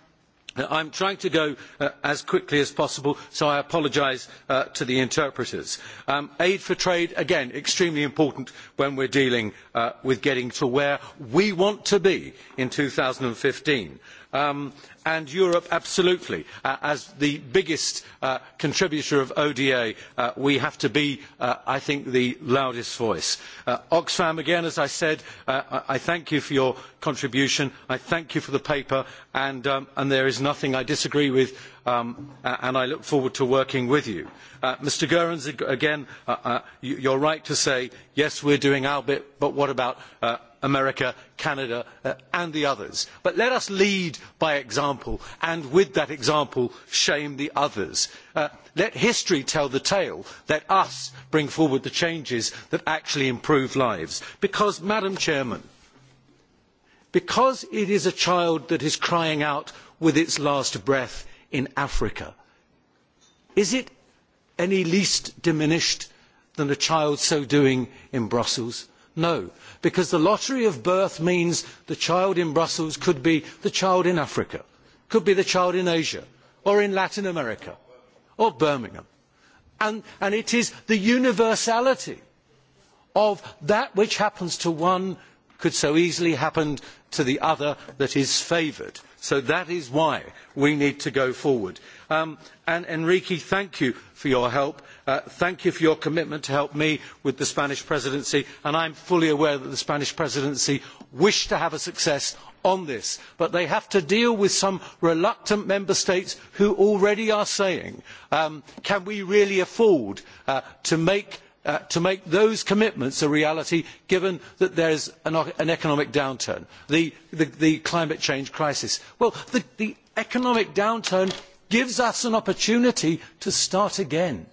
um, trying to go uh, as quickly as possible, so I apologise uh, to the interpreters. Um, aid for trade, again, extremely important when we are dealing with getting to where we want to be in and fifteen. Um, and Europe absolutely. Uh, as the biggest uh, contributor of ODA, uh, we have to be, I think, the loudest voice. Oxfam, again, as I said, I thank you for your contribution. I thank you for the paper, and, um, there is nothing I disagree with, um, and I look forward to working with you. Mr. Goerens, again, you, are right to say, yes, we are doing our bit, but what about America, Canada, and the others? But let us lead by example example and with that example shame the others. Uh, let history tell the tale. Let us bring forward the changes that actually improve lives. Because, Madam Chairman, because it is a child that is crying out with its last breath in Africa, is it any least diminished than a child so doing in Brussels? No, because the lottery of birth means the child in Brussels could be the child in Africa could be the child in Asia or in Latin America or Birmingham. And, and it is the universality of that which happens to one could so easily happen to the other that is favoured. So that is why we need to go forward. Um, and Enrique, thank you for your help. Uh, thank you for your commitment to help me with the Spanish presidency. And I am fully aware that the Spanish presidency wish to have a success on this, but they have to deal with some reluctant member states who already are saying, um, can we really afford uh, uh, to, make, those commitments a reality given that there is an, economic downturn, the, the, climate change crisis? Well, the, the economic downturn gives us an opportunity to start again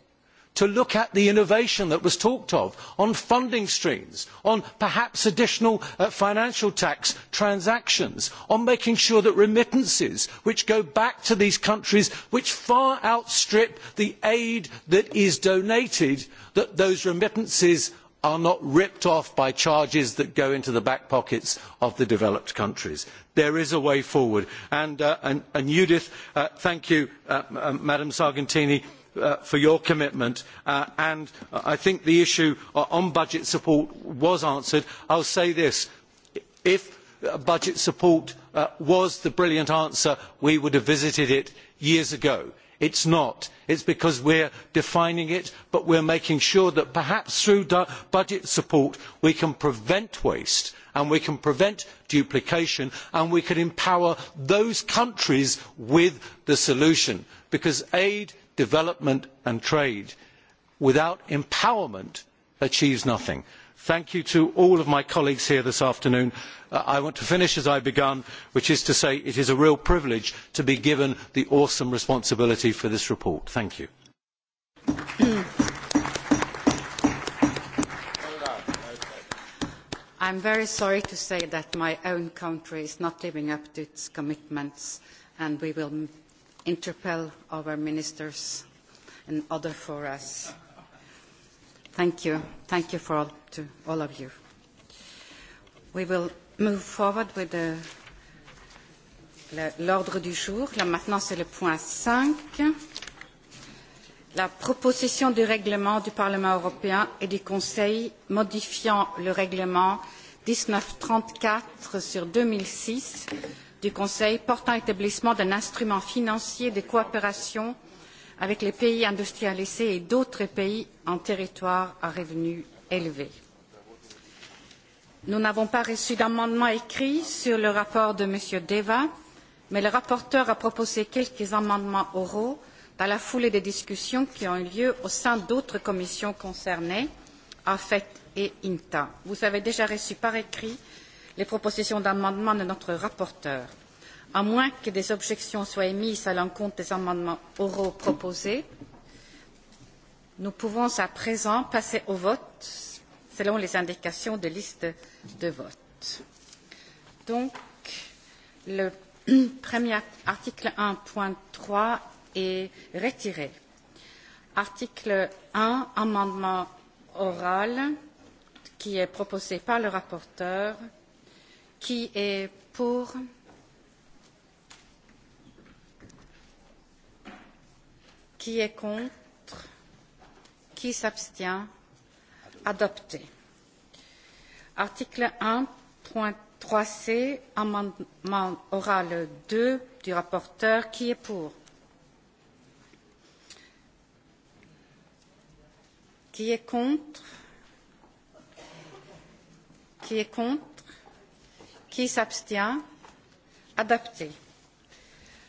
to look at the innovation that was talked of on funding streams, on perhaps additional uh, financial tax transactions, on making sure that remittances which go back to these countries which far outstrip the aid that is donated, that those remittances are not ripped off by charges that go into the back pockets of the developed countries. There is a way forward. And, uh, and, and Judith, uh, thank you, uh, uh Madam Sargentini, uh, for your commitment. Uh, and I think the issue on budget support was answered. I will say this. If budget support was the brilliant answer, we would have visited it years ago It is not. It is because we are defining it, but we are making sure that perhaps through budget support we can prevent waste and we can prevent duplication and we can empower those countries with the solution. Because aid, development and trade without empowerment achieves nothing. Thank you to all of my colleagues here this afternoon. Uh, I want to finish as I began, which is to say it is a real privilege to be given the awesome responsibility for this report. Thank you. <coughs> I am very sorry to say that my own country is not living up to its commitments and we will interpel our ministers in other forums. Thank you. Thank you for all, to all of you. We will move forward with the L'ordre du jour, là maintenant c'est le point 5. La proposition du règlement du Parlement européen et du Conseil modifiant le règlement 1934 sur 2006 du Conseil portant établissement d'un instrument financier de coopération avec les pays industrialisés et d'autres pays en territoire à revenus élevés. Nous n'avons pas reçu d'amendement écrit sur le rapport de M. Deva, mais le rapporteur a proposé quelques amendements oraux dans la foulée des discussions qui ont eu lieu au sein d'autres commissions concernées, AFET et INTA. Vous avez déjà reçu par écrit les propositions d'amendement de notre rapporteur à moins que des objections soient émises à l'encontre des amendements oraux proposés. Nous pouvons à présent passer au vote selon les indications de liste de vote. Donc, le <clears throat> premier article 1.3 est retiré. Article 1, amendement oral qui est proposé par le rapporteur. Qui est pour? Qui est contre Qui s'abstient Adopté. Article 1.3c, amendement oral 2 du rapporteur. Qui est pour Qui est contre Qui est contre Qui s'abstient Adopté.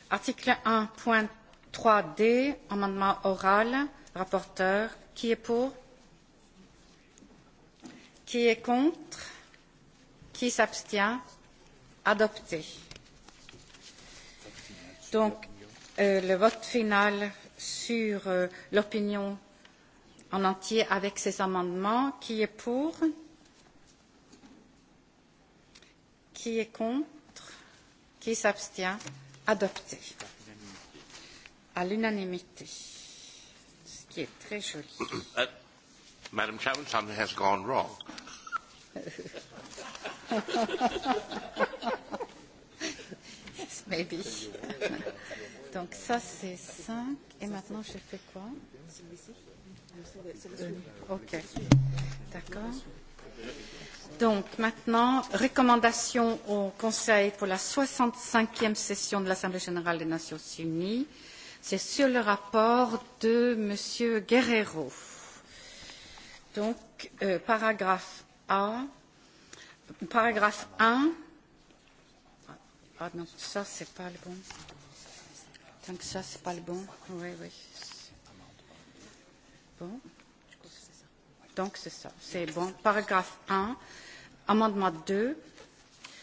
Article 1.3 3 D, amendement oral, rapporteur, qui est pour Qui est contre Qui s'abstient Adopté. Donc, euh, le vote final sur euh, l'opinion en entier avec ces amendements. Qui est pour Qui est contre Qui s'abstient Adopté à joli. <coughs> Uh, Madam Chairman, something has gone wrong. <laughs> yes, maybe. <laughs> Donc ça c'est 5 et maintenant je fais quoi euh, Ok, d'accord. Donc maintenant, recommandation au Conseil pour la 65e session de l'Assemblée générale des Nations Unies C'est sur le rapport de M. Guerrero. Donc, euh, paragraphe A. Paragraphe 1. Ah non, ça, c'est pas le bon. Donc, ça, c'est pas le bon. Oui, oui. Bon. Donc, c'est ça. C'est bon. Paragraphe 1. Amendement 2.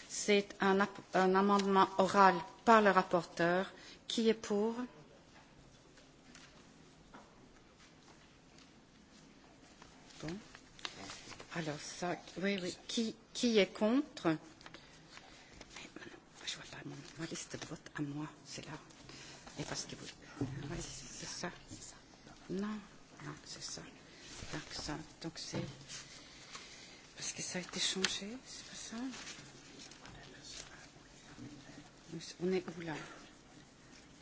C'est un, un amendement oral par le rapporteur. Qui est pour? Alors ça, oui, oui. Qui, qui est contre Je ne vois pas mon, ma liste de vote à moi, c'est là. Et parce que vous... Oui, c'est ça. Non, non, c'est ça. Donc ça, donc c'est... Parce que ça a été changé, c'est pas ça On est où là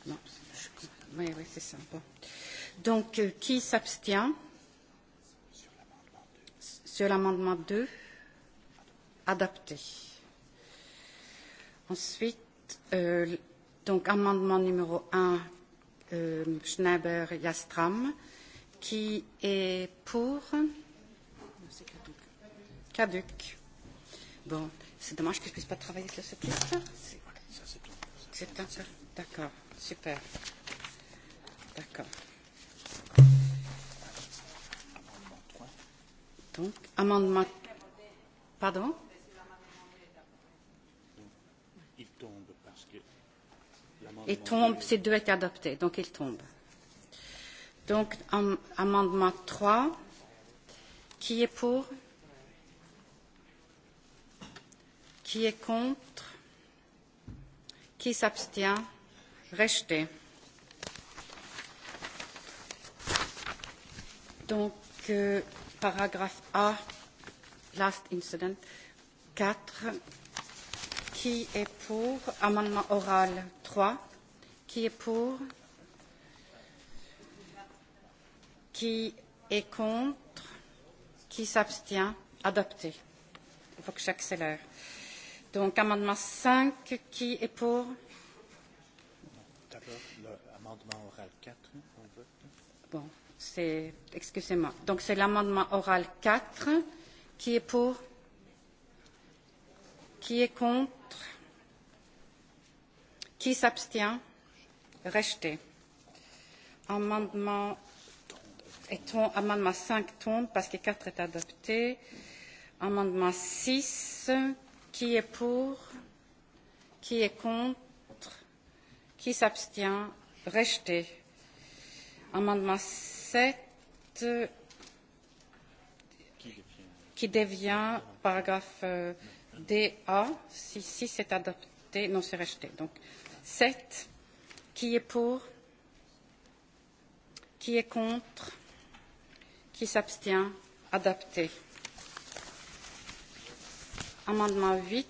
Non, je oui, oui, c'est ça. Bon. Donc, euh, qui s'abstient sur l'amendement 2, adopté. Ensuite, euh, donc amendement numéro 1, euh, Schneider-Yastram, qui est pour caduc. Bon, c'est dommage que je ne puisse pas travailler sur cette liste. C'est un seul. D'accord, super. D'accord. Donc, amendement. Pardon Il tombe parce que. Il tombe, c'est deux être adopté, donc il tombe. Donc, am amendement 3. Qui est pour Qui est contre Qui s'abstient Rejeté. Donc, euh, paragraphe A, last incident, 4. Qui est pour amendement oral 3 Qui est pour Qui est contre Qui s'abstient Adopté. Il faut que j'accélère. Donc amendement 5, qui est pour D'abord l'amendement oral 4, on vote. Bon c'est, excusez-moi. Donc c'est l'amendement oral 4 qui est pour, qui est contre, qui s'abstient, rejeté. Amendement, et ton, amendement 5 tombe parce que 4 est adopté. Amendement 6, qui est pour, qui est contre, qui s'abstient, rejeté. Amendement sept qui devient paragraphe euh, DA, si, si c'est adopté, non, c'est rejeté. Donc, 7, qui est pour, qui est contre, qui s'abstient, adapté. Amendement 8,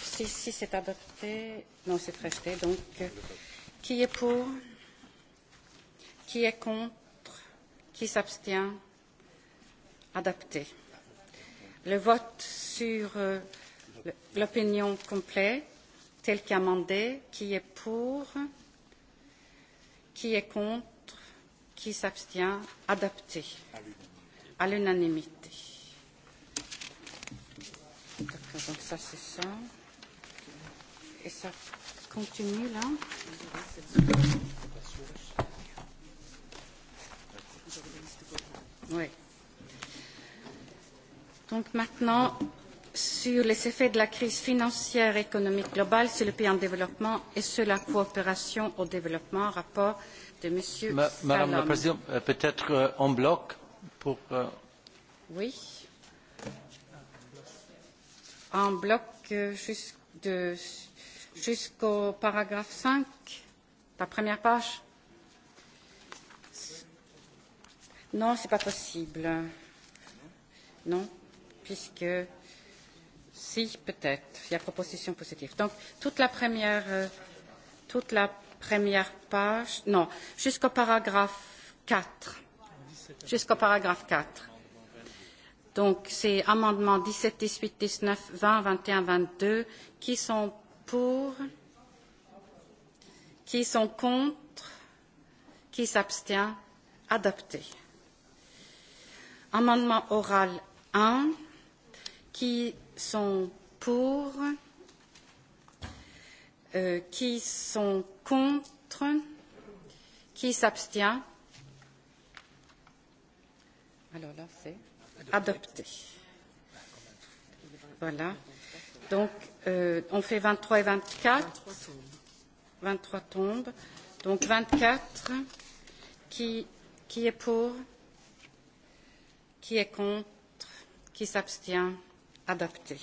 si, si c'est adopté. non, c'est rejeté. Donc, qui est pour, Qui est contre Qui s'abstient Adapté. Le vote sur euh, l'opinion complète, telle qu'amendée, qui est pour Qui est contre Qui s'abstient Adapté. À l'unanimité. donc ça c'est ça. Et ça continue là Oui. Donc maintenant, sur les effets de la crise financière et économique globale sur les pays en développement et sur la coopération au développement, rapport de M. Ma, Madame la Présidente, euh, peut-être euh, en bloc pour... Euh... Oui. En bloc euh, jusqu'au jusqu paragraphe 5, la première page. Non, c'est pas possible. Non, puisque si peut-être il y a proposition positive. Donc toute la première, euh, toute la première page, non, jusqu'au paragraphe 4, jusqu'au paragraphe 4. Donc c'est amendements 17, 18, 19, 20, 21, 22 qui sont pour, qui sont contre, qui s'abstient, adopté. Amendement oral 1. Qui sont pour euh, Qui sont contre Qui s'abstient Alors là, c'est adopté. Voilà. Donc, euh, on fait 23 et 24. 23 tombes. Donc, 24. Qui, qui est pour Qui est contre Qui s'abstient Adopté.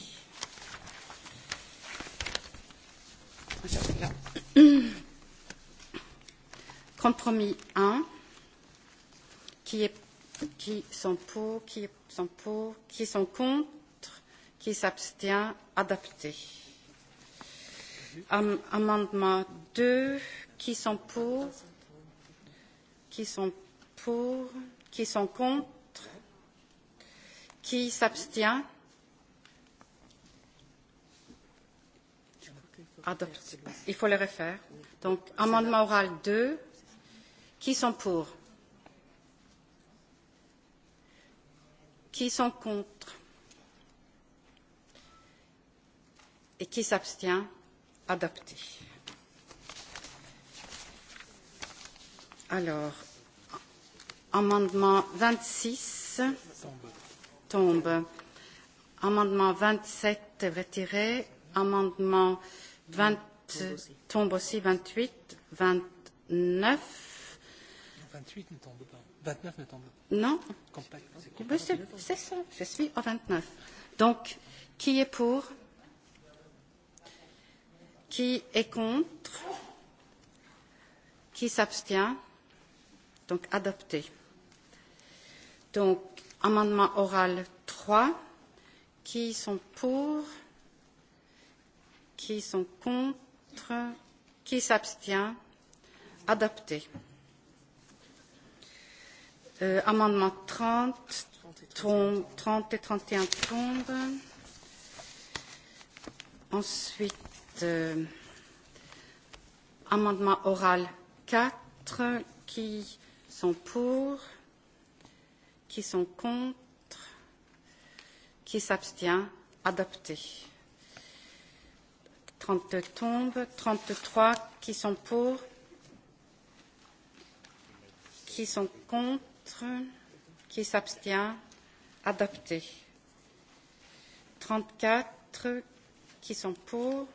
Compromis 1. Qui, est, qui sont pour Qui sont pour Qui sont contre Qui s'abstient Adopté. Am amendement 2. Qui sont pour Qui sont pour Qui sont contre Qui s'abstient Il faut le refaire. Donc, amendement oral 2. Qui sont pour Qui sont contre Et qui s'abstient Adopté. Alors, amendement 26 tombe. Amendement 27 retiré. Amendement 20 tombe aussi 28, 29. 28 ne tombe pas. 29 ne tombe pas. Non. C'est ça. Je suis au 29. Donc, qui est pour Qui est contre Qui s'abstient Donc, adopté. Donc, Amendement oral 3. Qui sont pour Qui sont contre Qui s'abstient Adopté. Euh, amendement 30, 30, 30 et 31 tombent. Ensuite, euh, amendement oral 4. Qui sont pour qui sont contre, qui s'abstient, adopté. 32 tombes, 33 qui sont pour, qui sont contre, qui s'abstient, adopté. 34 qui sont pour,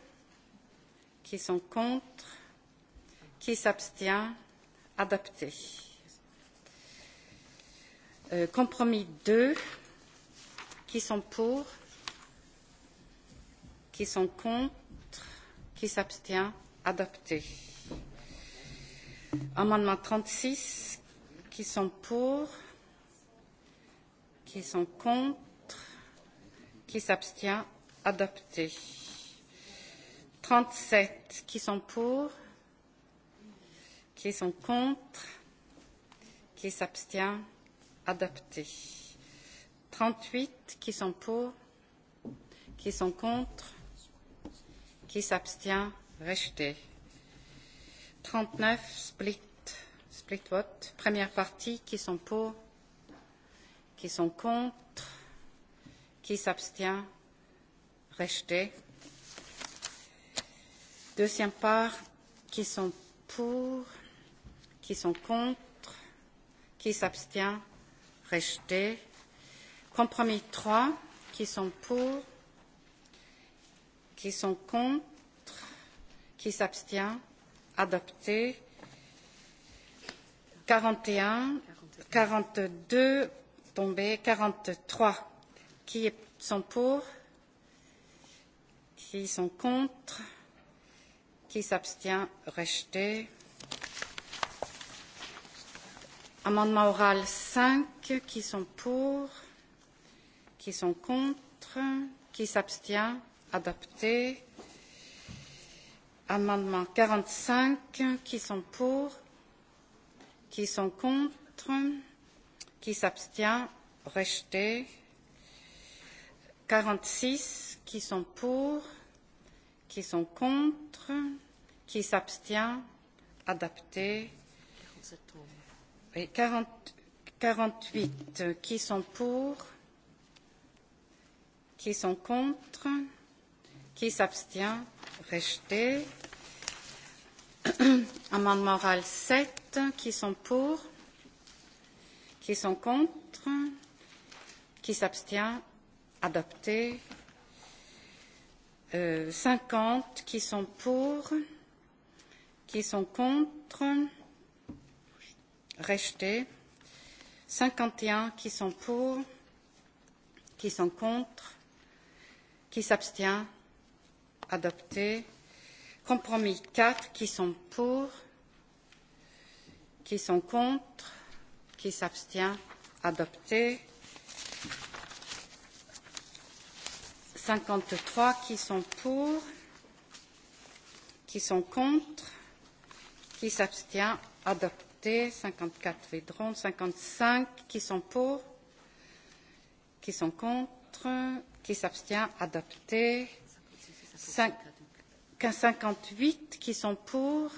qui sont contre, qui s'abstient, adopté. Euh, compromis 2, qui sont pour, qui sont contre, qui s'abstient, adopté. Amendement 36, qui sont pour, qui sont contre, qui s'abstient, adopté. 37, qui sont pour, qui sont contre, qui s'abstient, adopté adaptés. 38 qui sont pour, qui sont contre, qui s'abstient, rejeté. 39 split, split vote, première partie, qui sont pour, qui sont contre, qui s'abstient, rejeté. Deuxième part, qui sont pour, qui sont contre, qui s'abstient, rejeté. Compromis 3, qui sont pour, qui sont contre, qui s'abstient, adopté. 41, 42, tombé. 43, qui sont pour, qui sont contre, qui s'abstient, rejeté. Amendement oral 5, qui sont pour, qui sont contre, qui s'abstient, adopté. Amendement 45, qui sont pour, qui sont contre, qui s'abstient, rejeté. 46, qui sont pour, qui sont contre, qui s'abstient, adopté. 47 Et 40, 48 qui sont pour, qui sont contre, qui s'abstient, rejeté. <coughs> Amendement oral 7, qui sont pour, qui sont contre, qui s'abstient, adopté. Euh, 50 qui sont pour, qui sont contre, rejeté. 51 qui sont pour, qui sont contre, qui s'abstient, adopté. Compromis 4 qui sont pour, qui sont contre, qui s'abstient, adopté. 53 qui sont pour, qui sont contre, qui s'abstient, adopté adopté, 54 Védron, 55 qui sont pour, qui sont contre, qui s'abstient, adopté, 5, 58 qui sont pour,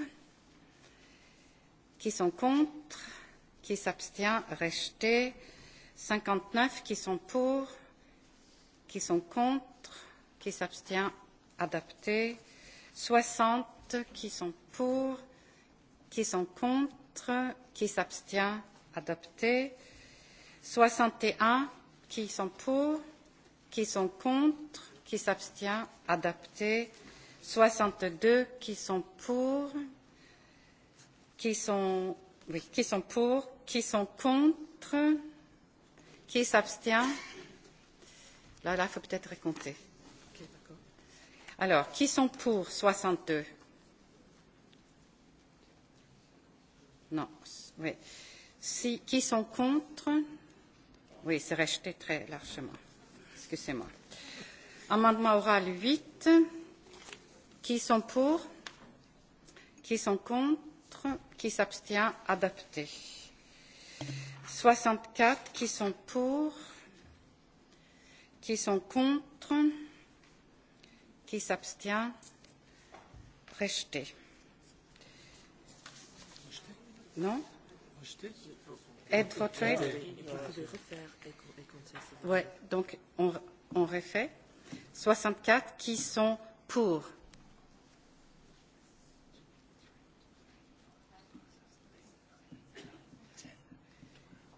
qui sont contre, qui s'abstient, rejeté, 59 qui sont pour, qui sont contre, qui s'abstient, adopté, 60 qui sont pour, qui sont contre, contre, qui s'abstient, adopté. 61, qui sont pour, qui sont contre, qui s'abstient, adopté. 62, qui sont pour, qui sont, oui, qui sont pour, qui sont contre, qui s'abstient. Là, là, il faut peut-être compter. Alors, qui sont pour 62 Non, oui. Si, qui sont contre Oui, c'est rejeté très largement. Excusez-moi. Amendement oral 8. Qui sont pour Qui sont contre Qui s'abstient Adapté. 64. Qui sont pour Qui sont contre Qui s'abstient Rejeté. Non Aide for trade Oui, donc on, on refait. 64 qui sont pour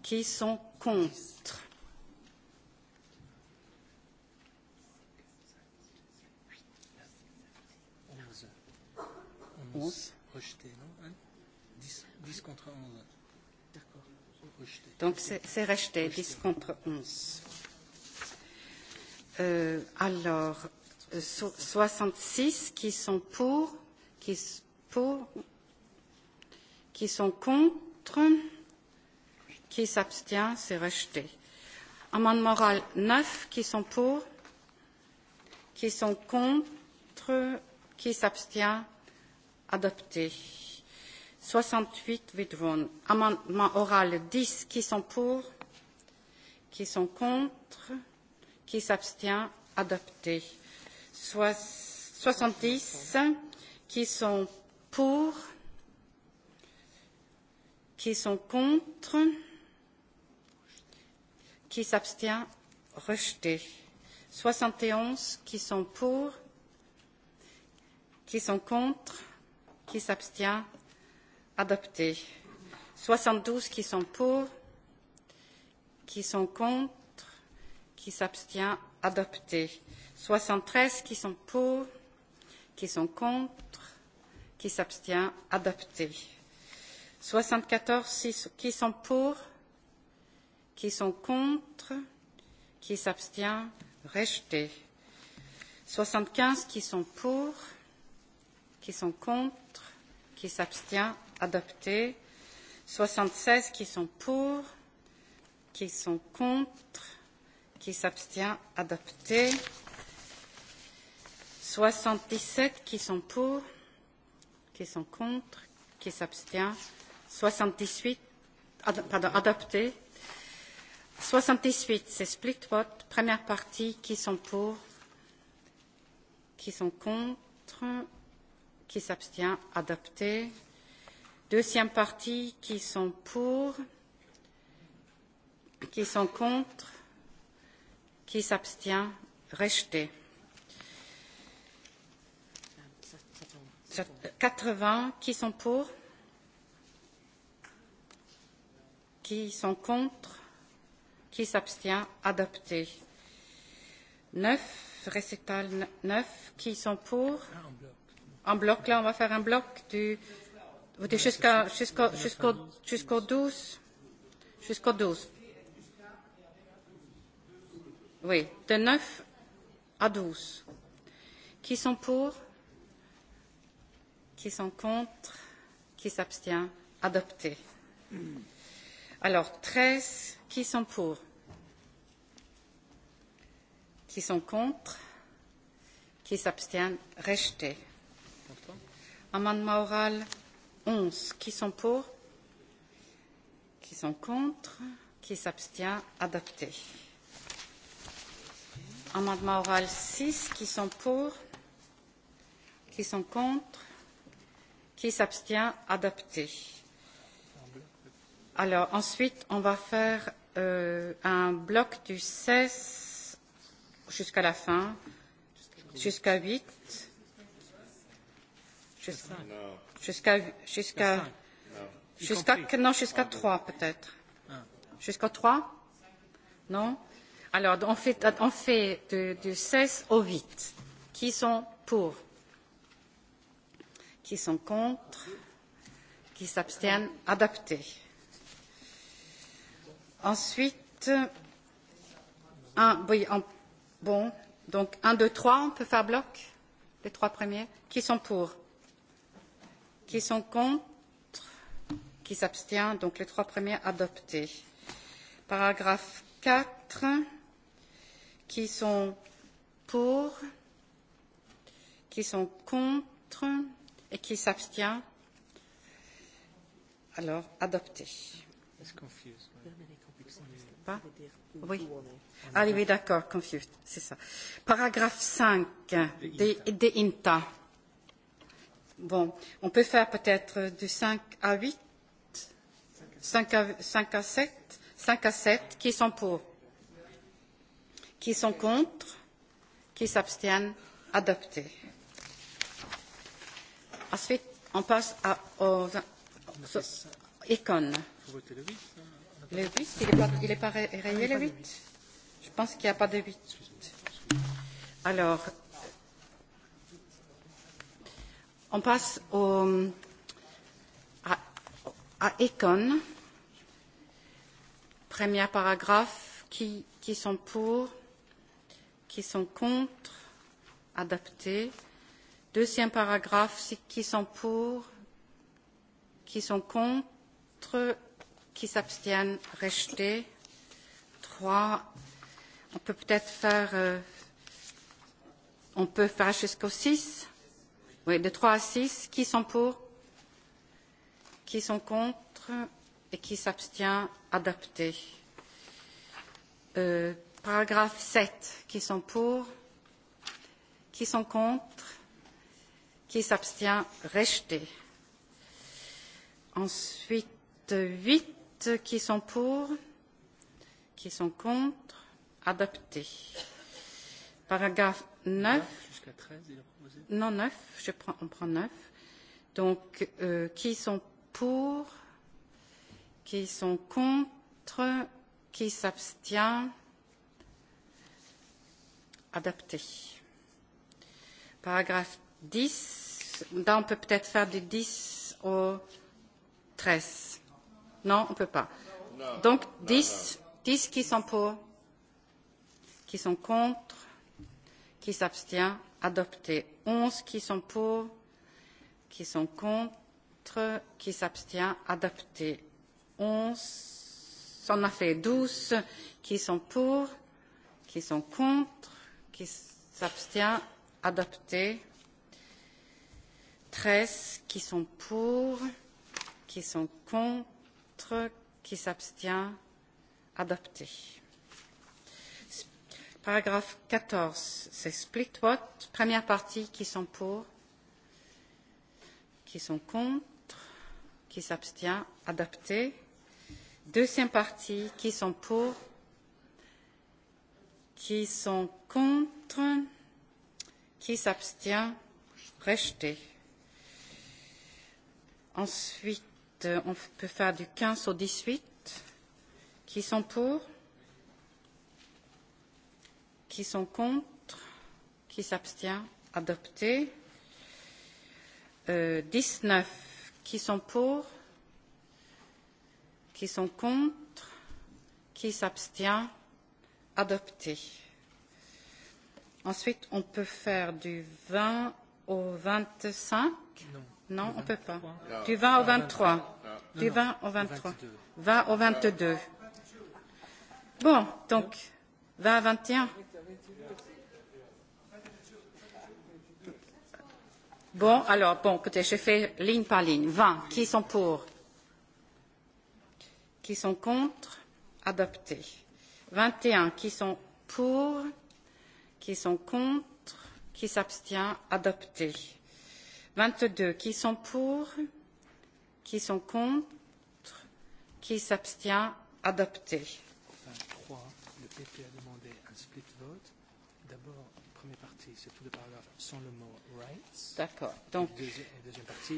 Qui sont contre Onze. Onze. Rejeté. non 10 contre 11. Donc c'est rejeté, 10 contre 11. Euh, alors, euh, so 66 qui sont pour, qui, pour, qui sont contre, qui s'abstient, c'est rejeté. Amendement moral 9 qui sont pour, qui sont contre, qui s'abstient, adopté. 68 withdrawn. Amendement oral 10, qui sont pour Qui sont contre Qui s'abstient Adopté. Sois, 70, qui sont pour Qui sont contre Qui s'abstient Rejeté. 71, qui sont pour Qui sont contre Qui s'abstient adopté. 72 qui sont pour, qui sont contre, qui s'abstient, adopté. 73 qui sont pour, qui sont contre, qui s'abstient, adopté. 74 qui sont pour, qui sont contre, qui s'abstient, rejeté. 75 qui sont pour, qui sont contre, qui s'abstient, adopté. 76 qui sont pour, qui sont contre, qui s'abstient, adopté. 77 qui sont pour, qui sont contre, qui s'abstient. 78, ad, pardon, adopté. 78, c'est split vote. Première partie, qui sont pour, qui sont contre, qui s'abstient, adopté. Deuxième partie, qui sont pour, qui sont contre, qui s'abstient, rejeté. 80, qui sont pour, qui sont contre, qui s'abstient, adopté. 9, récital 9, qui sont pour, ah, en bloc. là, on va faire un bloc du. Euh, Voti jusqu'à jusqu'à jusqu'au jusqu'au 12 jusqu'au 12. Oui, de 9 à 12. Qui sont pour Qui sont contre Qui s'abstient Adopté. Alors 13, qui sont pour Qui sont contre Qui s'abstient? Rejeté. Amendement oral 11. Qui sont pour Qui sont contre Qui s'abstient Adopté. Amendement oral 6. Qui sont pour Qui sont contre Qui s'abstient Adopté. Alors ensuite, on va faire euh, un bloc du 16 jusqu'à la fin, jusqu'à 8. Jusqu'à... Jusqu'à jusqu'à jusqu'à non jusqu'à trois peut-être. Ah. Jusqu'à trois? Non? Alors on fait on fait du, du 16 au 8. Qui sont pour? Qui sont contre? Qui s'abstiennent? Adapté. Ensuite, un, oui, un, bon, donc 1, 2, 3, on peut faire bloc, les trois premiers. Qui sont pour Qui sont contre Qui s'abstient Donc les trois premiers adoptés. Paragraphe 4. Qui sont pour Qui sont contre Et qui s'abstient Alors, adopté. Pas oui. Ah oui, d'accord, confus. c'est ça. Paragraphe 5 de, de INTA. Bon, on peut faire peut-être du 5 à 8, 5 à, 5 à 7, 5 à 7, qui sont pour, qui sont contre, qui s'abstiennent, adopté. Ensuite, on passe à, aux icônes. Le 8, il n'est pas, il est pas rayé, le 8 Je pense qu'il n'y a pas de 8. Alors, On passe au, à, à Econ. Premier paragraphe. Qui, qui sont pour Qui sont contre Adapté. Deuxième paragraphe. Qui sont pour Qui sont contre Qui s'abstiennent Rejeté. Trois. On peut peut-être faire. Euh, on peut faire jusqu'au six. Oui, de 3 à 6, qui sont pour Qui sont contre Et qui s'abstient Adapté. Euh, paragraphe 7, qui sont pour Qui sont contre Qui s'abstient Rejeté. Ensuite, 8, qui sont pour Qui sont contre Adapté. Paragraphe 9. Jusqu'à 13, il Non, neuf. Je prends, on prend neuf. Donc, euh, qui sont pour Qui sont contre Qui s'abstient Adapté. Paragraphe 10. Là, on peut peut-être faire du 10 au 13. Non, on ne peut pas. Non, Donc, non, 10, non. 10 qui sont pour Qui sont contre Qui s'abstient adopté. Onze qui sont pour, qui sont contre, qui s'abstient, adopté. Onze, on a fait douze qui sont pour, qui sont contre, qui s'abstient, adopté. Treize qui sont pour, qui sont contre, qui s'abstient, adopté. Paragraphe 14, c'est split vote. Première partie, qui sont pour Qui sont contre Qui s'abstient adapté. Deuxième partie, qui sont pour Qui sont contre Qui s'abstient Rejeté. Ensuite, on peut faire du 15 au 18. Qui sont pour qui sont contre, qui s'abstient, adopté. Euh, 19, qui sont pour, qui sont contre, qui s'abstient, adopté. Ensuite, on peut faire du 20 au 25. Non, non on ne peut pas. Non. Du 20 au 23. Non, non. Du 20 au 23. 20 au 22. Bon, donc 20 à 21. Bon, alors, bon, écoutez, je fais ligne par ligne. 20. Qui sont pour Qui sont contre Adopté. 21. Qui sont pour Qui sont contre Qui s'abstient Adopté. 22. Qui sont pour Qui sont contre Qui s'abstient Adopté. 23. Le PP a demandé un split vote partie, c'est tout le paragraphe sans le mot rights. D'accord. Donc. deuxième partie,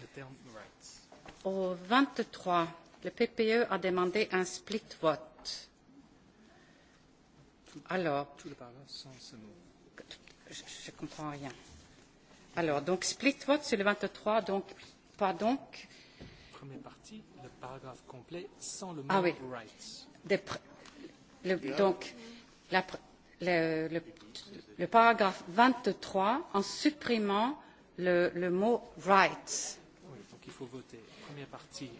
le terme rights. Au 23, le PPE a demandé un split vote. Tout, Alors. Tout le paragraphe sans ce mot. Je, ne comprends rien. Alors, donc split vote sur le 23, donc pas donc. Première partie, le paragraphe complet sans le ah mot ah, oui. rights. Des pr le, yeah. Donc, la. Pr le, le, le paragraphe 23 en supprimant le, le mot rights. Oui, donc il faut voter. Première partie,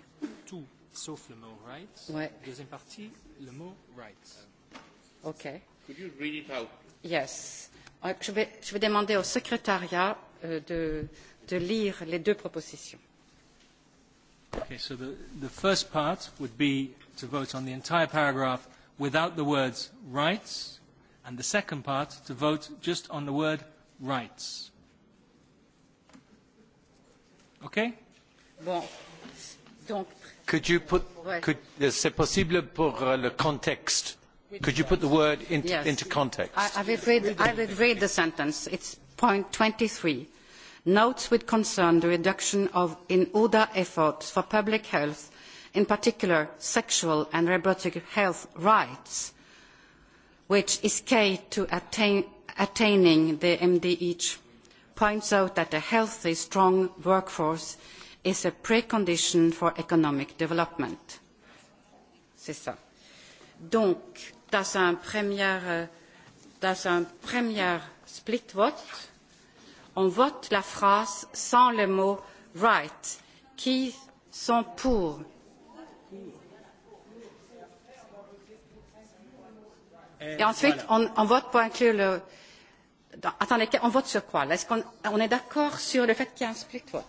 tout sauf le mot rights. Ouais. Deuxième partie, le mot rights. OK. Could you read it out? Yes. Euh, je vais, je vais demander au secrétariat euh, de, de lire les deux propositions. Okay, so the, the first part would be to vote on the entire paragraph without the words rights and the second part to vote just on the word rights. Okay? Bon. Donc, could you put, ouais. Uh, c'est possible pour uh, le contexte. Could you put the word into, yes. into context? I, I, will read, I will read the sentence. It's point 23. Notes with concern the reduction of in ODA efforts for public health, in particular sexual and reproductive health rights, which is key to attain, attaining the MDH, e points out that a healthy, strong workforce is a precondition for economic development. C'est ça. Donc, dans un premier, dans un premier split vote, on vote la phrase sans le mot right. Qui sont pour Euh, Et ensuite, voilà. on, on vote pour inclure le. Dans, attendez, on vote sur quoi Est-ce qu'on on est d'accord sur le fait qu'il y a un split vote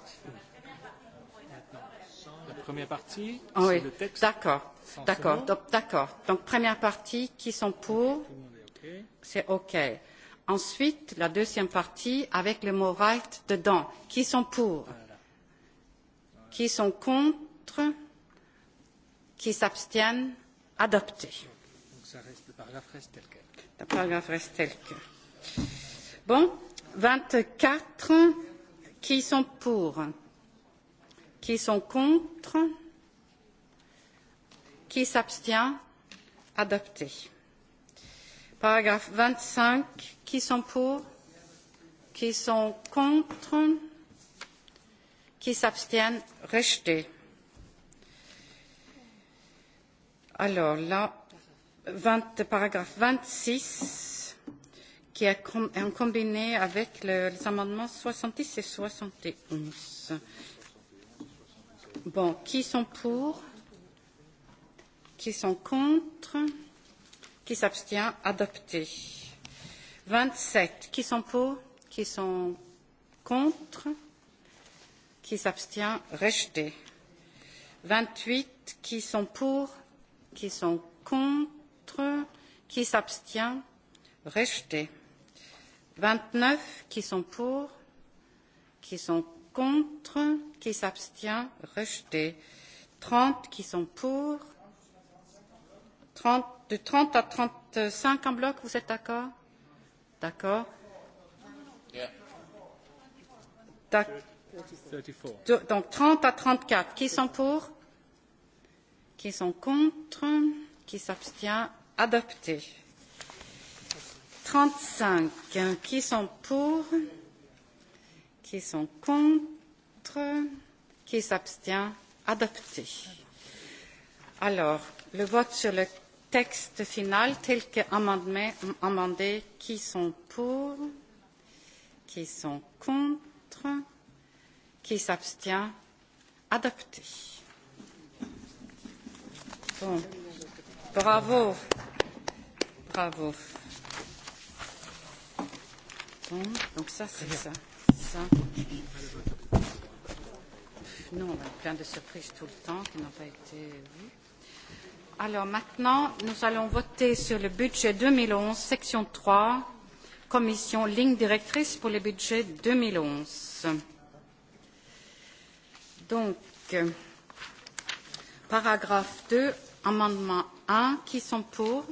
La première partie, ah c'est oui. le texte. D'accord, d'accord, d'accord. Donc, première partie, qui sont pour C'est OK. Ensuite, la deuxième partie, avec le mot right dedans. Qui sont pour voilà. Qui sont contre Qui s'abstiennent Adopté. Donc, ça reste paragraphe reste tel quel. Le Bon, 24. Qui sont pour Qui sont contre Qui s'abstient Adopté. Paragraphe 25. Qui sont pour Qui sont contre Qui s'abstiennent Rejeté. Alors là, 20, paragraphe 26 qui est, com combiné avec le, les amendements 70 et 71. Bon, qui sont pour Qui sont contre Qui s'abstient Adopté. 27. Qui sont pour Qui sont contre Qui s'abstient Rejeté. 28. Qui sont pour Qui sont contre contre, qui s'abstient, rejeté. 29 qui sont pour, qui sont contre, qui s'abstient, rejeté. 30 qui sont pour, 30, de 30 à 35 en bloc, vous êtes d'accord D'accord. Donc 30 à 34, qui sont pour Qui sont contre qui s'abstient, adopté. 35, qui sont pour, qui sont contre, qui s'abstient, adopté. Alors, le vote sur le texte final tel qu'amendé, amendé, qui sont pour, qui sont contre, qui s'abstient, adopté. Bon. Bravo. Bon, donc ça, c'est ça. ça. Nous, on a plein de surprises tout le temps qui n'ont pas été vues. Alors maintenant, nous allons voter sur le budget 2011, section 3, commission ligne directrice pour le budget 2011. Donc, euh, paragraphe 2, Amendement 1, qui sont pour,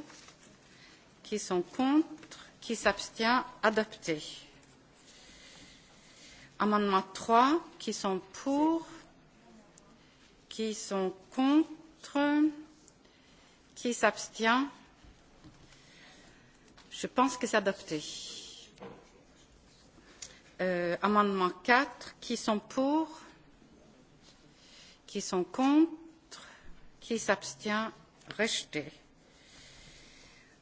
qui sont contre, qui s'abstient, adopté. Amendement 3, qui sont pour, qui sont contre, qui s'abstient. Je pense que c'est adopté. Euh, amendement 4, qui sont pour, qui sont contre, Qui s'abstient Rejeté.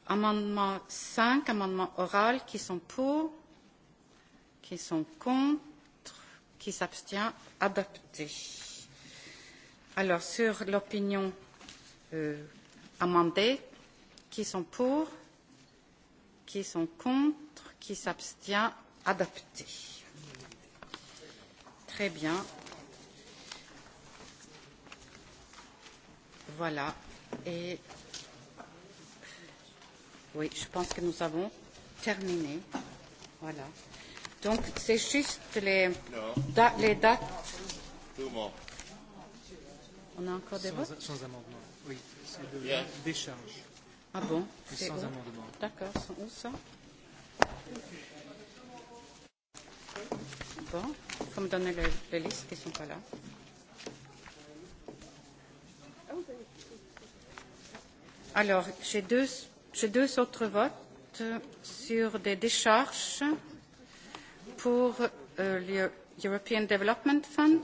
Amendement 5, amendement oral, qui sont pour Qui sont contre Qui s'abstient Adopté. Alors, sur l'opinion euh, amendée, qui sont pour Qui sont contre Qui s'abstient Adopté. Très bien. Voilà. Et oui, je pense que nous avons terminé. Voilà. Donc, c'est juste les, da, les dates. On a encore des votes sans, amendement. Oui, c'est de la décharge. Ah bon C'est sans où amendement. D'accord, c'est où ça Bon, il faut me donner les listes qui ne sont pas là. Alors, j'ai deux, deux autres votes sur des décharges pour euh, European Development Funds,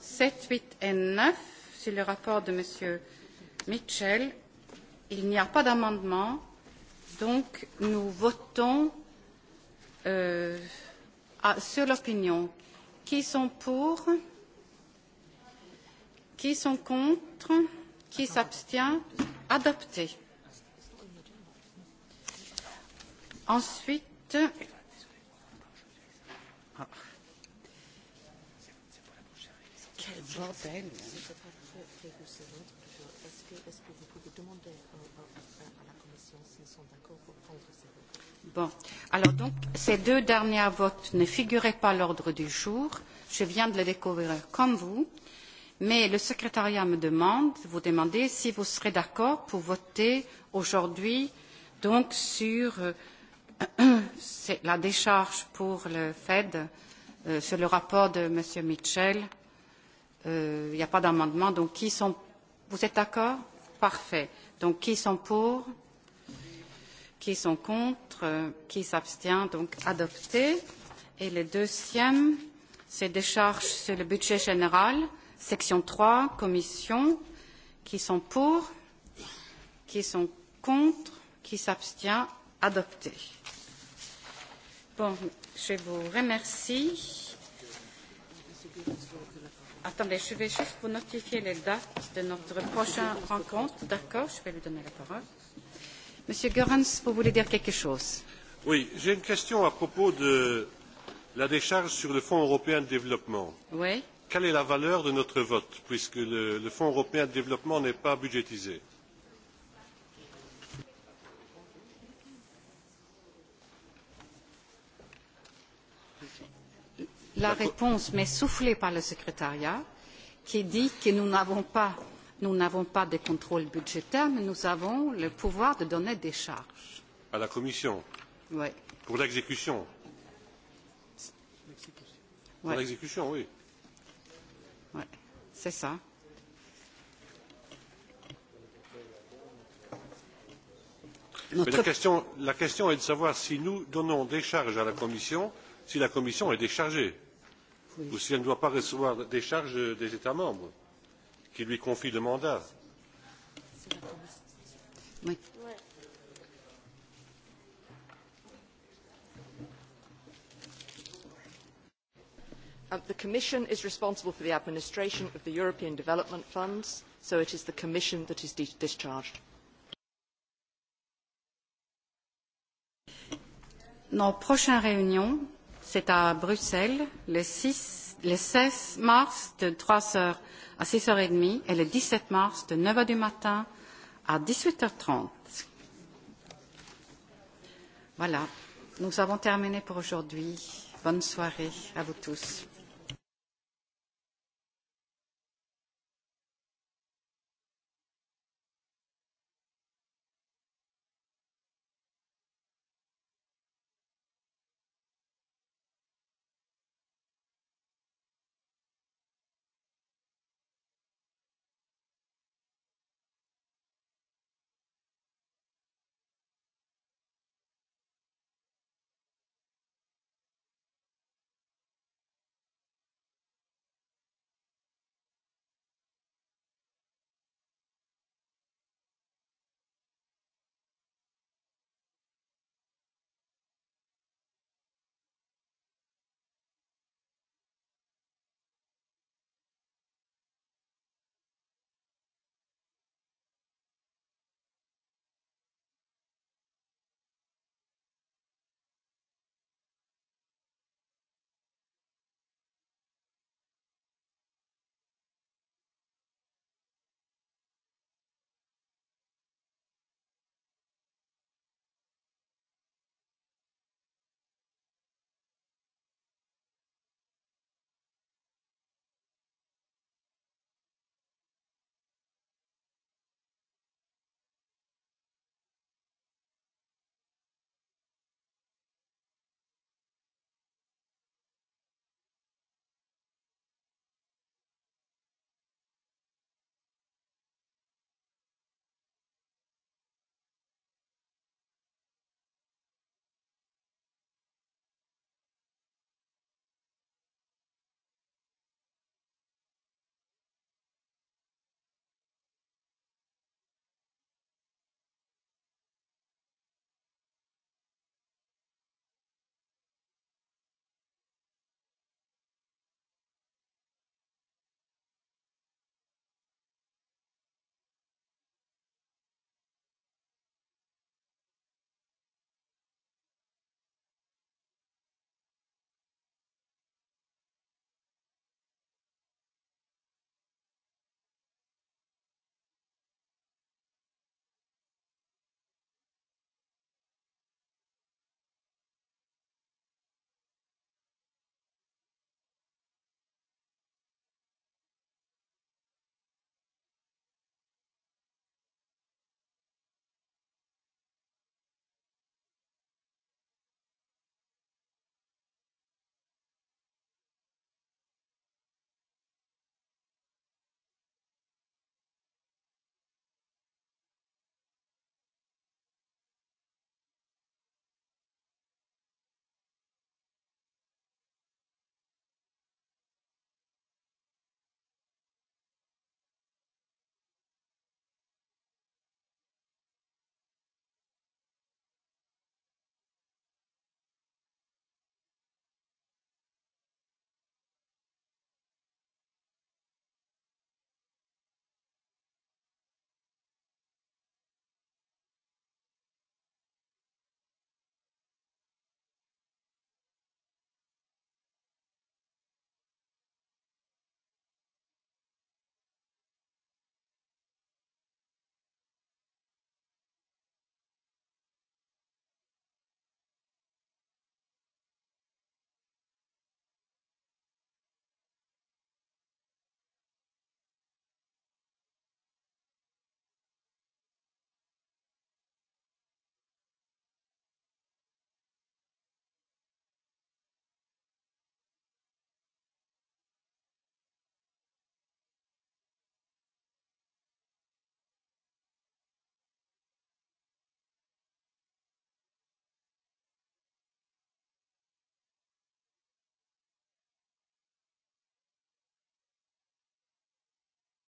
7, 8 et 9, sur le rapport de M. Mitchell. Il n'y a pas d'amendement, donc nous votons euh, à, sur l'opinion. Qui sont pour? Qui sont contre Qui s'abstient Adopté. Ensuite, quel bordel est-ce que vous pouvez demander à la Commission s'ils sont d'accord ces Bon, alors donc ces deux derniers votes ne figuraient pas à l'ordre du jour. Je viens de les découvrir comme vous. Mais le secrétariat me demande, vous demandez si vous serez d'accord pour voter aujourd'hui donc sur euh, <coughs> la décharge pour le Fed, euh, sur le rapport de M. Mitchell. Euh, il euh, n'y a pas d'amendement, donc qui sont... Vous êtes d'accord Parfait. Donc qui sont pour Qui sont contre Qui s'abstient Donc adopté. Et le deuxième, c'est décharge sur le budget général. Section 3, commission, qui sont pour, qui sont contre, qui s'abstient, adopté. Bon, je vous remercie. Attendez, je vais juste vous notifier les dates de notre prochaine rencontre. D'accord, je vais lui donner la parole. Monsieur Goerens, vous voulez dire quelque chose Oui, j'ai une question à propos de la décharge sur le Fonds européen de développement. Oui quelle est la valeur de notre vote puisque le, le Fonds européen de développement n'est pas budgétisé La réponse m'est soufflée par le secrétariat qui dit que nous n'avons pas, pas, de contrôle budgétaire, mais nous avons le pouvoir de donner des charges. À la Commission Oui. Pour l'exécution Pour l'exécution, oui sessa. Notre... Mais la, question, la question est de savoir si nous donnons des charges à la Commission, si la Commission est déchargée, oui. ou si elle ne doit pas recevoir des charges des États membres qui lui confient le mandat. Oui. Um, the Commission is responsible for the administration of the European Development Funds, so it is the Commission that is discharged. Nos prochaines réunions, c'est à Bruxelles le, 6, le 16 mars de 3h à 6h30 et le 17 mars de 9h du matin à 18h30. Voilà, nous avons terminé pour aujourd'hui. Bonne soirée à vous tous.